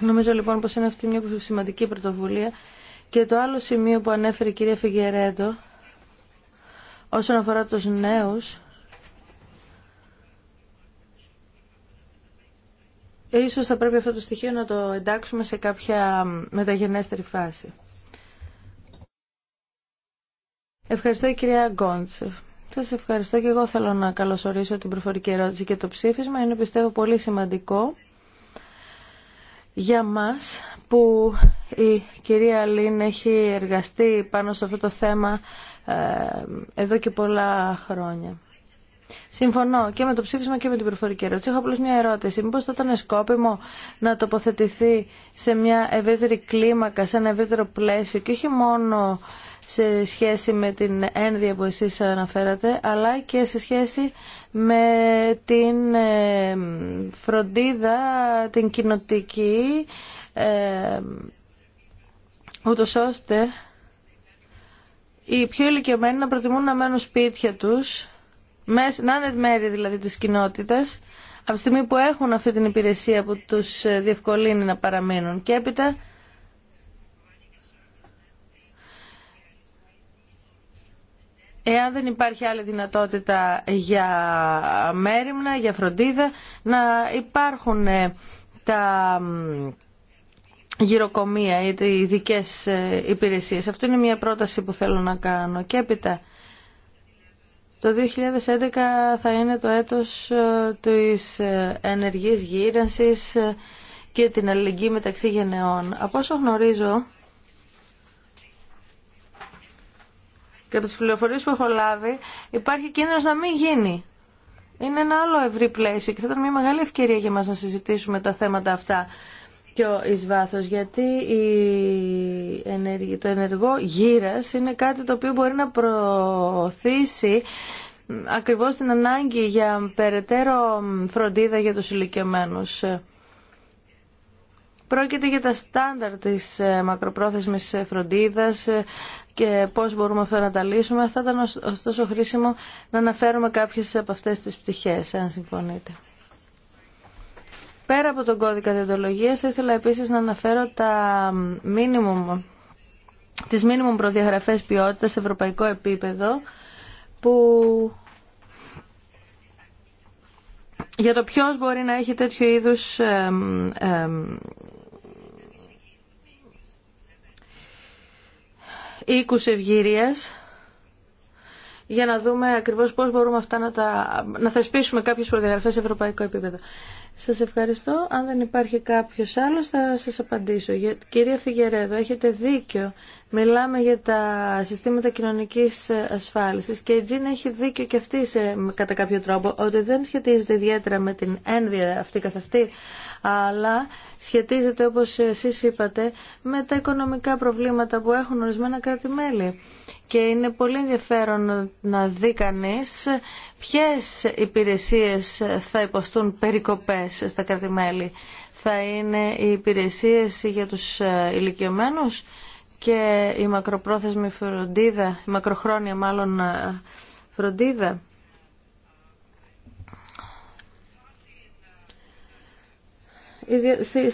Νομίζω λοιπόν πως είναι αυτή μια σημαντική πρωτοβουλία και το άλλο σημείο που ανέφερε η κυρία Φιγερέντο όσον αφορά τους νέους ίσως θα πρέπει αυτό το στοιχείο να το εντάξουμε σε κάποια μεταγενέστερη φάση. Ευχαριστώ η κυρία Γκόντσεφ. Σα ευχαριστώ και εγώ θέλω να καλωσορίσω την προφορική ερώτηση και το ψήφισμα. Είναι πιστεύω πολύ σημαντικό για μας που η κυρία Λίν έχει εργαστεί πάνω σε αυτό το θέμα ε, εδώ και πολλά χρόνια. Συμφωνώ και με το ψήφισμα και με την προφορική ερώτηση. Έχω απλώ μια ερώτηση. Μήπω θα ήταν σκόπιμο να τοποθετηθεί σε μια ευρύτερη κλίμακα, σε ένα ευρύτερο πλαίσιο και όχι μόνο σε σχέση με την ένδια που εσείς αναφέρατε, αλλά και σε σχέση με την ε, φροντίδα, την κοινοτική, ε, ούτως ώστε οι πιο ηλικιωμένοι να προτιμούν να μένουν σπίτια τους, να είναι μέρη δηλαδή της κοινότητας, από τη στιγμή που έχουν αυτή την υπηρεσία που τους ε, διευκολύνει να παραμείνουν. Και έπειτα εάν δεν υπάρχει άλλη δυνατότητα για μέρημνα, για φροντίδα, να υπάρχουν ε, τα γυροκομεία ή οι ειδικέ ε, υπηρεσίες. Αυτό είναι μια πρόταση που θέλω να κάνω. Και έπειτα, το 2011 θα είναι το έτος ε, της ενεργής γύρανσης και την αλληλεγγύη μεταξύ γενεών. Από όσο γνωρίζω, και από τις πληροφορίες που έχω λάβει υπάρχει κίνδυνος να μην γίνει. Είναι ένα άλλο ευρύ πλαίσιο και θα ήταν μια μεγάλη ευκαιρία για μας να συζητήσουμε τα θέματα αυτά πιο εις βάθος, γιατί η... το ενεργό γύρας είναι κάτι το οποίο μπορεί να προωθήσει ακριβώς την ανάγκη για περαιτέρω φροντίδα για τους ηλικιωμένους. Πρόκειται για τα στάνταρ της ε, μακροπρόθεσμης ε, φροντίδας ε, και πώς μπορούμε αυτό να τα λύσουμε. Θα ήταν ωστόσο χρήσιμο να αναφέρουμε κάποιες από αυτές τις πτυχές, αν συμφωνείτε. Πέρα από τον κώδικα διοντολογίας, ήθελα επίσης να αναφέρω τα minimum, τις μίνιμουμ προδιαγραφές ποιότητας σε ευρωπαϊκό επίπεδο, που για το ποιος μπορεί να έχει τέτοιου είδους οίκους ευγυρία για να δούμε ακριβώς πώς μπορούμε αυτά να, τα, να θεσπίσουμε κάποιες προδιαγραφές σε ευρωπαϊκό επίπεδο. Σας ευχαριστώ. Αν δεν υπάρχει κάποιος άλλος θα σας απαντήσω. Κυρία Φιγερέδο, έχετε δίκιο. Μιλάμε για τα συστήματα κοινωνικής ασφάλισης και η Τζίν έχει δίκιο και αυτή σε, κατά κάποιο τρόπο ότι δεν σχετίζεται ιδιαίτερα με την ένδυα αυτή καθ' αυτή αλλά σχετίζεται όπως εσείς είπατε με τα οικονομικά προβλήματα που έχουν ορισμένα κράτη-μέλη. Και είναι πολύ ενδιαφέρον να δει κανεί ποιες υπηρεσίες θα υποστούν περικοπές στα κράτη-μέλη. Θα είναι οι υπηρεσίες για τους ε, ηλικιωμένους και η μακροπρόθεσμη φροντίδα, η μακροχρόνια μάλλον ε, φροντίδα. σε,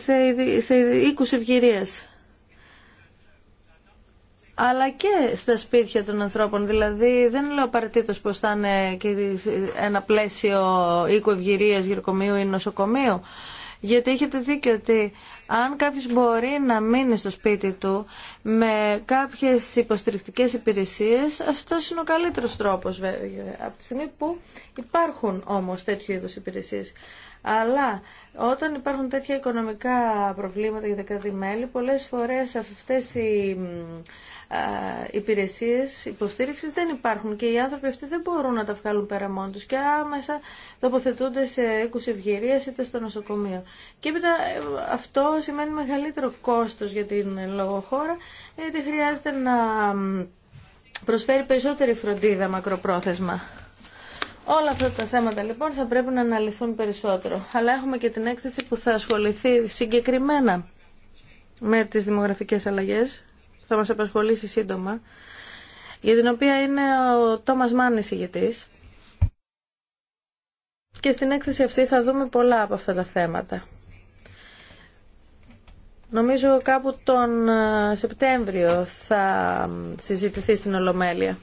σε, οίκους Αλλά και στα σπίτια των ανθρώπων. Δηλαδή δεν λέω απαραίτητο πως θα είναι και ένα πλαίσιο οίκου ευγυρία, γυροκομείου ή νοσοκομείου. Γιατί έχετε δίκιο ότι αν κάποιος μπορεί να μείνει στο σπίτι του με κάποιες υποστηρικτικές υπηρεσίες, αυτό είναι ο καλύτερος τρόπος βέβαια. Από τη στιγμή που υπάρχουν όμως τέτοιου είδους υπηρεσίες. Αλλά όταν υπάρχουν τέτοια οικονομικά προβλήματα για τα κράτη-μέλη, πολλές φορές αυτές οι υπηρεσίες υποστήριξης δεν υπάρχουν και οι άνθρωποι αυτοί δεν μπορούν να τα βγάλουν πέρα μόνο τους και άμεσα τοποθετούνται σε οίκους ευγυρία είτε στο νοσοκομείο. Και έπειτα ε, αυτό σημαίνει μεγαλύτερο κόστος για την λογοχώρα γιατί χρειάζεται να προσφέρει περισσότερη φροντίδα μακροπρόθεσμα. Όλα αυτά τα θέματα λοιπόν θα πρέπει να αναλυθούν περισσότερο. Αλλά έχουμε και την έκθεση που θα ασχοληθεί συγκεκριμένα με τις δημογραφικές αλλαγές. Θα μας απασχολήσει σύντομα. Για την οποία είναι ο Τόμας Μάνης ηγετής. Και στην έκθεση αυτή θα δούμε πολλά από αυτά τα θέματα. Νομίζω κάπου τον ε, Σεπτέμβριο θα συζητηθεί στην Ολομέλεια.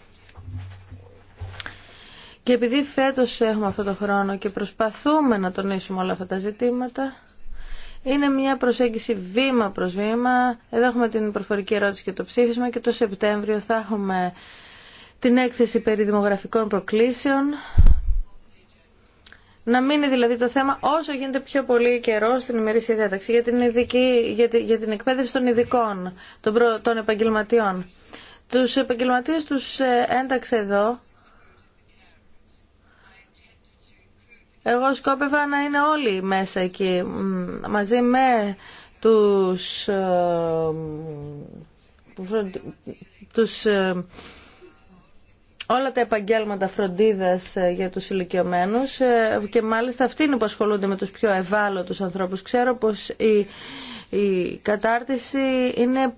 Και επειδή φέτος έχουμε αυτό το χρόνο και προσπαθούμε να τονίσουμε όλα αυτά τα ζητήματα, είναι μια προσέγγιση βήμα προς βήμα. Εδώ έχουμε την προφορική ερώτηση και το ψήφισμα και το Σεπτέμβριο θα έχουμε την έκθεση περί δημογραφικών προκλήσεων. Να μείνει δηλαδή το θέμα όσο γίνεται πιο πολύ καιρό στην ημερήσια διάταξη για την, την εκπαίδευση των ειδικών, των, των επαγγελματιών. Τους επαγγελματίες τους ε, ένταξε εδώ Εγώ σκόπευα να είναι όλοι μέσα εκεί, μαζί με τους, ε, τους ε, όλα τα επαγγέλματα φροντίδας ε, για τους ηλικιωμένου και μάλιστα αυτοί είναι που ασχολούνται με τους πιο ευάλωτους ανθρώπους. Ξέρω πως η, η κατάρτιση είναι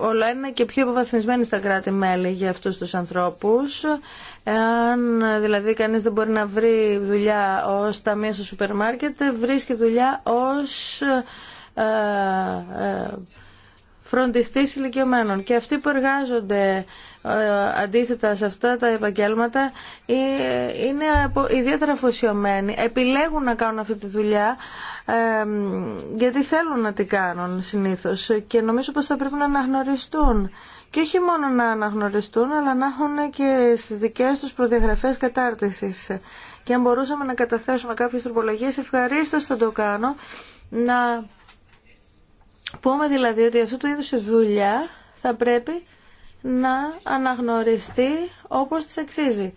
όλα είναι και πιο υποβαθμισμένοι στα κράτη-μέλη για αυτούς τους ανθρώπους. Εάν δηλαδή κανείς δεν μπορεί να βρει δουλειά ως ταμεία στο σούπερ μάρκετ, βρίσκει δουλειά ως ε, ε, φροντιστής ηλικιωμένων. Και αυτοί που εργάζονται ε, αντίθετα σε αυτά τα επαγγέλματα ε, είναι ιδιαίτερα αφοσιωμένοι. Επιλέγουν να κάνουν αυτή τη δουλειά γιατί θέλουν να τη κάνουν συνήθως και νομίζω πως θα πρέπει να αναγνωριστούν και όχι μόνο να αναγνωριστούν αλλά να έχουν και στις δικές τους προδιαγραφές κατάρτισης και αν μπορούσαμε να καταθέσουμε κάποιες τροπολογίες ευχαρίστως θα το κάνω να πούμε δηλαδή ότι αυτού του είδους η δουλειά θα πρέπει να αναγνωριστεί όπως της αξίζει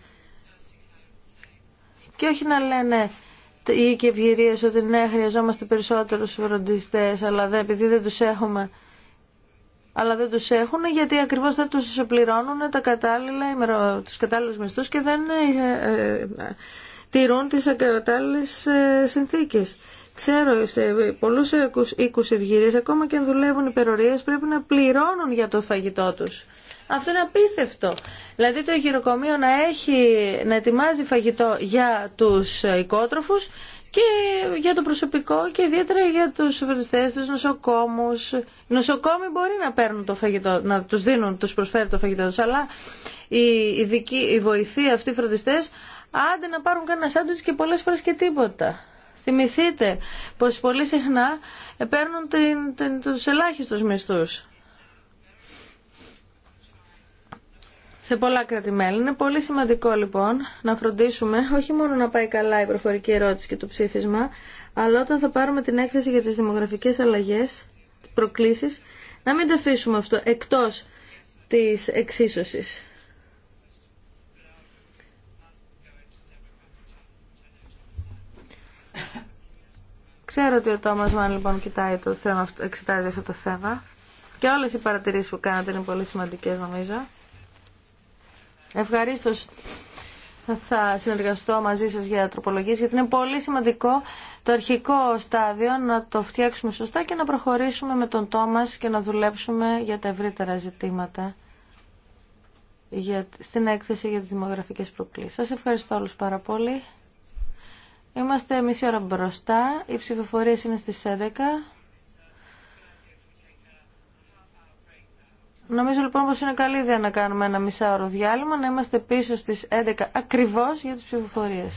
και όχι να λένε ή και ευγυρίε ότι ναι, χρειαζόμαστε περισσότερου φροντιστέ, αλλά δεν, επειδή δεν του έχουμε. Αλλά δεν τους έχουν γιατί ακριβώς δεν τους πληρώνουν τα κατάλληλα, τους κατάλληλους μισθούς και δεν ε, ε, τηρούν τις κατάλληλες ε, συνθήκες. Ξέρω, σε πολλούς οίκους ευγυρίες, ακόμα και αν δουλεύουν υπερορίες, πρέπει να πληρώνουν για το φαγητό τους. Αυτό είναι απίστευτο. Δηλαδή το γυροκομείο να, έχει, να ετοιμάζει φαγητό για τους οικότροφους και για το προσωπικό και ιδιαίτερα για τους φροντιστές, τους νοσοκόμους. Οι νοσοκόμοι μπορεί να παίρνουν το φαγητό, να τους δίνουν, τους προσφέρει το φαγητό τους, αλλά οι, δική βοηθοί αυτοί οι φροντιστές άντε να πάρουν κανένα σάντουιτς και πολλές φορές και τίποτα. Θυμηθείτε πως πολύ συχνά παίρνουν την, την, τους ελάχιστους μισθούς. σε πολλά Είναι πολύ σημαντικό λοιπόν να φροντίσουμε όχι μόνο να πάει καλά η προφορική ερώτηση και το ψήφισμα, αλλά όταν θα πάρουμε την έκθεση για τις δημογραφικές αλλαγές, προκλήσεις, να μην το αφήσουμε αυτό εκτός της εξίσωσης. Ξέρω ότι ο τόμα Μαν λοιπόν κοιτάει το θέμα, εξετάζει αυτό το θέμα και όλε οι παρατηρήσει που κάνατε είναι πολύ σημαντικέ νομίζω. Ευχαριστώ. θα συνεργαστώ μαζί σας για τροπολογίες γιατί είναι πολύ σημαντικό το αρχικό στάδιο να το φτιάξουμε σωστά και να προχωρήσουμε με τον Τόμας και να δουλέψουμε για τα ευρύτερα ζητήματα για, στην έκθεση για τις δημογραφικές προκλήσεις. Σας ευχαριστώ όλους πάρα πολύ. Είμαστε μισή ώρα μπροστά. Οι ψηφοφορίες είναι στις 11. Νομίζω λοιπόν πως είναι καλή ιδέα να κάνουμε ένα μισάωρο διάλειμμα, να είμαστε πίσω στις 11 ακριβώς για τις ψηφοφορίες.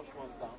όσο μόνο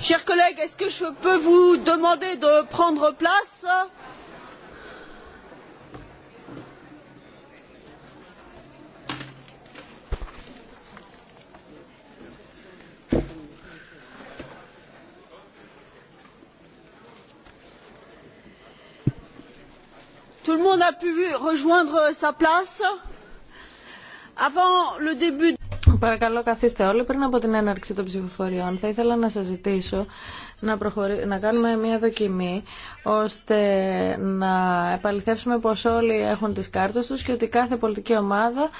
chers collègues est ce que je peux vous demander de prendre place? tout le monde a pu rejoindre sa place? avant le début de Παρακαλώ καθίστε όλοι. Πριν από την έναρξη των ψηφοφοριών θα ήθελα να σας ζητήσω να, προχωρήσουμε, να κάνουμε μια δοκιμή ώστε να επαληθεύσουμε πως όλοι έχουν τις κάρτες τους και ότι κάθε πολιτική ομάδα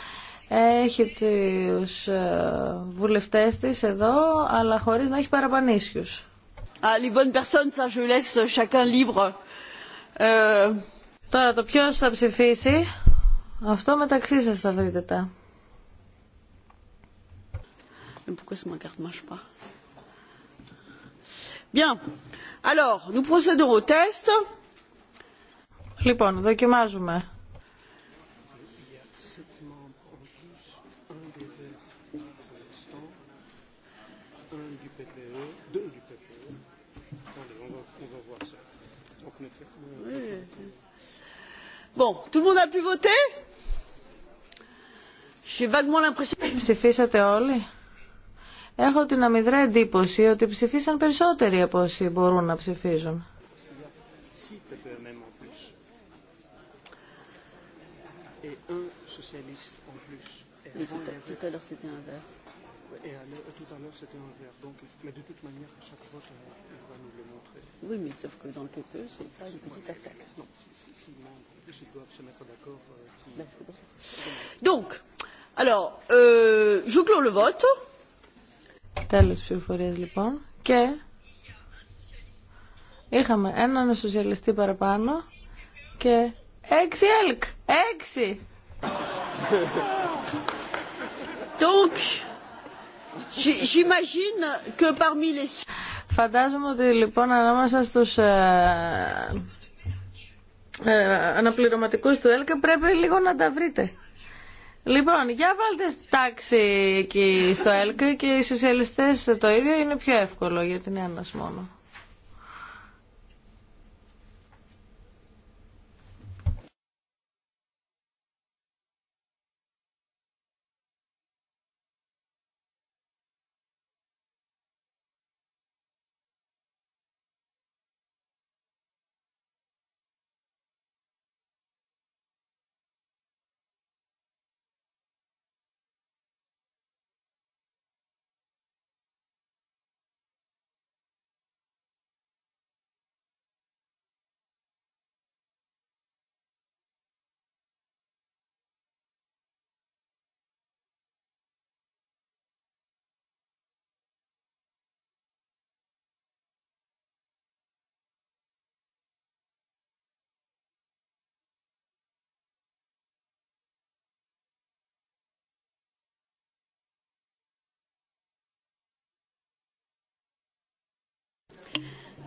έχει τους ε, βουλευτές της εδώ αλλά χωρίς να έχει παραπανήσιους. Τώρα το ποιος θα ψηφίσει αυτό μεταξύ σας θα βρείτε τα. Pourquoi ma carte ne marche pas Bien. Alors, nous procédons au test. Λοιπόν, δοκιμάζουμε. Bon, tout le monde a pu voter J'ai vaguement l'impression. que Ψηφίσατε όλοι έχω την αμυδρά εντύπωση ότι ψηφίσαν περισσότεροι από όσοι μπορούν να ψηφίζουν. Oui, mais sauf que dans le pas une petite attaque. Donc, alors, euh, je clôt le vote. Τέλος ψηφοφορίας λοιπόν. Και είχαμε έναν σοσιαλιστή παραπάνω και έξι ΕΛΚ. Έξι. Donc, Φαντάζομαι ότι λοιπόν ανάμεσα στους ε, ε, αναπληρωματικούς του έλκα πρέπει λίγο να τα βρείτε. Λοιπόν, για βάλτε τάξη εκεί στο ΕΛΚ και οι σοσιαλιστές το ίδιο είναι πιο εύκολο γιατί είναι ένας μόνο.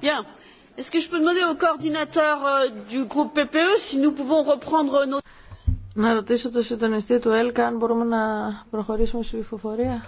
Bien. Est ce que je peux demander au coordinateur du groupe PPE si nous pouvons reprendre nos... Να ρωτήσω το συντονιστή του ΕΛΚΑ αν μπορούμε να προχωρήσουμε στη ψηφοφορία.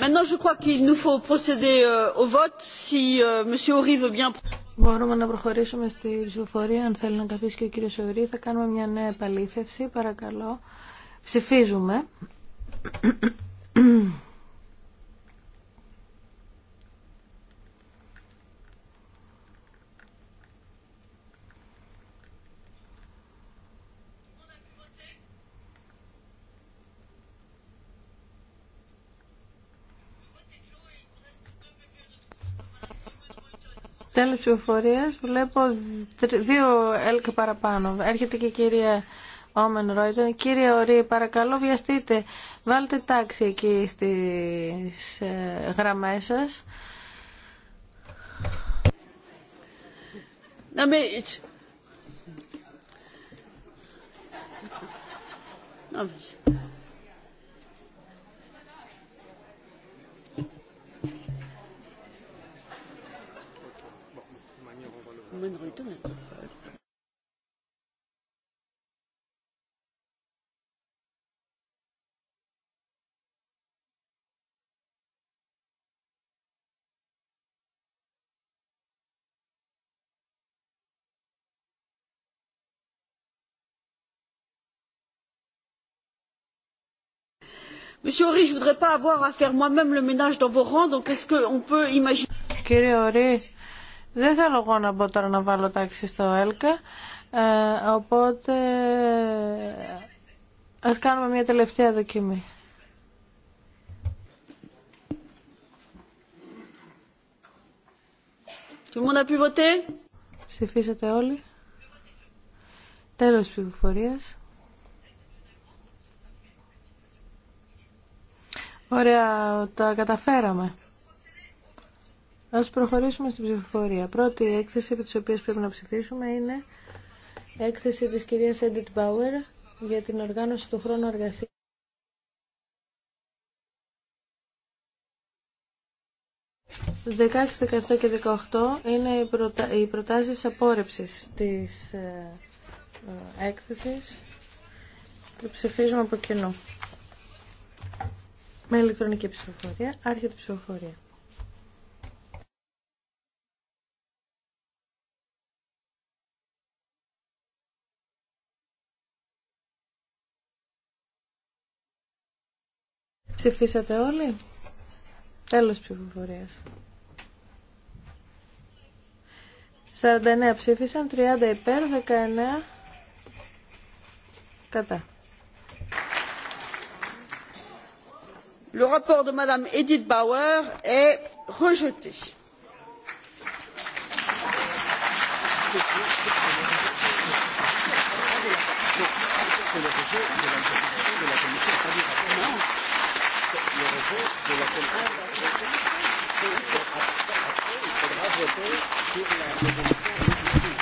Maintenant, je crois qu'il nous να προχωρήσουμε στη ψηφοφορία. Αν θέλει να καθίσει και ο κύριος Ορή, θα κάνουμε μια νέα Παρακαλώ. Ψηφίζουμε. τέλος ουφορίας βλέπω δύο έλκα παραπάνω. Έρχεται και η κυρία Όμεν Ρόιτεν. Κύριε Ορή, παρακαλώ βιαστείτε. Βάλτε τάξη εκεί στις ε, γραμμές σας. Να μην... Να Monsieur Horry, je ne voudrais pas avoir à faire moi-même le ménage dans vos rangs, donc est-ce qu'on peut imaginer... Δεν θέλω εγώ να μπω τώρα να βάλω τάξη στο ΕΛΚΑ, ε, οπότε ε, ας κάνουμε μια τελευταία δοκιμή. Tout Ψηφίσατε όλοι. Τέλος της ψηφοφορίας. Ωραία, τα καταφέραμε. Ας προχωρήσουμε στην ψηφοφορία. Πρώτη έκθεση από της οποίας πρέπει να ψηφίσουμε είναι έκθεση της κυρίας Έντιτ Μπάουερ για την οργάνωση του χρόνου εργασία. 16, 17 και 18 είναι οι, προτα... οι προτάσεις απόρρεψης της ε, ε, έκθεσης. Το ψηφίζουμε από κοινού. Με ηλεκτρονική ψηφοφορία, άρχεται ψηφοφορία. Ψηφίσατε όλοι. Τέλος ψηφοφορίας. 49 ψήφισαν, 30 υπέρ, 19 κατά. Le rapport de Madame Edith Bauer est rejeté le repos de la comprendre à Après, il faudra voter sur la résolution modifiée.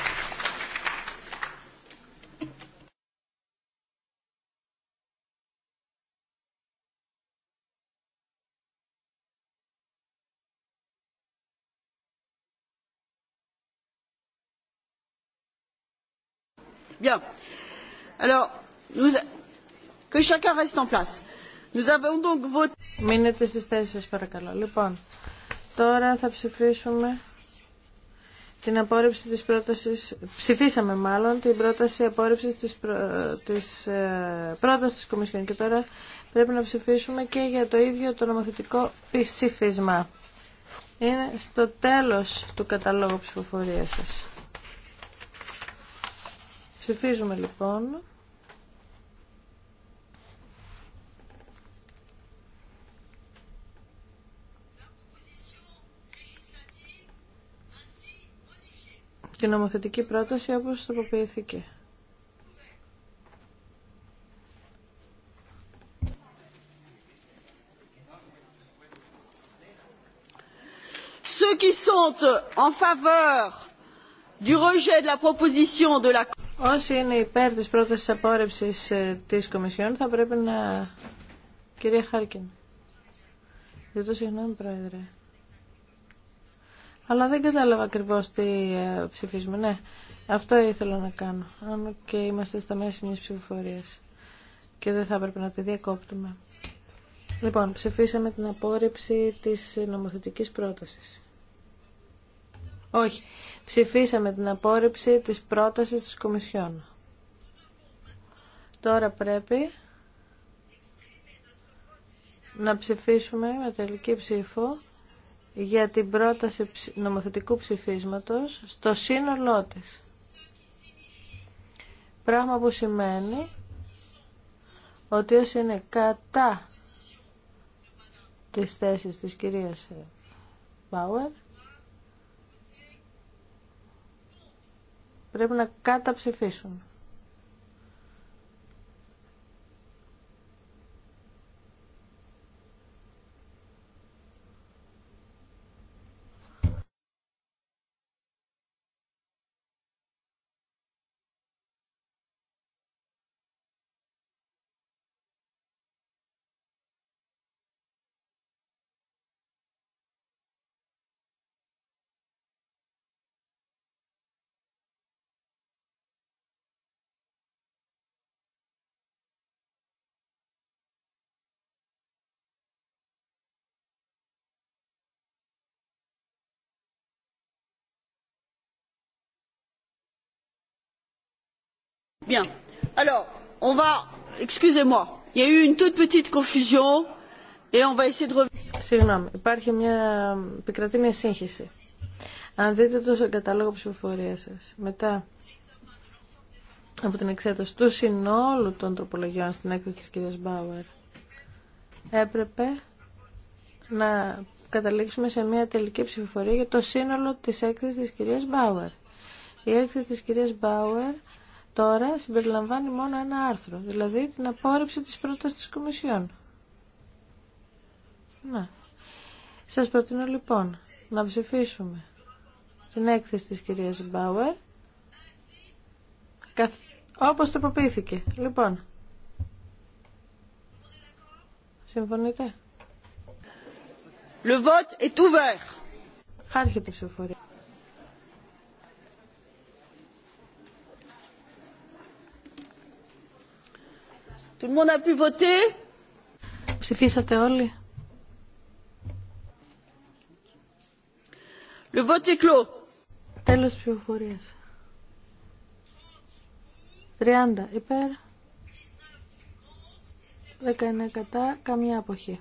Bien. Alors, nous, que chacun reste en place. Nous avons donc voté. Μείνετε στις θέσεις σας παρακαλώ. Λοιπόν, τώρα θα ψηφίσουμε την απόρριψη της πρότασης, ψηφίσαμε μάλλον την πρόταση απόρριψης της, προ, της ε, πρότασης της Κομισιόν και τώρα πρέπει να ψηφίσουμε και για το ίδιο το νομοθετικό ψήφισμα. Είναι στο τέλος του καταλόγου ψηφοφορίας σας. Ψηφίζουμε λοιπόν. την νομοθετική πρόταση όπως τοποποιήθηκε. Όσοι είναι υπέρ της πρότασης απόρρευσης ε, της Κομισιόν θα πρέπει να... Κυρία Χάρκιν. το συγγνώμη, Πρόεδρε αλλά δεν κατάλαβα ακριβώ τι ε, ψηφίζουμε. Ναι, αυτό ήθελα να κάνω. Αν και είμαστε στα μέση μιας ψηφοφορία. και δεν θα έπρεπε να τη διακόπτουμε. Λοιπόν, ψηφίσαμε την απόρριψη της νομοθετικής πρότασης. Όχι, ψηφίσαμε την απόρριψη της πρότασης της Κομισιόν. Τώρα πρέπει να ψηφίσουμε με τελική ψήφο για την πρόταση νομοθετικού ψηφίσματος στο σύνολό της. Πράγμα που σημαίνει ότι όσοι είναι κατά τις θέσεις της κυρίας Μπάουερ πρέπει να καταψηφίσουν. Bien. Alors, on va... Excusez-moi. Il y a eu une toute petite confusion et on va essayer de Συγγνώμη, υπάρχει μια επικρατή μια σύγχυση. Αν δείτε το κατάλογο ψηφοφορία σα, μετά από την εξέταση του συνόλου των τροπολογιών στην έκθεση τη κυρία Μπάουερ, έπρεπε να καταλήξουμε σε μια τελική ψηφοφορία για το σύνολο τη έκθεση τη κυρία Μπάουερ. Η έκθεση τη κυρία Μπάουερ τώρα συμπεριλαμβάνει μόνο ένα άρθρο, δηλαδή την απόρριψη της πρότασης της Κομισιόν. Να. Σας προτείνω λοιπόν να ψηφίσουμε την έκθεση της κυρίας Μπάουερ καθ... όπως τροποποιήθηκε. Λοιπόν, συμφωνείτε. Le vote est ouvert. Άρχεται η ψηφοφορία. Tout le monde a pu voter? Ψηφίσατε όλοι. Le vote est clos. Τέλος ψηφοφορίας. 30 υπέρ, 19 κατά, καμιά αποχή.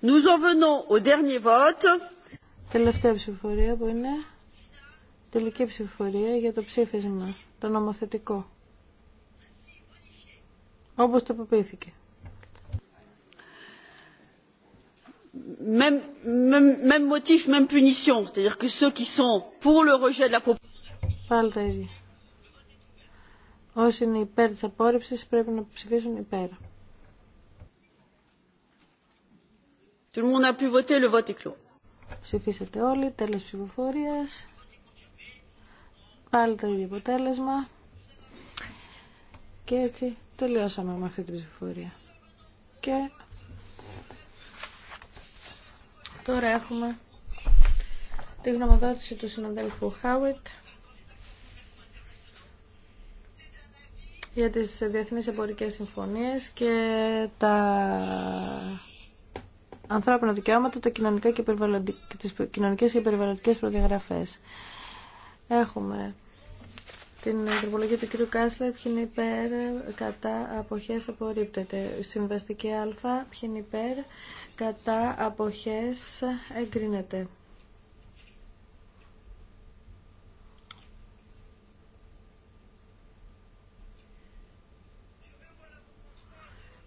Nous en venons au dernier vote. Τελευταία ψηφοφορία που είναι τελική ψηφοφορία για το ψήφισμα το νομοθετικό. Όπως το Même, même, même motif, même punition. C'est-à-dire que Όσοι είναι υπέρ της απόρριψης πρέπει να ψηφίσουν υπέρ. Tout le monde a pu voter, le vote est Ψηφίσατε όλοι, τέλος Πάλι το ίδιο αποτέλεσμα. Και έτσι τελειώσαμε με αυτή την ψηφοφορία. Και τώρα έχουμε τη γνωμοδότηση του συναδέλφου Χάουιτ για τις διεθνείς εμπορικές συμφωνίες και τα ανθρώπινα δικαιώματα τα κοινωνικά και τις κοινωνικές και περιβαλλοντικές προδιαγραφές. Έχουμε την τροπολογία του κ. Κάσλερ, ποιοι υπέρ, κατά, αποχές, απορρίπτεται. Συμβαστική α, ποιοι υπέρ, κατά, αποχές, εγκρίνεται.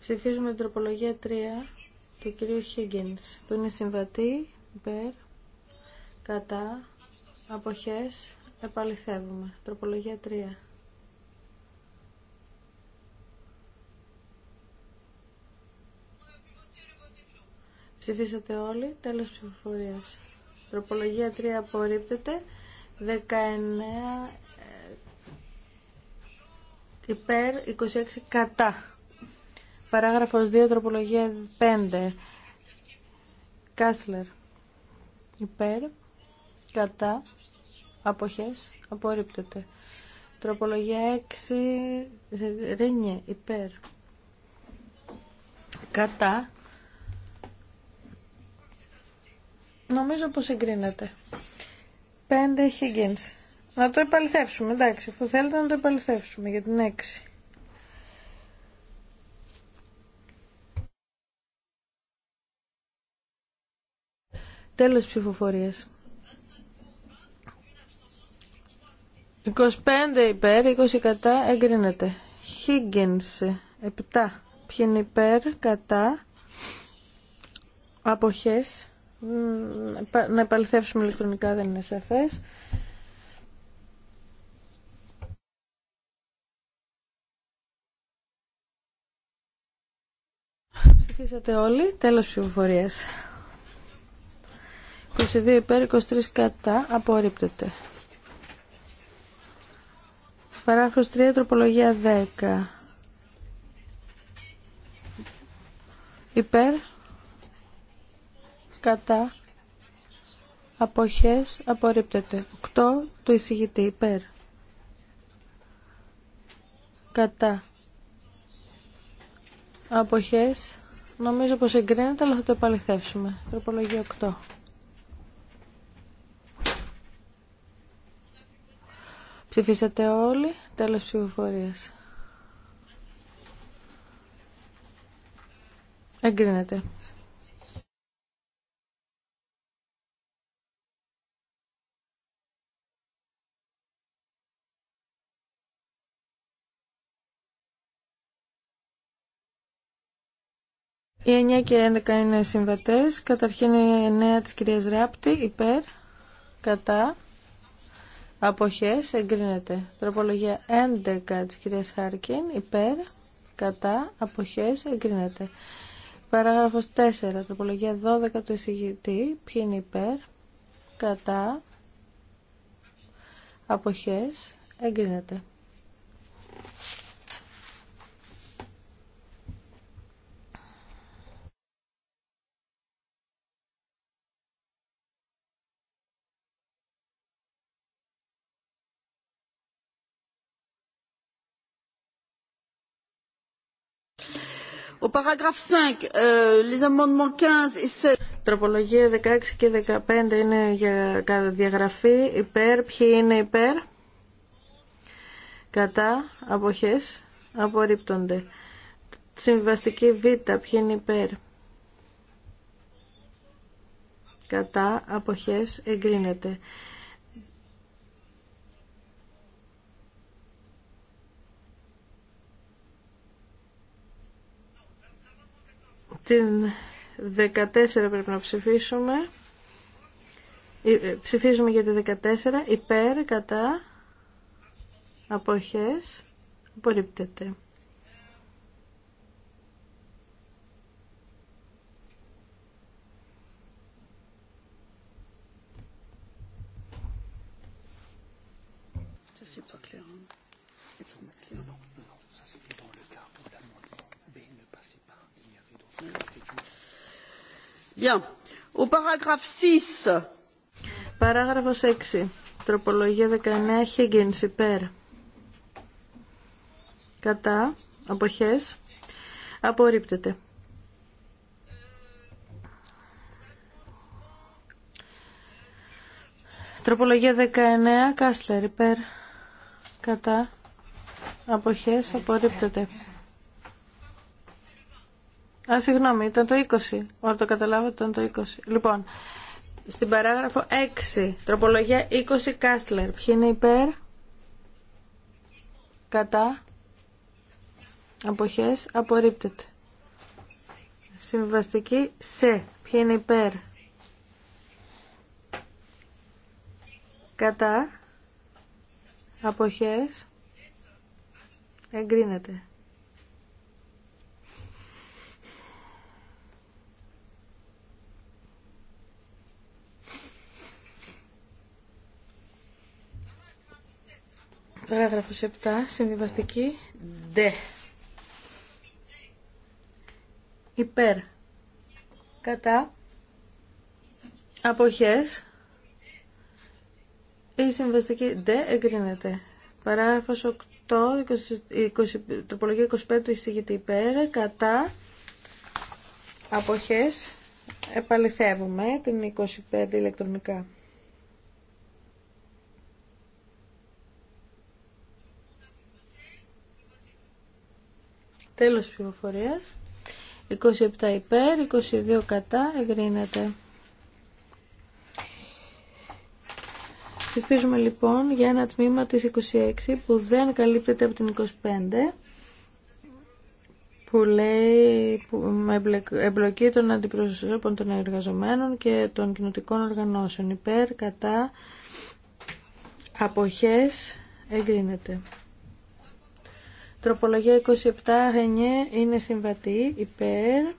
Ψηφίζουμε την τροπολογία 3 του κ. Higgins, που είναι συμβατή, υπέρ, κατά, αποχές, Επαληθεύουμε. Τροπολογία 3. Ψηφίσατε όλοι. Τέλος ψηφοφορίας. Τροπολογία 3 απορρίπτεται. 19 ε, υπέρ, 26 κατά. Παράγραφος 2, τροπολογία 5. Κάσλερ. Υπέρ, κατά, αποχές απορρίπτεται. Τροπολογία 6 ρίνιε υπέρ κατά νομίζω πως εγκρίνεται. 5 Higgins. Να το επαληθεύσουμε, εντάξει, αφού θέλετε να το επαληθεύσουμε για την 6. Τέλος ψηφοφορίας. 25 υπέρ, 20 κατά, εγκρίνεται. Higgins, 7. Ποιοι είναι υπέρ, κατά, αποχές. Να επαληθεύσουμε ηλεκτρονικά, δεν είναι σαφές. Ψηφίσατε όλοι. Τέλος ψηφοφορίας. 22 υπέρ, 23 κατά, απορρίπτεται. Παράγραφος 3, τροπολογία 10. Υπέρ, κατά, αποχές, απορρίπτεται. 8, του εισηγητή, υπέρ. Κατά. Αποχές, νομίζω πως εγκρίνεται, αλλά θα το επαληθεύσουμε. Τροπολογία 8. Ψηφίσατε όλοι. Τέλος ψηφοφορίας. Εγκρίνεται. Οι 9 και 11 είναι συμβατές. Καταρχήν η 9 της κυρίας Ράπτη, υπέρ, κατά, Αποχές εγκρίνεται. Τροπολογία 11 της κυρίας Χάρκιν υπέρ κατά αποχές εγκρίνεται. Παράγραφος 4. Τροπολογία 12 του εισηγητή. Ποιοι είναι υπέρ κατά αποχές εγκρίνεται. παράγραφο euh, Τροπολογία 16 και 15 είναι για διαγραφή. Υπέρ, ποιοι είναι υπέρ. Κατά, αποχές, απορρίπτονται. Συμβαστική Β, ποιοι είναι υπέρ. Κατά, αποχές, εγκρίνεται. Την 14 πρέπει να ψηφίσουμε. Ε, ε, ψηφίζουμε για τη 14. Υπέρ, κατά, αποχές, απορρίπτεται. 6. Παράγραφος 6. Τροπολογία 19. Χίγγινς υπέρ. Κατά. Αποχές. Απορρίπτεται. Τροπολογία 19. κάστλερ υπέρ. Κατά. Αποχές. Απορρίπτεται. Α, συγγνώμη, ήταν το 20. Όταν το καταλάβω ήταν το 20. Λοιπόν, στην παράγραφο 6, τροπολογία 20 Κάστλερ. Ποιοι είναι υπέρ, κατά, αποχές, απορρίπτεται. Συμβαστική σε. Ποιοι είναι υπέρ, κατά, αποχές, εγκρίνεται. Παράγραφος 7, συμβιβαστική, D. Υπέρ. Κατά. Αποχές. Η συμβαστική D εγκρίνεται. Παράγραφος 8, 20, 25 του υπέρ. Κατά. Αποχές. Επαληθεύουμε την 25 ηλεκτρονικά. Τέλος πληροφορίας, 27 υπέρ, 22 κατά, εγκρίνεται. Ψηφίζουμε λοιπόν για ένα τμήμα της 26 που δεν καλύπτεται από την 25 που λέει με εμπλοκή των αντιπροσωπών των εργαζομένων και των κοινωτικών οργανώσεων υπέρ, κατά, αποχές, εγκρίνεται. Τροπολογία 27, 9 είναι συμβατή, υπέρ,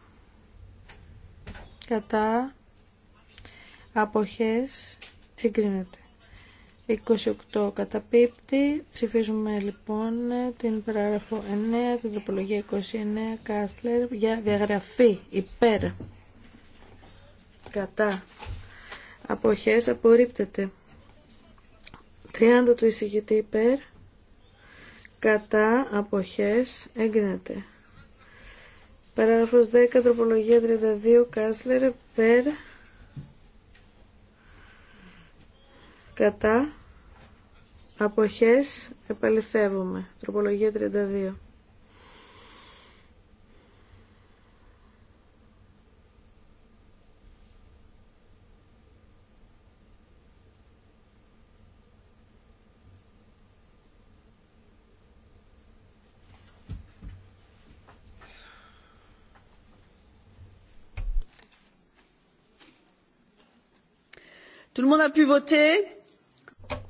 κατά, αποχές, εγκρίνεται. 28 καταπίπτει. Ψηφίζουμε λοιπόν την παράγραφο 9, την τροπολογία 29, Κάστλερ, για διαγραφή υπέρ. Κατά. Αποχές απορρίπτεται. 30 του εισηγητή υπέρ κατά αποχές εγκρίνεται. Παράγραφος 10, τροπολογία 32, Κάσλερ, περ, κατά, αποχές, επαληθεύουμε. Τροπολογία 32.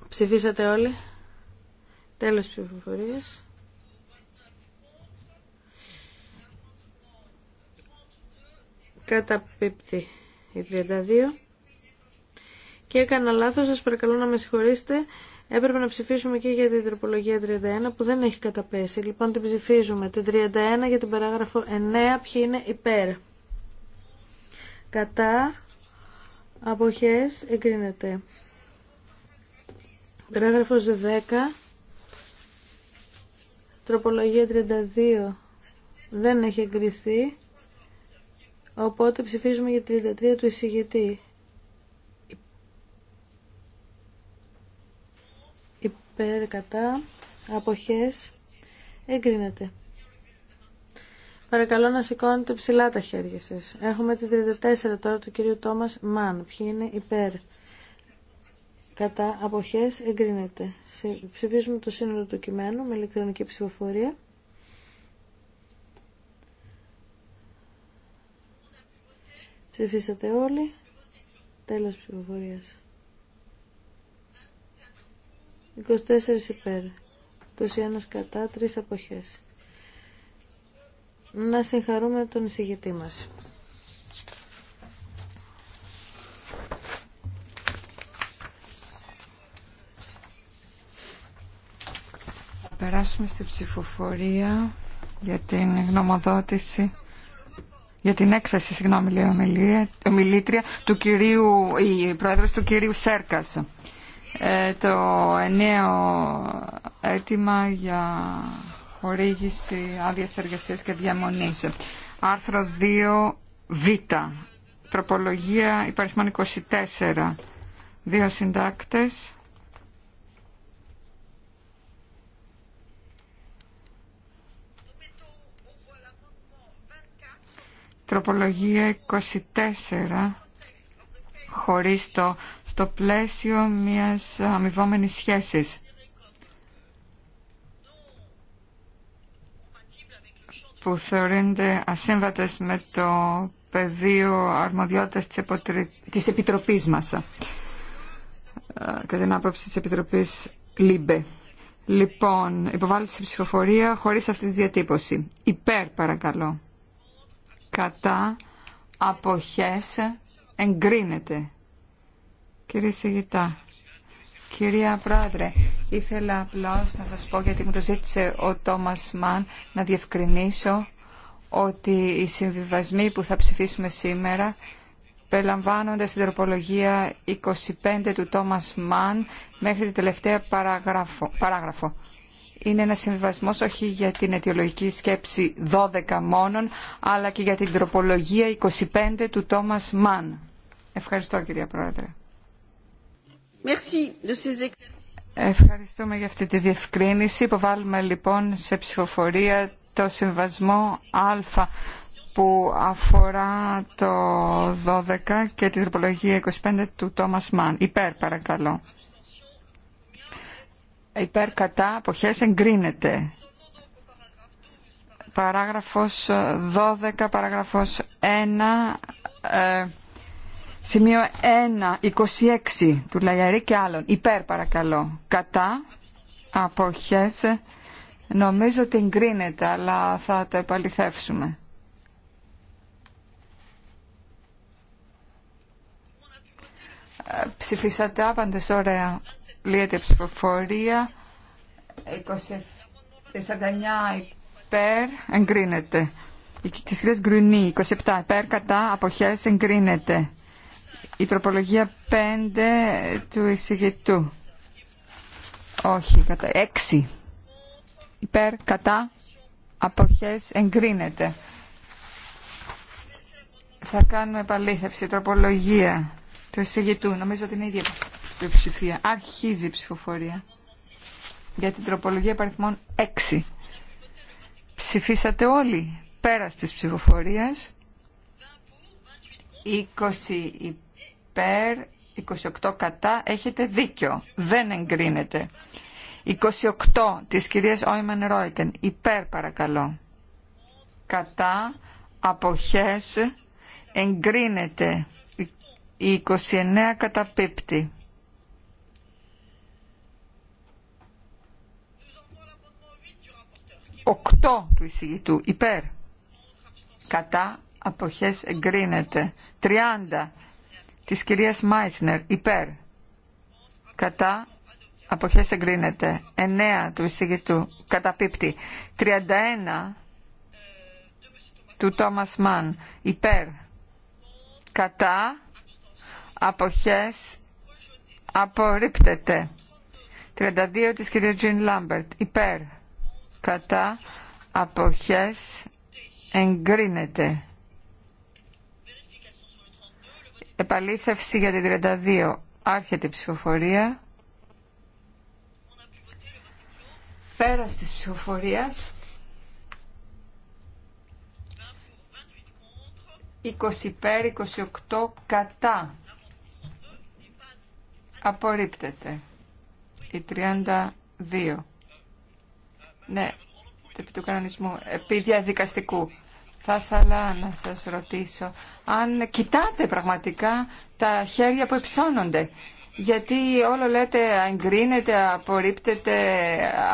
Ψηφίσατε όλοι. Τέλος ψηφοφορίας. Καταπίπτει η 32. Και έκανα λάθος, σας παρακαλώ να με συγχωρήσετε. Έπρεπε να ψηφίσουμε και για την τροπολογία 31 που δεν έχει καταπέσει. Λοιπόν την ψηφίζουμε. Την 31 για την παράγραφο 9 ποιοι είναι υπέρ. Κατά Αποχές εγκρίνεται. Παράγραφος 10. Τροπολογία 32 δεν έχει εγκριθεί. Οπότε ψηφίζουμε για 33 του εισηγητή. Υπέρ κατά αποχές εγκρίνεται. Παρακαλώ να σηκώνετε ψηλά τα χέρια σας. Έχουμε τη 34 τώρα του κυρίου Τόμας Μαν. Ποιοι είναι υπέρ. Κατά αποχές εγκρίνεται. Ψηφίζουμε το σύνολο του κειμένου με ηλεκτρονική ψηφοφορία. Ψηφίσατε όλοι. Τέλος ψηφοφορίας. 24 υπέρ. 21 κατά, 3 αποχές να συγχαρούμε τον εισηγητή μας. περάσουμε στη ψηφοφορία για την γνωμοδότηση για την έκθεση, συγγνώμη, λέει ομιλία, ομιλήτρια, του κυρίου, η πρόεδρος του κυρίου Σέρκας. Ε, το εννέο αίτημα για χορήγηση άδεια εργασία και διαμονή. Άρθρο 2 Β. Τροπολογία υπαριθμών 24. Δύο συντάκτε. Τροπολογία 24 χωρίς το στο πλαίσιο μιας αμοιβόμενης σχέσης. που θεωρείται ασύμβατες με το πεδίο αρμοδιότητας της, Επιτροπή της Επιτροπής μας ε, και την άποψη της Επιτροπής ΛΥΜΠΕ. Λοιπόν, υποβάλλεται σε ψηφοφορία χωρίς αυτή τη διατύπωση. Υπέρ παρακαλώ. Κατά αποχές εγκρίνεται. Κύριε Σιγητά, Κυρία Πρόεδρε, ήθελα απλώς να σας πω, γιατί μου το ζήτησε ο Τόμας Μαν, να διευκρινίσω ότι οι συμβιβασμοί που θα ψηφίσουμε σήμερα περιλαμβάνονται στην τροπολογία 25 του Τόμας Μαν μέχρι την τελευταία παράγραφο. παράγραφο. Είναι ένα συμβιβασμό όχι για την αιτιολογική σκέψη 12 μόνον, αλλά και για την τροπολογία 25 του Τόμας Μαν. Ευχαριστώ κυρία Πρόεδρε. Ευχαριστούμε για αυτή τη διευκρίνηση. Υποβάλλουμε λοιπόν σε ψηφοφορία το συμβασμό Α που αφορά το 12 και την τροπολογία 25 του Τόμας Μαν. Υπέρ παρακαλώ. Υπέρ κατά αποχές εγκρίνεται. Παράγραφος 12, παράγραφος 1, Σημείο 1, 26 του Λαϊαρή και άλλων. Υπέρ παρακαλώ. Κατά, αποχές, νομίζω ότι εγκρίνεται, αλλά θα το επαληθεύσουμε. Ε, ψηφίσατε άπαντες, ωραία. Λύεται ψηφοφορία. 49 υπέρ, εγκρίνεται. η κυρίας Γκρουνή, 27 υπέρ, κατά, αποχές, εγκρίνεται. Η τροπολογία 5 του εισηγητού. Όχι, κατά 6. Υπέρ, κατά, αποχές, εγκρίνεται. Θα κάνουμε επαλήθευση, τροπολογία του εισηγητού. Νομίζω ότι είναι η ίδια ψηφία. Αρχίζει η ψηφοφορία για την τροπολογία παριθμών 6. Ψηφίσατε όλοι πέρα της ψηφοφορίας. 20 υπέρ υπέρ, 28 κατά, έχετε δίκιο, δεν εγκρίνεται. 28 της κυρίας Όιμαν Ρόικεν, υπέρ παρακαλώ. Κατά, αποχές, εγκρίνεται. Η 29 καταπίπτει. Οκτώ του εισηγητού υπέρ. Κατά αποχές εγκρίνεται. 30 της κυρίας Μάισνερ υπέρ κατά αποχές εγκρίνεται 9 του εισηγητού καταπίπτει 31 του Τόμας Μαν υπέρ κατά αποχές απορρίπτεται 32 της κυρίας Τζιν Λάμπερτ υπέρ κατά αποχές εγκρίνεται Επαλήθευση για την 32. Άρχεται η ψηφοφορία. Πέρας της ψηφοφορίας. 20 28 κατά. Απορρίπτεται. Η 32. Ναι, επί του κανονισμού, επί διαδικαστικού θα ήθελα να σας ρωτήσω αν κοιτάτε πραγματικά τα χέρια που υψώνονται. Γιατί όλο λέτε εγκρίνετε, απορρίπτεται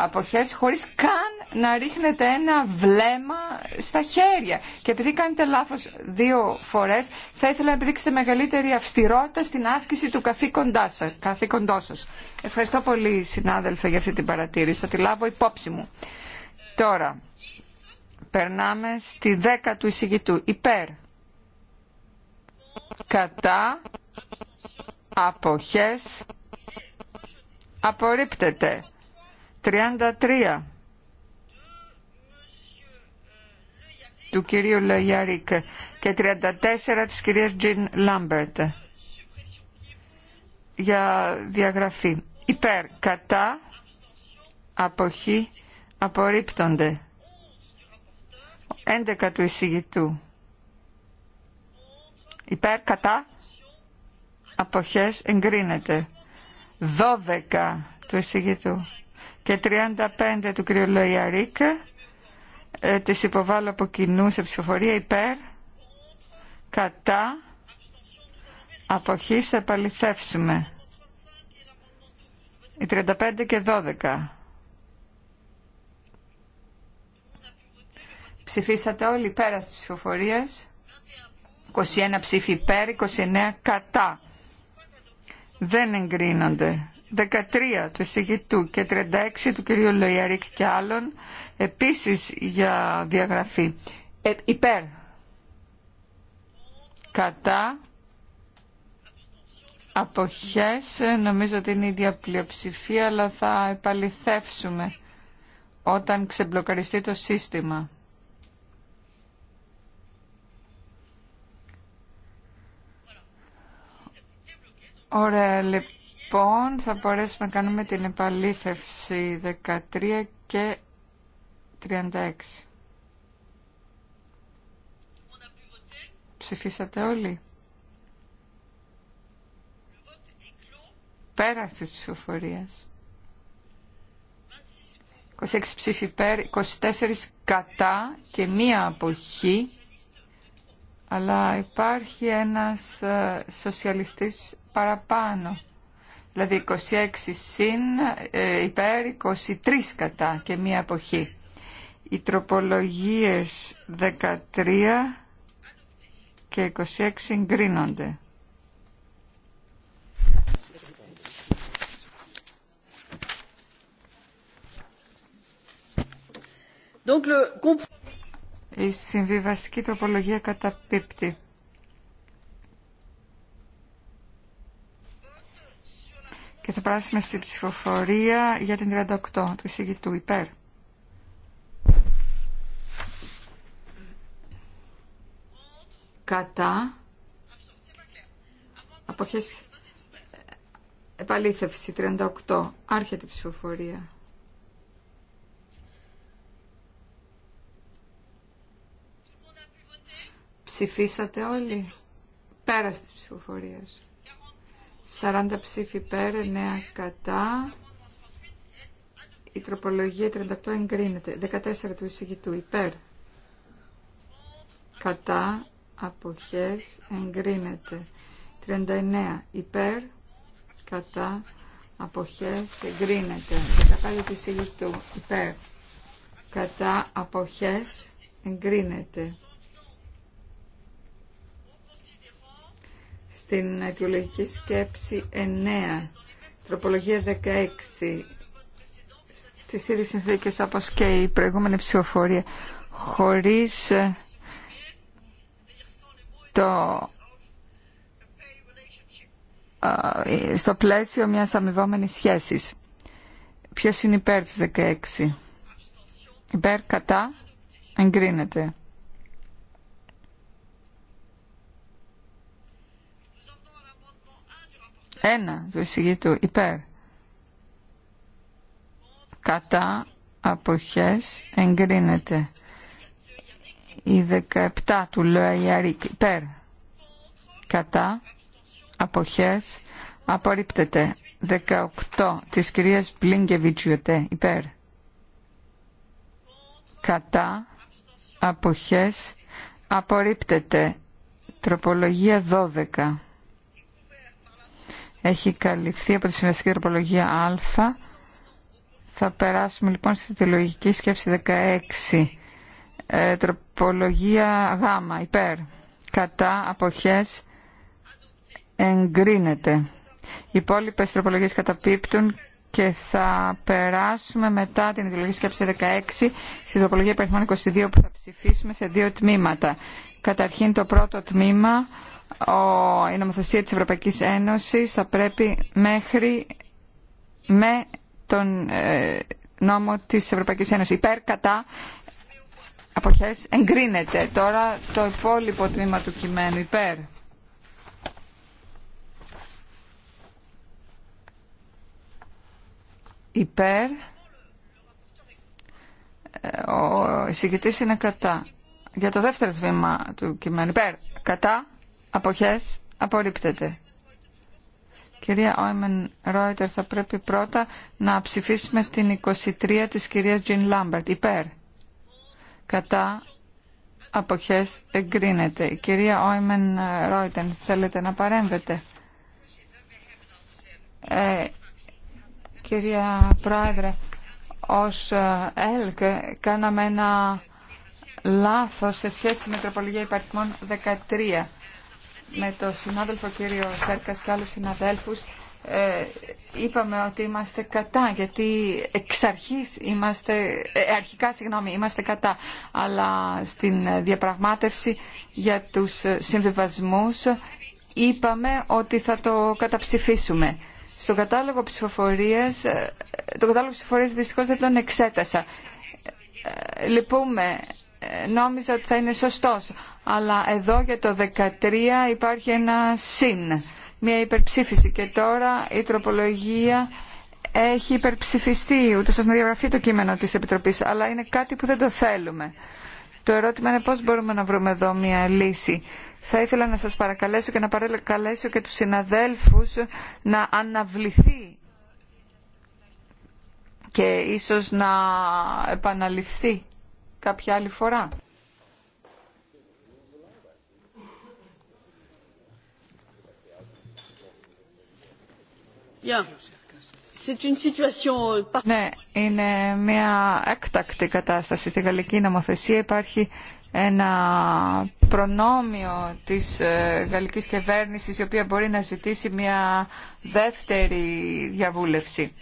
αποχές χωρίς καν να ρίχνετε ένα βλέμμα στα χέρια. Και επειδή κάνετε λάθος δύο φορές, θα ήθελα να επιδείξετε μεγαλύτερη αυστηρότητα στην άσκηση του καθήκοντός σας. Ευχαριστώ πολύ συνάδελφε για αυτή την παρατήρηση, θα τη λάβω υπόψη μου. Τώρα, Περνάμε στη 10 του εισηγητού. Υπέρ. Κατά. Αποχές. Απορρίπτεται. 33. του κυρίου Λεγιαρίκ και 34 της κυρίας Τζιν Λάμπερτ για διαγραφή. Υπέρ, κατά, αποχή, απορρίπτονται. 11 του εισηγητού. Υπέρ, κατά, αποχές, εγκρίνεται. 12 του εισηγητού και 35 του κ. Λοϊαρίκ. Ε, τις υποβάλλω από κοινού σε ψηφοφορία υπέρ, κατά, αποχής, θα επαληθεύσουμε. Οι 35 και 12. Ψηφίσατε όλοι πέρα στις ψηφοφορίες, 21 ψήφοι υπέρ, 29 κατά. Δεν εγκρίνονται. 13 του εισηγητού και 36 του κυρίου Λοϊαρίκ και άλλων επίσης για διαγραφή. Ε, υπέρ. Κατά. Αποχές. Νομίζω ότι είναι η ίδια πλειοψηφία αλλά θα επαληθεύσουμε όταν ξεμπλοκαριστεί το σύστημα. Ωραία, λοιπόν, θα μπορέσουμε να κάνουμε την επαλήθευση 13 και 36. Ψηφίσατε όλοι. Πέρα τη ψηφοφορία. 26 ψήφοι πέρα, 24 κατά και μία αποχή αλλά υπάρχει ένας ε, σοσιαλιστής παραπάνω. Δηλαδή 26 συν ε, υπέρ 23 κατά και μία εποχή. Οι τροπολογίες 13 και 26 εγκρίνονται. Donc le η συμβιβαστική τροπολογία καταπίπτει. Και θα πράσουμε στη ψηφοφορία για την 38 του εισηγητού υπέρ. Κατά. Αποχές ε, επαλήθευση 38. Άρχεται η ψηφοφορία. Ψηφίσατε όλοι. Πέρα τη ψηφοφορία. 40 ψήφοι υπέρ, 9 κατά. Η τροπολογία 38 εγκρίνεται. 14 του εισηγητού υπέρ. Κατά. Αποχές εγκρίνεται. 39 υπέρ. Κατά. Αποχές εγκρίνεται. 15 του εισηγητού υπέρ. Κατά. Αποχές εγκρίνεται. στην αιτιολογική σκέψη 9, τροπολογία 16, στις ίδιες συνθήκες όπως και η προηγούμενη ψηφοφορία, χωρίς ε, το ε, στο πλαίσιο μιας αμοιβόμενης σχέσης. Ποιος είναι υπέρ της 16. Υπέρ, κατά, εγκρίνεται. Ένα του εισηγητού υπέρ. Κατά αποχές εγκρίνεται. Η 17 του Λεαϊαρίκ υπέρ. Κατά αποχές απορρίπτεται. 18 της κυρίας Μπλίνκεβιτσιωτέ υπέρ. Κατά αποχές απορρίπτεται. Τροπολογία 12 έχει καλυφθεί από τη συμβαστική τροπολογία Α. Θα περάσουμε λοιπόν στη τελογική σκέψη 16. Ε, τροπολογία Γ, υπέρ. Κατά, αποχές, εγκρίνεται. Οι υπόλοιπε τροπολογίες καταπίπτουν και θα περάσουμε μετά την ιδεολογική σκέψη 16 στην τροπολογία περιθμών 22 που θα ψηφίσουμε σε δύο τμήματα. Καταρχήν το πρώτο τμήμα η νομοθεσία της Ευρωπαϊκής Ένωσης θα πρέπει μέχρι με τον ε, νόμο της Ευρωπαϊκής Ένωσης. Υπέρ κατά αποχές εγκρίνεται. Τώρα το υπόλοιπο τμήμα του κειμένου υπέρ. Υπέρ. Ε, ο εισηγητής είναι κατά. Για το δεύτερο τμήμα του κειμένου υπέρ. Κατά Αποχές. Απορρίπτεται. Κυρία Όιμεν Ρόιτερ, θα πρέπει πρώτα να ψηφίσουμε την 23 της κυρίας Τζιν Λάμπερτ. Υπέρ. Κατά αποχές εγκρίνεται. κυρία Όιμεν Ρόιτερ, θέλετε να παρέμβετε. Ε, κυρία Πρόεδρε, ως ε, ΕΛΚ κάναμε ένα λάθος σε σχέση με τροπολογία υπαριθμών 13 με τον συνάδελφο κύριο Σέρκας και άλλους συναδέλφους ε, είπαμε ότι είμαστε κατά, γιατί εξ αρχής είμαστε, ε, αρχικά συγγνώμη, είμαστε κατά, αλλά στην διαπραγμάτευση για τους συμβιβασμούς είπαμε ότι θα το καταψηφίσουμε. στο κατάλογο ψηφοφορίας, ε, το κατάλογο ψηφοφορίας δυστυχώς δεν τον εξέτασα. Ε, λυπούμε νόμιζα ότι θα είναι σωστός. Αλλά εδώ για το 13 υπάρχει ένα συν, μια υπερψήφιση. Και τώρα η τροπολογία έχει υπερψηφιστεί, ούτως ώστε να διαγραφεί το κείμενο της Επιτροπής. Αλλά είναι κάτι που δεν το θέλουμε. Το ερώτημα είναι πώς μπορούμε να βρούμε εδώ μια λύση. Θα ήθελα να σας παρακαλέσω και να παρακαλέσω και τους συναδέλφους να αναβληθεί και ίσως να επαναληφθεί κάποια άλλη φορά. Euh, ναι, είναι μια έκτακτη κατάσταση. Στη γαλλική νομοθεσία υπάρχει ένα προνόμιο της ε, γαλλικής κυβέρνησης η οποία μπορεί να ζητήσει μια δεύτερη διαβούλευση.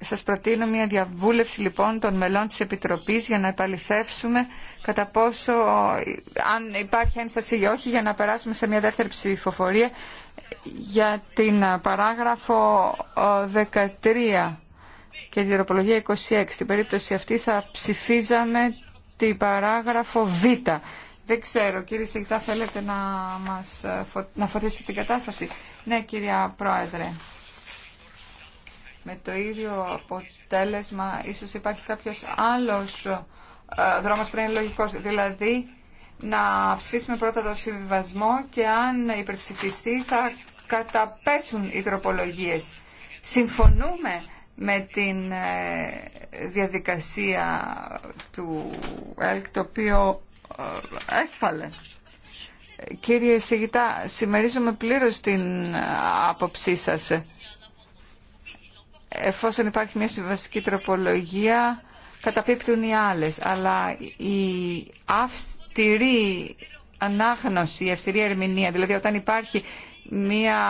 Σας προτείνω μια διαβούλευση λοιπόν των μελών της Επιτροπής για να επαληθεύσουμε κατά πόσο, αν υπάρχει ένσταση ή όχι, για να περάσουμε σε μια δεύτερη ψηφοφορία για την παράγραφο 13 και την τροπολογία 26. Στην περίπτωση αυτή θα ψηφίζαμε την παράγραφο Β. Δεν ξέρω, κύριε Σιγητά, θέλετε να μας ε, να φωτίσετε την κατάσταση. Ναι, κυρία Πρόεδρε με το ίδιο αποτέλεσμα, ίσως υπάρχει κάποιος άλλος ε, δρόμος πριν λογικός. Δηλαδή, να ψηφίσουμε πρώτα το συμβιβασμό και αν υπερψηφιστεί θα καταπέσουν οι τροπολογίες. Συμφωνούμε με την ε, διαδικασία του ΕΛΚ, το οποίο ε, έσφαλε. Κύριε Σιγητά, συμμερίζομαι πλήρως την άποψή σας εφόσον υπάρχει μια συμβιβαστική τροπολογία καταπίπτουν οι άλλες αλλά η αυστηρή ανάγνωση, η αυστηρή ερμηνεία δηλαδή όταν υπάρχει μια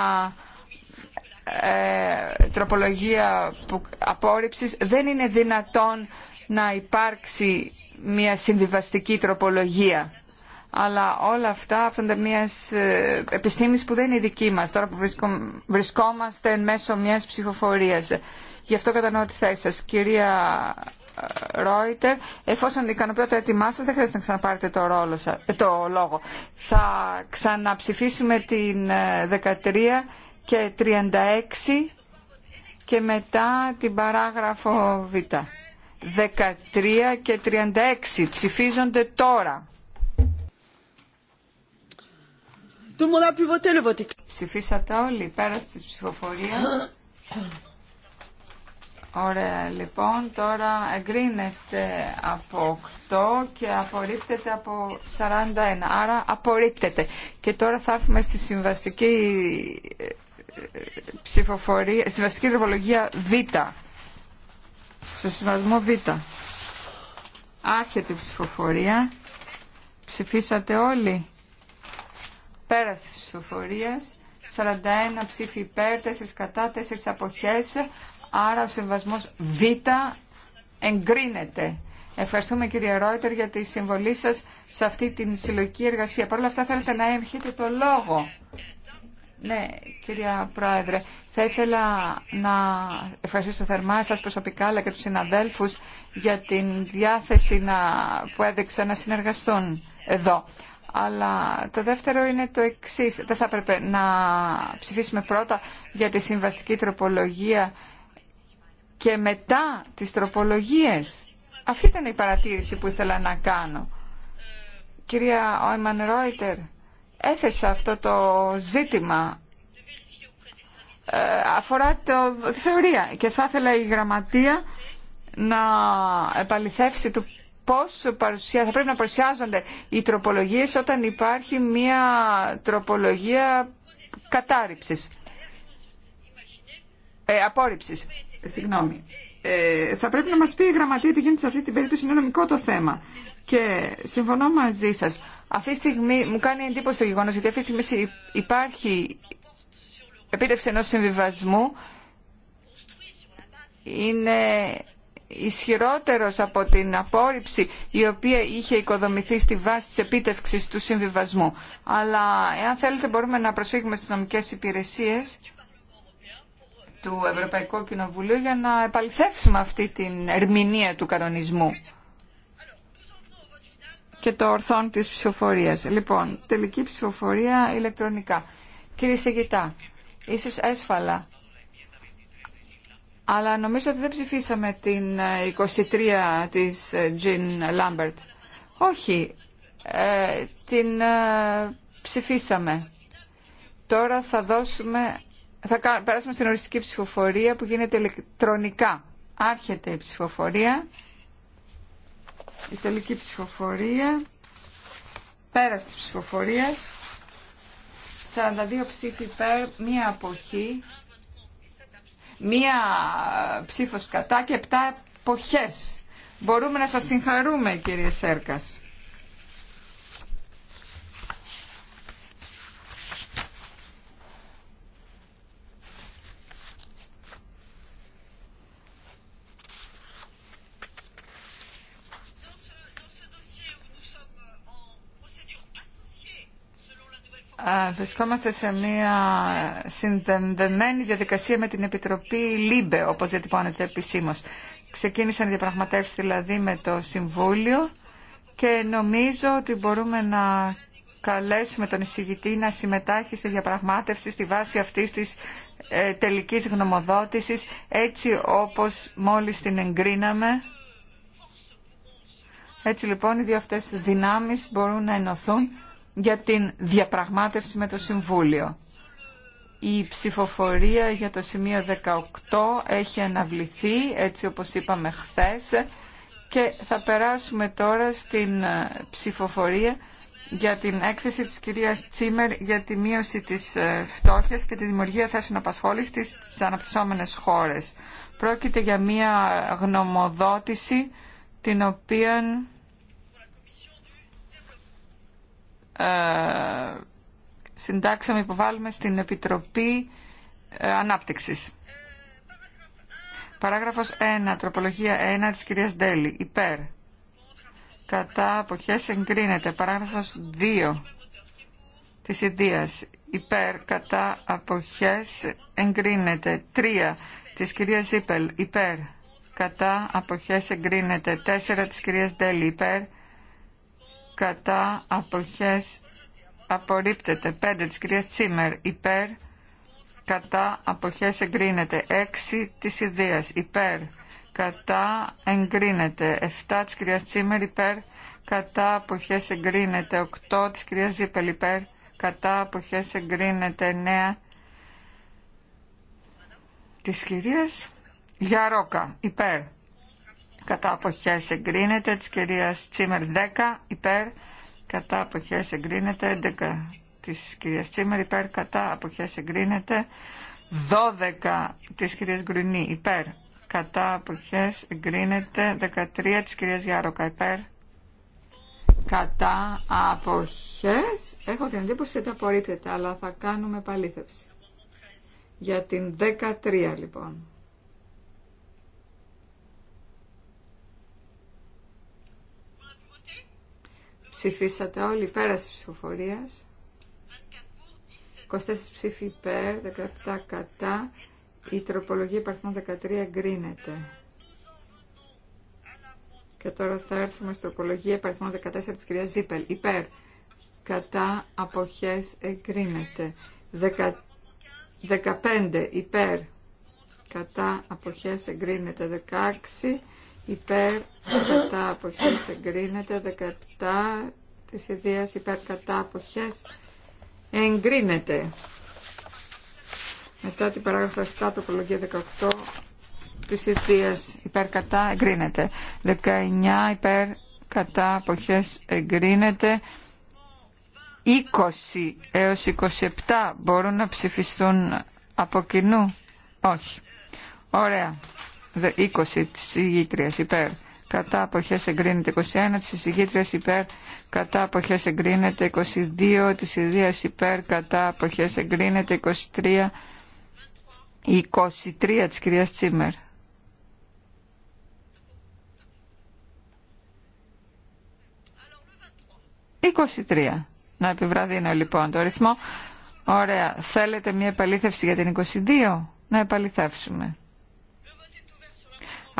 ε, τροπολογία που, απόρριψης δεν είναι δυνατόν να υπάρξει μια συμβιβαστική τροπολογία αλλά όλα αυτά από μια ε, επιστήμη που δεν είναι η δική μας, τώρα που βρισκόμαστε εν μέσω μιας ψηφοφορία. Γι' αυτό κατανοώ τη θέση σας. Κυρία ε, Ρόιτερ, εφόσον ικανοποιώ το έτοιμά σας, δεν χρειάζεται να ξαναπάρετε το, ρόλο σας, ε, το λόγο. Θα ξαναψηφίσουμε την 13 και 36 και μετά την παράγραφο Β. 13 και 36 ψηφίζονται τώρα. Ψηφίσατε όλοι πέρα τη ψηφοφορία. Ωραία, λοιπόν, τώρα εγκρίνεται από 8 και απορρίπτεται από 41, άρα απορρίπτεται. Και τώρα θα έρθουμε στη συμβαστική ε, ε, ψηφοφορία, συμβαστική τροπολογία Β, στο συμβασμό Β. Άρχεται η ψηφοφορία, ψηφίσατε όλοι. Πέρας τη ψηφοφορία. 41 ψήφοι υπέρ, 4 κατά, 4 αποχέ, άρα ο συμβασμό Β εγκρίνεται. Ευχαριστούμε κύριε Ρόιτερ για τη συμβολή σα σε αυτή τη συλλογική εργασία. Παρ' όλα αυτά θέλετε να έχετε το λόγο. Ναι, κυρία Πρόεδρε, θα ήθελα να ευχαριστήσω θερμά σας προσωπικά αλλά και τους συναδέλφους για την διάθεση να, που έδειξαν να συνεργαστούν εδώ. Αλλά το δεύτερο είναι το εξή. Δεν θα έπρεπε να ψηφίσουμε πρώτα για τη συμβαστική τροπολογία και μετά τις τροπολογίες. Αυτή ήταν η παρατήρηση που ήθελα να κάνω. Κυρία Όιμαν Ρόιτερ, έθεσα αυτό το ζήτημα ε, αφορά το, θεωρία και θα ήθελα η γραμματεία να επαληθεύσει του πώς θα πρέπει να παρουσιάζονται οι τροπολογίες όταν υπάρχει μια τροπολογία κατάρριψης. Ε, απόρριψης. Συγγνώμη. Ε, θα πρέπει να μας πει η γραμματεία τι γίνεται σε αυτή την περίπτωση, είναι νομικό το θέμα. Και συμφωνώ μαζί σας. Αυτή τη στιγμή μου κάνει εντύπωση το γεγονός, γιατί αυτή τη στιγμή υπάρχει επίτευξη ενός συμβιβασμού, είναι ισχυρότερος από την απόρριψη η οποία είχε οικοδομηθεί στη βάση της επίτευξης του συμβιβασμού. Αλλά εάν θέλετε μπορούμε να προσφύγουμε στις νομικές υπηρεσίες του Ευρωπαϊκού Κοινοβουλίου για να επαληθεύσουμε αυτή την ερμηνεία του κανονισμού και το ορθόν της ψηφοφορίας. Λοιπόν, τελική ψηφοφορία ηλεκτρονικά. Κύριε Σεγητά, ίσως έσφαλα αλλά νομίζω ότι δεν ψηφίσαμε την 23 ε, της ε, Jean Lambert. Όχι, ε, την ψηφίσαμε. Τώρα θα δώσουμε, θα περάσουμε στην οριστική ψηφοφορία που γίνεται ηλεκτρονικά. Άρχεται η ψηφοφορία, η τελική ψηφοφορία, πέρας της ψηφοφορίας, 42 ψήφοι υπέρ, μία αποχή, μία ψήφος κατά και επτά εποχές. Μπορούμε να σας συγχαρούμε κύριε Σέρκας. Βρισκόμαστε σε μια συνδεδεμένη διαδικασία με την Επιτροπή ΛΥΜΠΕ, όπως διατυπώνεται επισήμως. Ξεκίνησαν οι διαπραγματεύσεις δηλαδή με το Συμβούλιο και νομίζω ότι μπορούμε να καλέσουμε τον εισηγητή να συμμετάχει στη διαπραγμάτευση στη βάση αυτής της ε, τελικής γνωμοδότησης έτσι όπως μόλις την εγκρίναμε. Έτσι λοιπόν οι δύο αυτές δυνάμεις μπορούν να ενωθούν για την διαπραγμάτευση με το Συμβούλιο. Η ψηφοφορία για το σημείο 18 έχει αναβληθεί, έτσι όπως είπαμε χθες, και θα περάσουμε τώρα στην ε, ψηφοφορία για την έκθεση της κυρίας Τσίμερ για τη μείωση της ε, φτώχειας και τη δημιουργία θέσεων απασχόλησης στις αναπτυσσόμενες χώρες. Πρόκειται για μια γνωμοδότηση την οποία Ε, συντάξαμε υποβάλλουμε στην Επιτροπή ε, Ανάπτυξης. Παράγραφος 1, τροπολογία 1 της κυρίας Ντέλη, υπέρ. Κατά αποχές εγκρίνεται. Παράγραφος 2 της Ιδίας, υπέρ. Κατά αποχές εγκρίνεται. 3 της κυρίας Ζίπελ, υπέρ. Κατά αποχές εγκρίνεται. 4 της κυρίας Ντέλη, υπέρ κατά αποχές απορρίπτεται 5 της κυρίας Τσίμερ υπέρ κατά αποχές εγκρίνεται 6 της ιδείας υπέρ κατά εγκρίνεται 7 της κυρίας Τσίμερ υπέρ κατά αποχές εγκρίνεται 8 της κυρίας Ζήπελ υπέρ κατά αποχές εγκρίνεται 9 της κυρίας Γιαρόκα υπέρ κατά αποχές εγκρίνεται, της κυρίας Τσίμερ 10 υπέρ, κατά αποχές εγκρίνεται, 11 της κυρίας Τσίμερ υπέρ, κατά αποχές εγκρίνεται, 12 της κυρίας Γκρινή, υπέρ, κατά αποχές εγκρίνεται, 13 της κυρίας Γιάροκα υπέρ, κατά αποχές, έχω την εντύπωση ότι απορρίπτεται, αλλά θα κάνουμε παλήθευση. Για την 13 λοιπόν. Ψηφίσατε όλοι πέραση τη ψηφοφορία. 24 ψήφοι υπέρ, 17 κατά. Η τροπολογία υπαρθμών 13 εγκρίνεται. Και τώρα θα έρθουμε στην τροπολογία υπαρθμών 14 της κυρίας Ζίπελ. Υπέρ. Κατά αποχές εγκρίνεται. 15 υπέρ. Κατά αποχές εγκρίνεται. 16 υπέρ κατά αποχές εγκρίνεται 17 της ιδείας υπέρ κατά αποχές εγκρίνεται μετά την παράγραφο 7 τοπολογία 18 της ιδείας υπέρ κατά εγκρίνεται 19 υπέρ κατά αποχές εγκρίνεται 20 έως 27 μπορούν να ψηφιστούν από κοινού όχι ωραία 20 της ηγήτριας υπέρ. Κατά αποχές εγκρίνεται 21 της ηγήτριας υπέρ. Κατά αποχές εγκρίνεται 22 της ιδίας υπέρ. Κατά αποχές εγκρίνεται 23 23 της κυρίας Τσίμερ. «23». Να επιβραδύνω λοιπόν το ρυθμό. Ωραία. Θέλετε μια επαλήθευση για την 22. Να επαληθεύσουμε.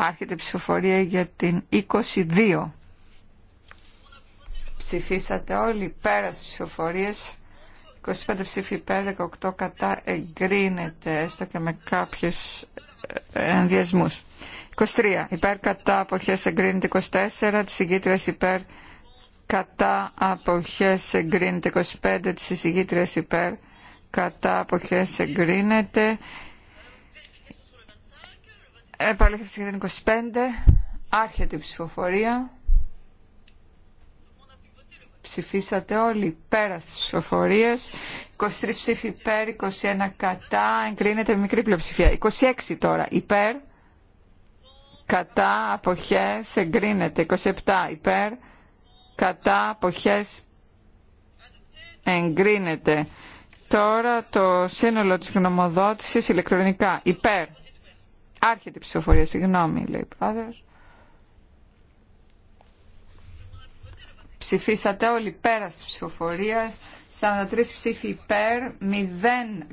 Άρχεται η ψηφοφορία για την 22. Ψηφίσατε όλοι πέρα στις ψηφοφορίες. 25 ψήφοι υπέρ, 18 κατά εγκρίνεται, έστω και με κάποιους ε, ενδιασμούς. 23. Υπέρ κατά αποχές εγκρίνεται 24, τη ηγήτριας υπέρ κατά αποχές εγκρίνεται 25, Τη εισηγήτριας υπέρ κατά αποχές εγκρίνεται Επαλήθευση για 25. Άρχεται η ψηφοφορία. Ψηφίσατε όλοι πέρα στι ψηφοφορίες. 23 ψήφοι υπέρ, 21 κατά. Εγκρίνεται με μικρή πλειοψηφία. 26 τώρα υπέρ. Κατά αποχές εγκρίνεται. 27 υπέρ. Κατά αποχές εγκρίνεται. Τώρα το σύνολο της γνωμοδότησης ηλεκτρονικά. Υπέρ. Άρχεται η ψηφοφορία, συγγνώμη, λέει ο πρόεδρο. Ψηφίσατε όλοι πέρα τη ψηφοφορία. 43 ψήφοι υπέρ, 0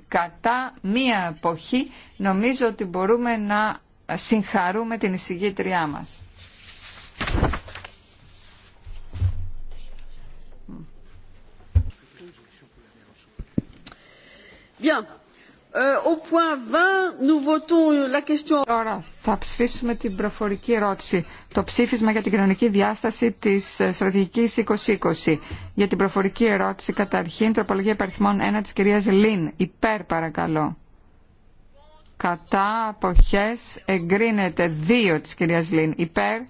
κατά, μία εποχή. Νομίζω ότι μπορούμε να συγχαρούμε την εισηγήτριά μας. Bien. Euh, euh, Τώρα θα ψηφίσουμε την προφορική ερώτηση. Το ψήφισμα για την κοινωνική διάσταση τη ε, στρατηγική 2020. Για την προφορική ερώτηση, καταρχήν, τροπολογία υπαριθμών 1 τη κυρία Λίν. Υπέρ, παρακαλώ. Κατά αποχέ εγκρίνεται. 2 τη κυρία Λίν. Υπέρ.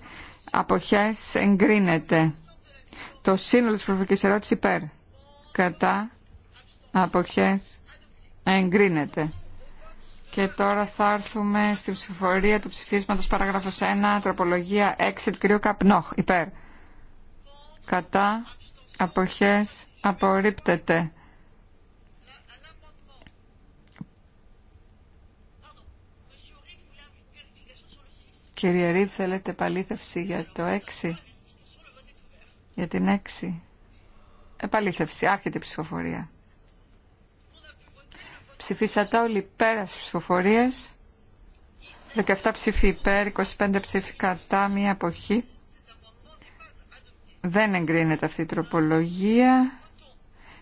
Αποχέ εγκρίνεται. Το σύνολο τη προφορική ερώτηση υπέρ. Κατά αποχέ εγκρίνεται. Και τώρα θα έρθουμε στην ψηφοφορία του ψηφίσματος παράγραφος 1, τροπολογία 6 του κυρίου Καπνόχ, υπέρ. Κατά, αποχές, απορρίπτεται. Κύριε Ρίβ, θέλετε επαλήθευση για το 6, για την 6. Επαλήθευση, άρχεται η ψηφοφορία. Ψηφίσατε όλοι πέρας στις ψηφοφορίας. 17 ψήφοι υπέρ, 25 ψήφοι κατά, μία αποχή. Δεν εγκρίνεται αυτή η τροπολογία.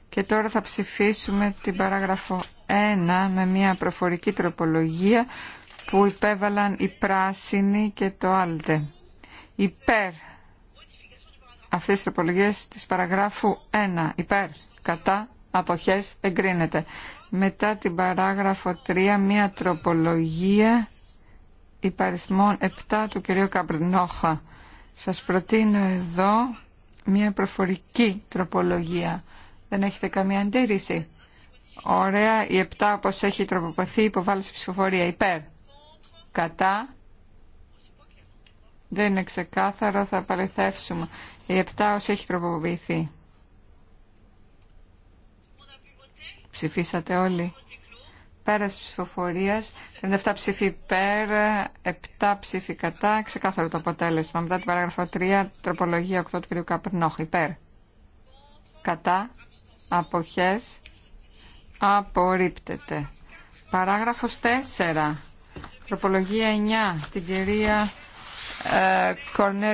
Και τώρα θα ψηφίσουμε την παράγραφο 1 με μία προφορική τροπολογία που υπέβαλαν οι πράσινοι και το άλτε. Υπέρ αυτές της τροπολογίες της παραγράφου 1. Υπέρ, κατά, αποχές, εγκρίνεται μετά την παράγραφο 3 μια τροπολογία υπαριθμών 7 του κυρίου Καμπρινόχα. Σας προτείνω εδώ μια προφορική τροπολογία. Δεν έχετε καμία αντίρρηση. Ωραία, η 7 όπως έχει τροποποιηθεί υποβάλλει σε ψηφοφορία υπέρ. Κατά. Δεν είναι ξεκάθαρο, θα παρεθεύσουμε. Η 7 ως έχει τροποποιηθεί. Ψηφίσατε όλοι. τη ψηφοφορία 7 ψηφί πέρα 37 ψήφοι υπέρ, 7 ψήφοι κατά, ξεκάθαρο το αποτέλεσμα. Μετά την παράγραφο 3, τροπολογία 8 του κ. Καπρνόχ, υπέρ. Κατά, αποχέ. απορρίπτεται. Παράγραφο 4, τροπολογία 9, την κυρία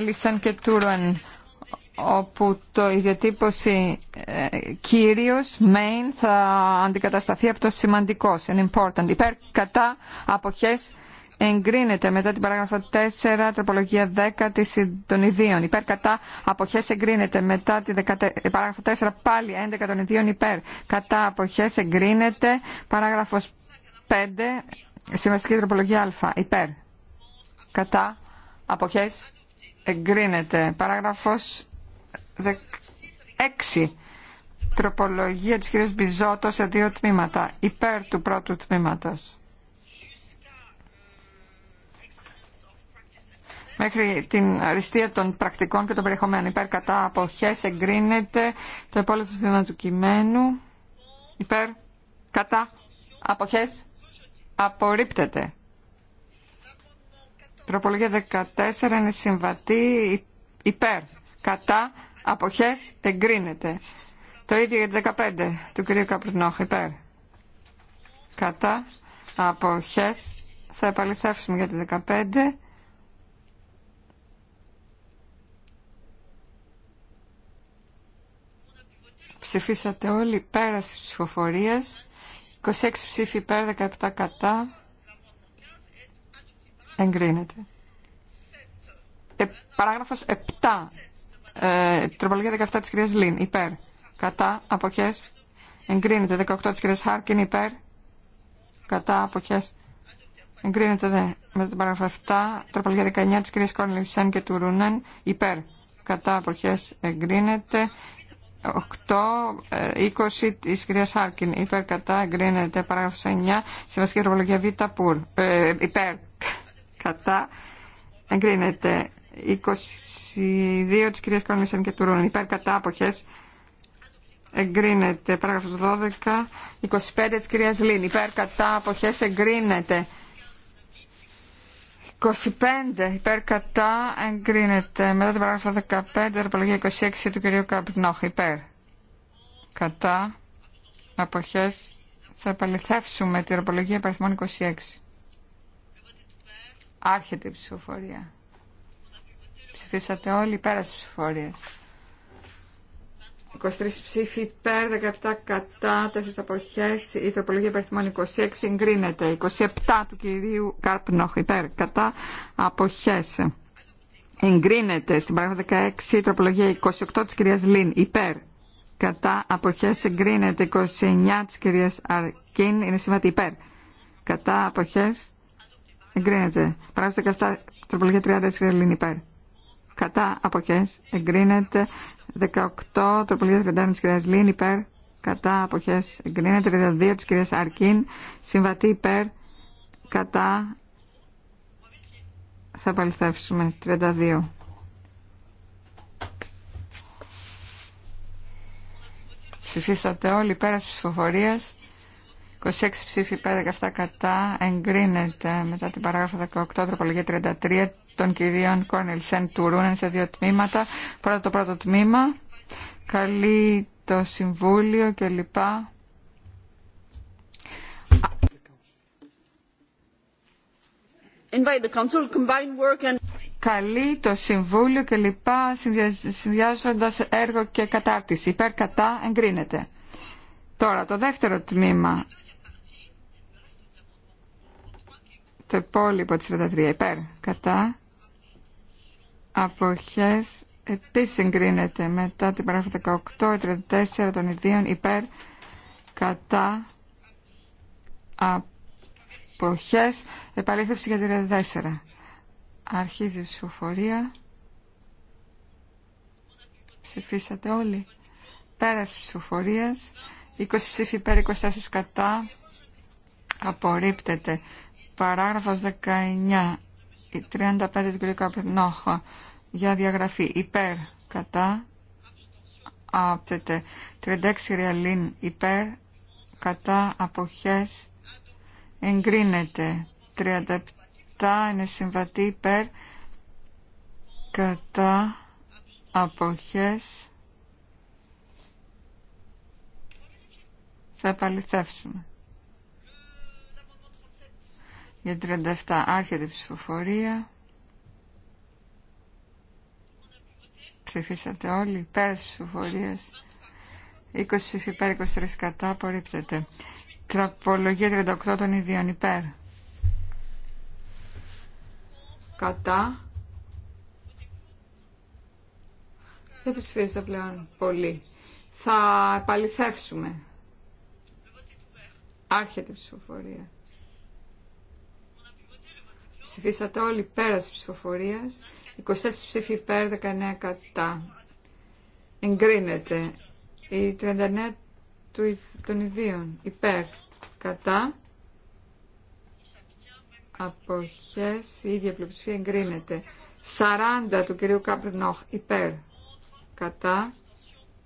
ε, Σαν και όπου το, η διατύπωση ε, κύριος, main, θα αντικατασταθεί από το σημαντικό, an important. Υπέρ, κατά, αποχές, εγκρίνεται μετά την παράγραφο 4, τροπολογία 10 της των ιδίων. Υπέρ, κατά, αποχές, εγκρίνεται μετά την παράγραφο 4, πάλι 11 των ιδίων υπέρ, κατά, αποχές, εγκρίνεται, παράγραφος 5, σημαντική τροπολογία α, υπέρ, κατά, αποχές, εγκρίνεται. Παράγραφος 6. Τροπολογία της κυρίας Μπιζότο σε δύο τμήματα. Υπέρ του πρώτου τμήματος. Μέχρι την αριστεία των πρακτικών και των περιεχομένων. Υπέρ κατά αποχές εγκρίνεται το υπόλοιπο τμήμα του κειμένου. Υπέρ κατά αποχές απορρίπτεται. Τροπολογία 14 είναι συμβατή υπέρ κατά αποχές εγκρίνεται. Το ίδιο για το 15 του κυρίου Καπρινόχ υπέρ. Κατά αποχές θα επαληθεύσουμε για το 15. Ψηφίσατε όλοι πέρα στις ψηφοφορίες. 26 ψήφοι Πέρα 17 κατά. Εγκρίνεται. Ε, παράγραφος 7 ε, τροπολογία 17 της κυρίας Λίν, υπέρ. Κατά, αποχές, εγκρίνεται. 18 της κυρίας Χάρκιν, υπέρ. Κατά, αποχές, εγκρίνεται. Δε. Με την παράγραφο 7, τροπολογία 19 της κυρίας Κόρνελ Σεν και του Ρούνεν, υπέρ. Κατά, αποχές, εγκρίνεται. 8, 20 τη κυρία Χάρκιν, υπέρ. Κατά, εγκρίνεται. Παράγραφος 9, συμβασική τροπολογία Β, πουρ. Ε, υπέρ. Κατά, εγκρίνεται. 22 της κυρίας Κόνησεν και του Ρούν. Υπέρ κατά αποχές εγκρίνεται. Παράγραφος 12, 25 της κυρίας Λίν. Υπέρ κατά αποχές εγκρίνεται. 25 υπέρ κατά εγκρίνεται. Μετά την παράγραφο 15, αρπολογία 26 του κυρίου Καπνόχ. Υπέρ κατά αποχές θα επαληθεύσουμε την αρπολογία παριθμών 26. Άρχεται η ψηφοφορία. Ψηφίσατε όλοι πέρα στις ψηφορίες. 23 ψήφοι υπέρ, 17 κατά, 4 αποχές. Η τροπολογία υπερθυμών 26 εγκρίνεται. 27 του κυρίου Κάρπνοχ υπέρ, κατά, αποχές. Εγκρίνεται στην παράγραφο 16 η τροπολογία 28 της κυρίας Λίν υπέρ, κατά, αποχές. Εγκρίνεται 29 της κυρίας Αρκίν, είναι συμβατή υπέρ, κατά, αποχές. Εγκρίνεται. Παράγραφο 17 τροπολογία 30 της κυρίας Λίν υπέρ, κατά αποχές εγκρίνεται 18 τροπολογία 31 της κυρίας Λίν υπέρ κατά αποχές εγκρίνεται 32 της κυρίας Αρκίν συμβατή υπέρ κατά θα παληθεύσουμε 32 Ψηφίσατε όλοι πέρα της ψηφοφορίας 26 ψήφοι 5 17 κατά εγκρίνεται μετά την παράγραφο 18 τροπολογία 33 των κυρίων Κόρνελσεν Ρούνεν σε δύο τμήματα. Πρώτα το πρώτο τμήμα, Καλή το Συμβούλιο κλπ. Invite the Καλεί το Συμβούλιο και λοιπά, συνδυάζοντας έργο και κατάρτιση. Υπέρ κατά εγκρίνεται. Τώρα το δεύτερο τμήμα. Το υπόλοιπο της 53 υπέρ κατά αποχές επίσης συγκρίνεται μετά την παράγραφο 18 34 των ιδίων υπέρ κατά αποχές επαλήθευση για 34 αρχίζει η ψηφοφορία ψηφίσατε όλοι πέρας ψηφοφορίας 20 ψήφοι υπέρ 24 κατά απορρίπτεται παράγραφος 19 35 γλυκά πνόχα για διαγραφή υπέρ κατά άπτεται 36 ρεαλίν υπέρ κατά αποχές εγκρίνεται 37 είναι συμβατή υπέρ κατά αποχές θα επαληθεύσουμε. Για 37 άρχεται η ψηφοφορία. Ψηφίσατε όλοι. όλοι ψηφοφορίας. 20 ψηφί 23 κατά. Απορρίπτεται. Τραπολογία 38 των ιδιών υπέρ. Κατά. Δεν ψηφίζεται πλέον πολύ. Θα επαληθεύσουμε. Άρχεται η ψηφοφορία. Ψηφίσατε όλοι πέρα της ψηφοφορίας. 24 ψήφοι υπέρ, 19 κατά. Εγκρίνεται. Η 39 του, των ιδίων υπέρ, κατά. Αποχές, η ίδια πλειοψηφία εγκρίνεται. 40 του κυρίου Καπρινόχ υπέρ, κατά.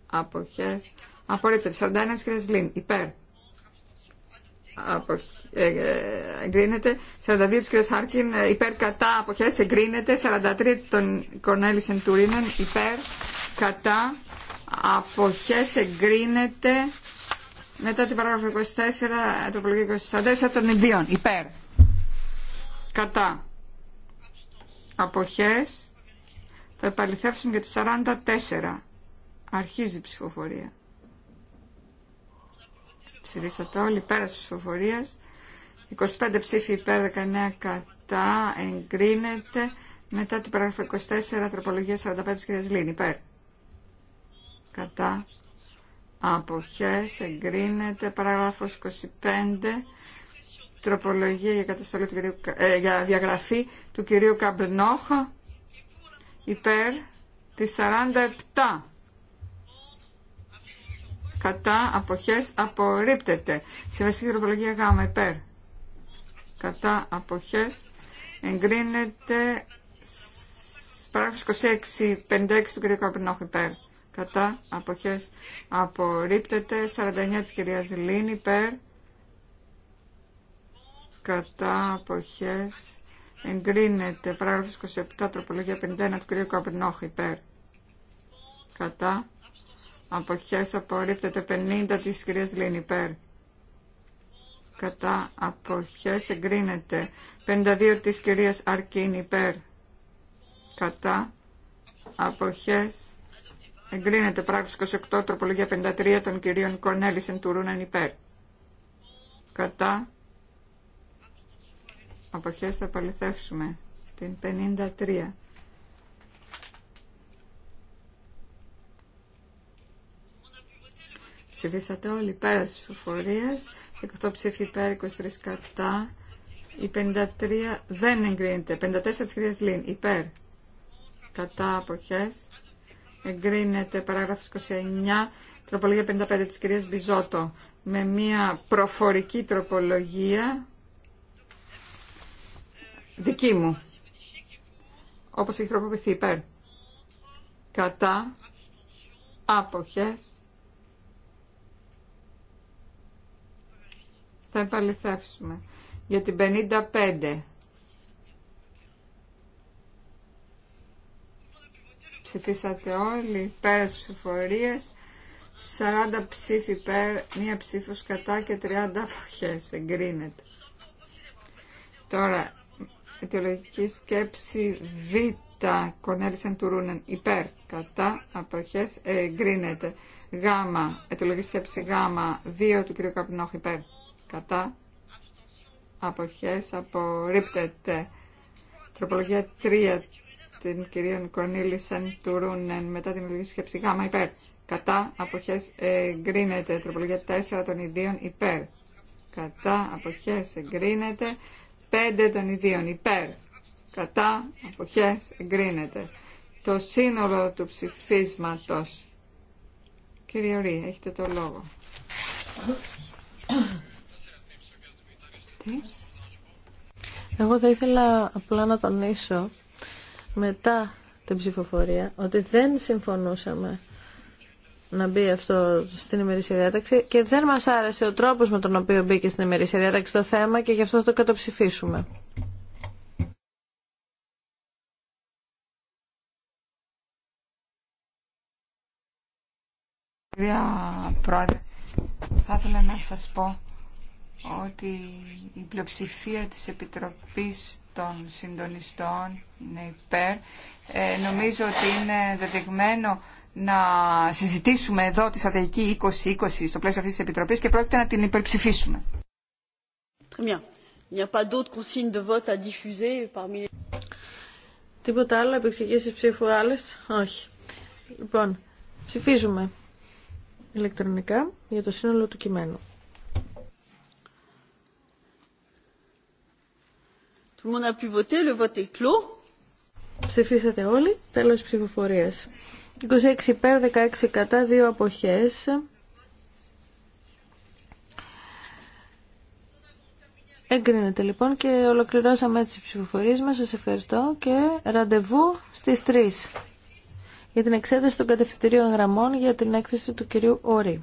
Αποχές. Απορρίπτεται. 41 κυρίες Λίν υπέρ, ε, εγκρίνεται, 42 τη κ. Χάρκιν ε, υπέρ κατά αποχές εγκρίνεται, 43 των Κορνέλη Τουρίνεν υπέρ κατά αποχές εγκρίνεται μετά την παράγραφο 24, τροπολογία 24 των Ινδίων υπέρ κατά αποχές θα επαληθεύσουμε για τις 44. Αρχίζει η ψηφοφορία. Ψηφίσατε όλοι πέρα τη ψηφοφορία. 25 ψήφοι υπέρ, 19 κατά. Εγκρίνεται. Μετά την παράγραφο 24, τροπολογία 45 τη κυρία Λίνη. Υπέρ. Κατά. Αποχέ. Εγκρίνεται. Παράγραφος 25. Τροπολογία για, καταστολή του κυρίου, ε, για διαγραφή του κυρίου Καμπρινόχα υπέρ τη 47 κατά αποχές απορρίπτεται. Συμβαστική τροπολογία γάμα υπέρ κατά αποχές εγκρίνεται παράγραφος 26, 56 του κ. Καπρινόχ υπέρ κατά αποχές απορρίπτεται 49 της κ. Ζηλίνη. υπέρ κατά αποχές εγκρίνεται παράγραφος 27 τροπολογία 51 του κ. Καπρινόχ υπέρ κατά αποχές απορρίπτεται 50 της κυρίας Λινιπέρ. Κατά κατά αποχές εγκρίνεται 52 της κυρίας Αρκίνη Πέρ. κατά αποχές εγκρίνεται πράξη 28 τροπολογία 53 των κυρίων Κορνέλησεν του Ρούναν υπέρ κατά αποχές θα παληθεύσουμε την 53 Ψηφίσατε όλοι πέρα τη ψηφοφορία. 18 ψήφοι υπέρ, 23 κατά. Η 53 δεν εγκρίνεται. 54 της Λίν υπέρ. Κατά αποχές. Εγκρίνεται παράγραφος 29, τροπολογία 55 της κυρίας Μπιζότο. Με μια προφορική τροπολογία δική μου. Όπως έχει τροποποιηθεί υπέρ. Κατά αποχές Θα επαληθεύσουμε. Για την 55. Ψηφίσατε όλοι, Πέρα ψηφορίες, 40 ψήφοι υπέρ, μία ψήφος κατά και 30 αποχές. Εγκρίνεται. Τώρα, αιτιολογική σκέψη Β. κονέλησαν του Ρούνεν υπέρ κατά αποχές εγκρίνεται. Γ. Αιτιολογική σκέψη Γ. 2 του κ. Καπνόχ υπέρ κατά αποχές απορρίπτεται. Τροπολογία 3 την κυρία Κορνίλησεν του Ρούνεν μετά την λογική σκέψη γάμα υπέρ. Κατά αποχές εγκρίνεται. Τροπολογία 4 των ιδίων υπέρ. Κατά αποχές εγκρίνεται. 5 των ιδίων υπέρ. Κατά αποχές εγκρίνεται. Το σύνολο του ψηφίσματος. Κύριε Ρή, έχετε το λόγο. Εγώ θα ήθελα απλά να τονίσω μετά την ψηφοφορία ότι δεν συμφωνούσαμε να μπει αυτό στην ημερήσια διάταξη και δεν μας άρεσε ο τρόπος με τον οποίο μπήκε στην ημερήσια διάταξη το θέμα και γι' αυτό θα το καταψηφίσουμε. Κυρία Πρόεδρε, θα ήθελα να σας πω ότι η πλειοψηφία της Επιτροπής των Συντονιστών είναι υπέρ. Ε, νομίζω ότι είναι δεδειγμένο να συζητήσουμε εδώ τη στρατηγική 2020 στο πλαίσιο αυτής της Επιτροπής και πρόκειται να την υπερψηφίσουμε. Τίποτα άλλο, επεξηγήσεις ψήφου άλλε. Όχι. Λοιπόν, ψηφίζουμε ηλεκτρονικά για το σύνολο του κειμένου. Ψηφίσατε όλοι. Τέλος ψηφοφορίας. 26 υπέρ, 16 κατά, 2 αποχές. Εγκρίνεται λοιπόν και ολοκληρώσαμε έτσι τις ψηφοφορίες μας. Σας ευχαριστώ και ραντεβού στις 3 για την εξέταση των κατευθυντηρίων γραμμών για την έκθεση του κυρίου Όρη.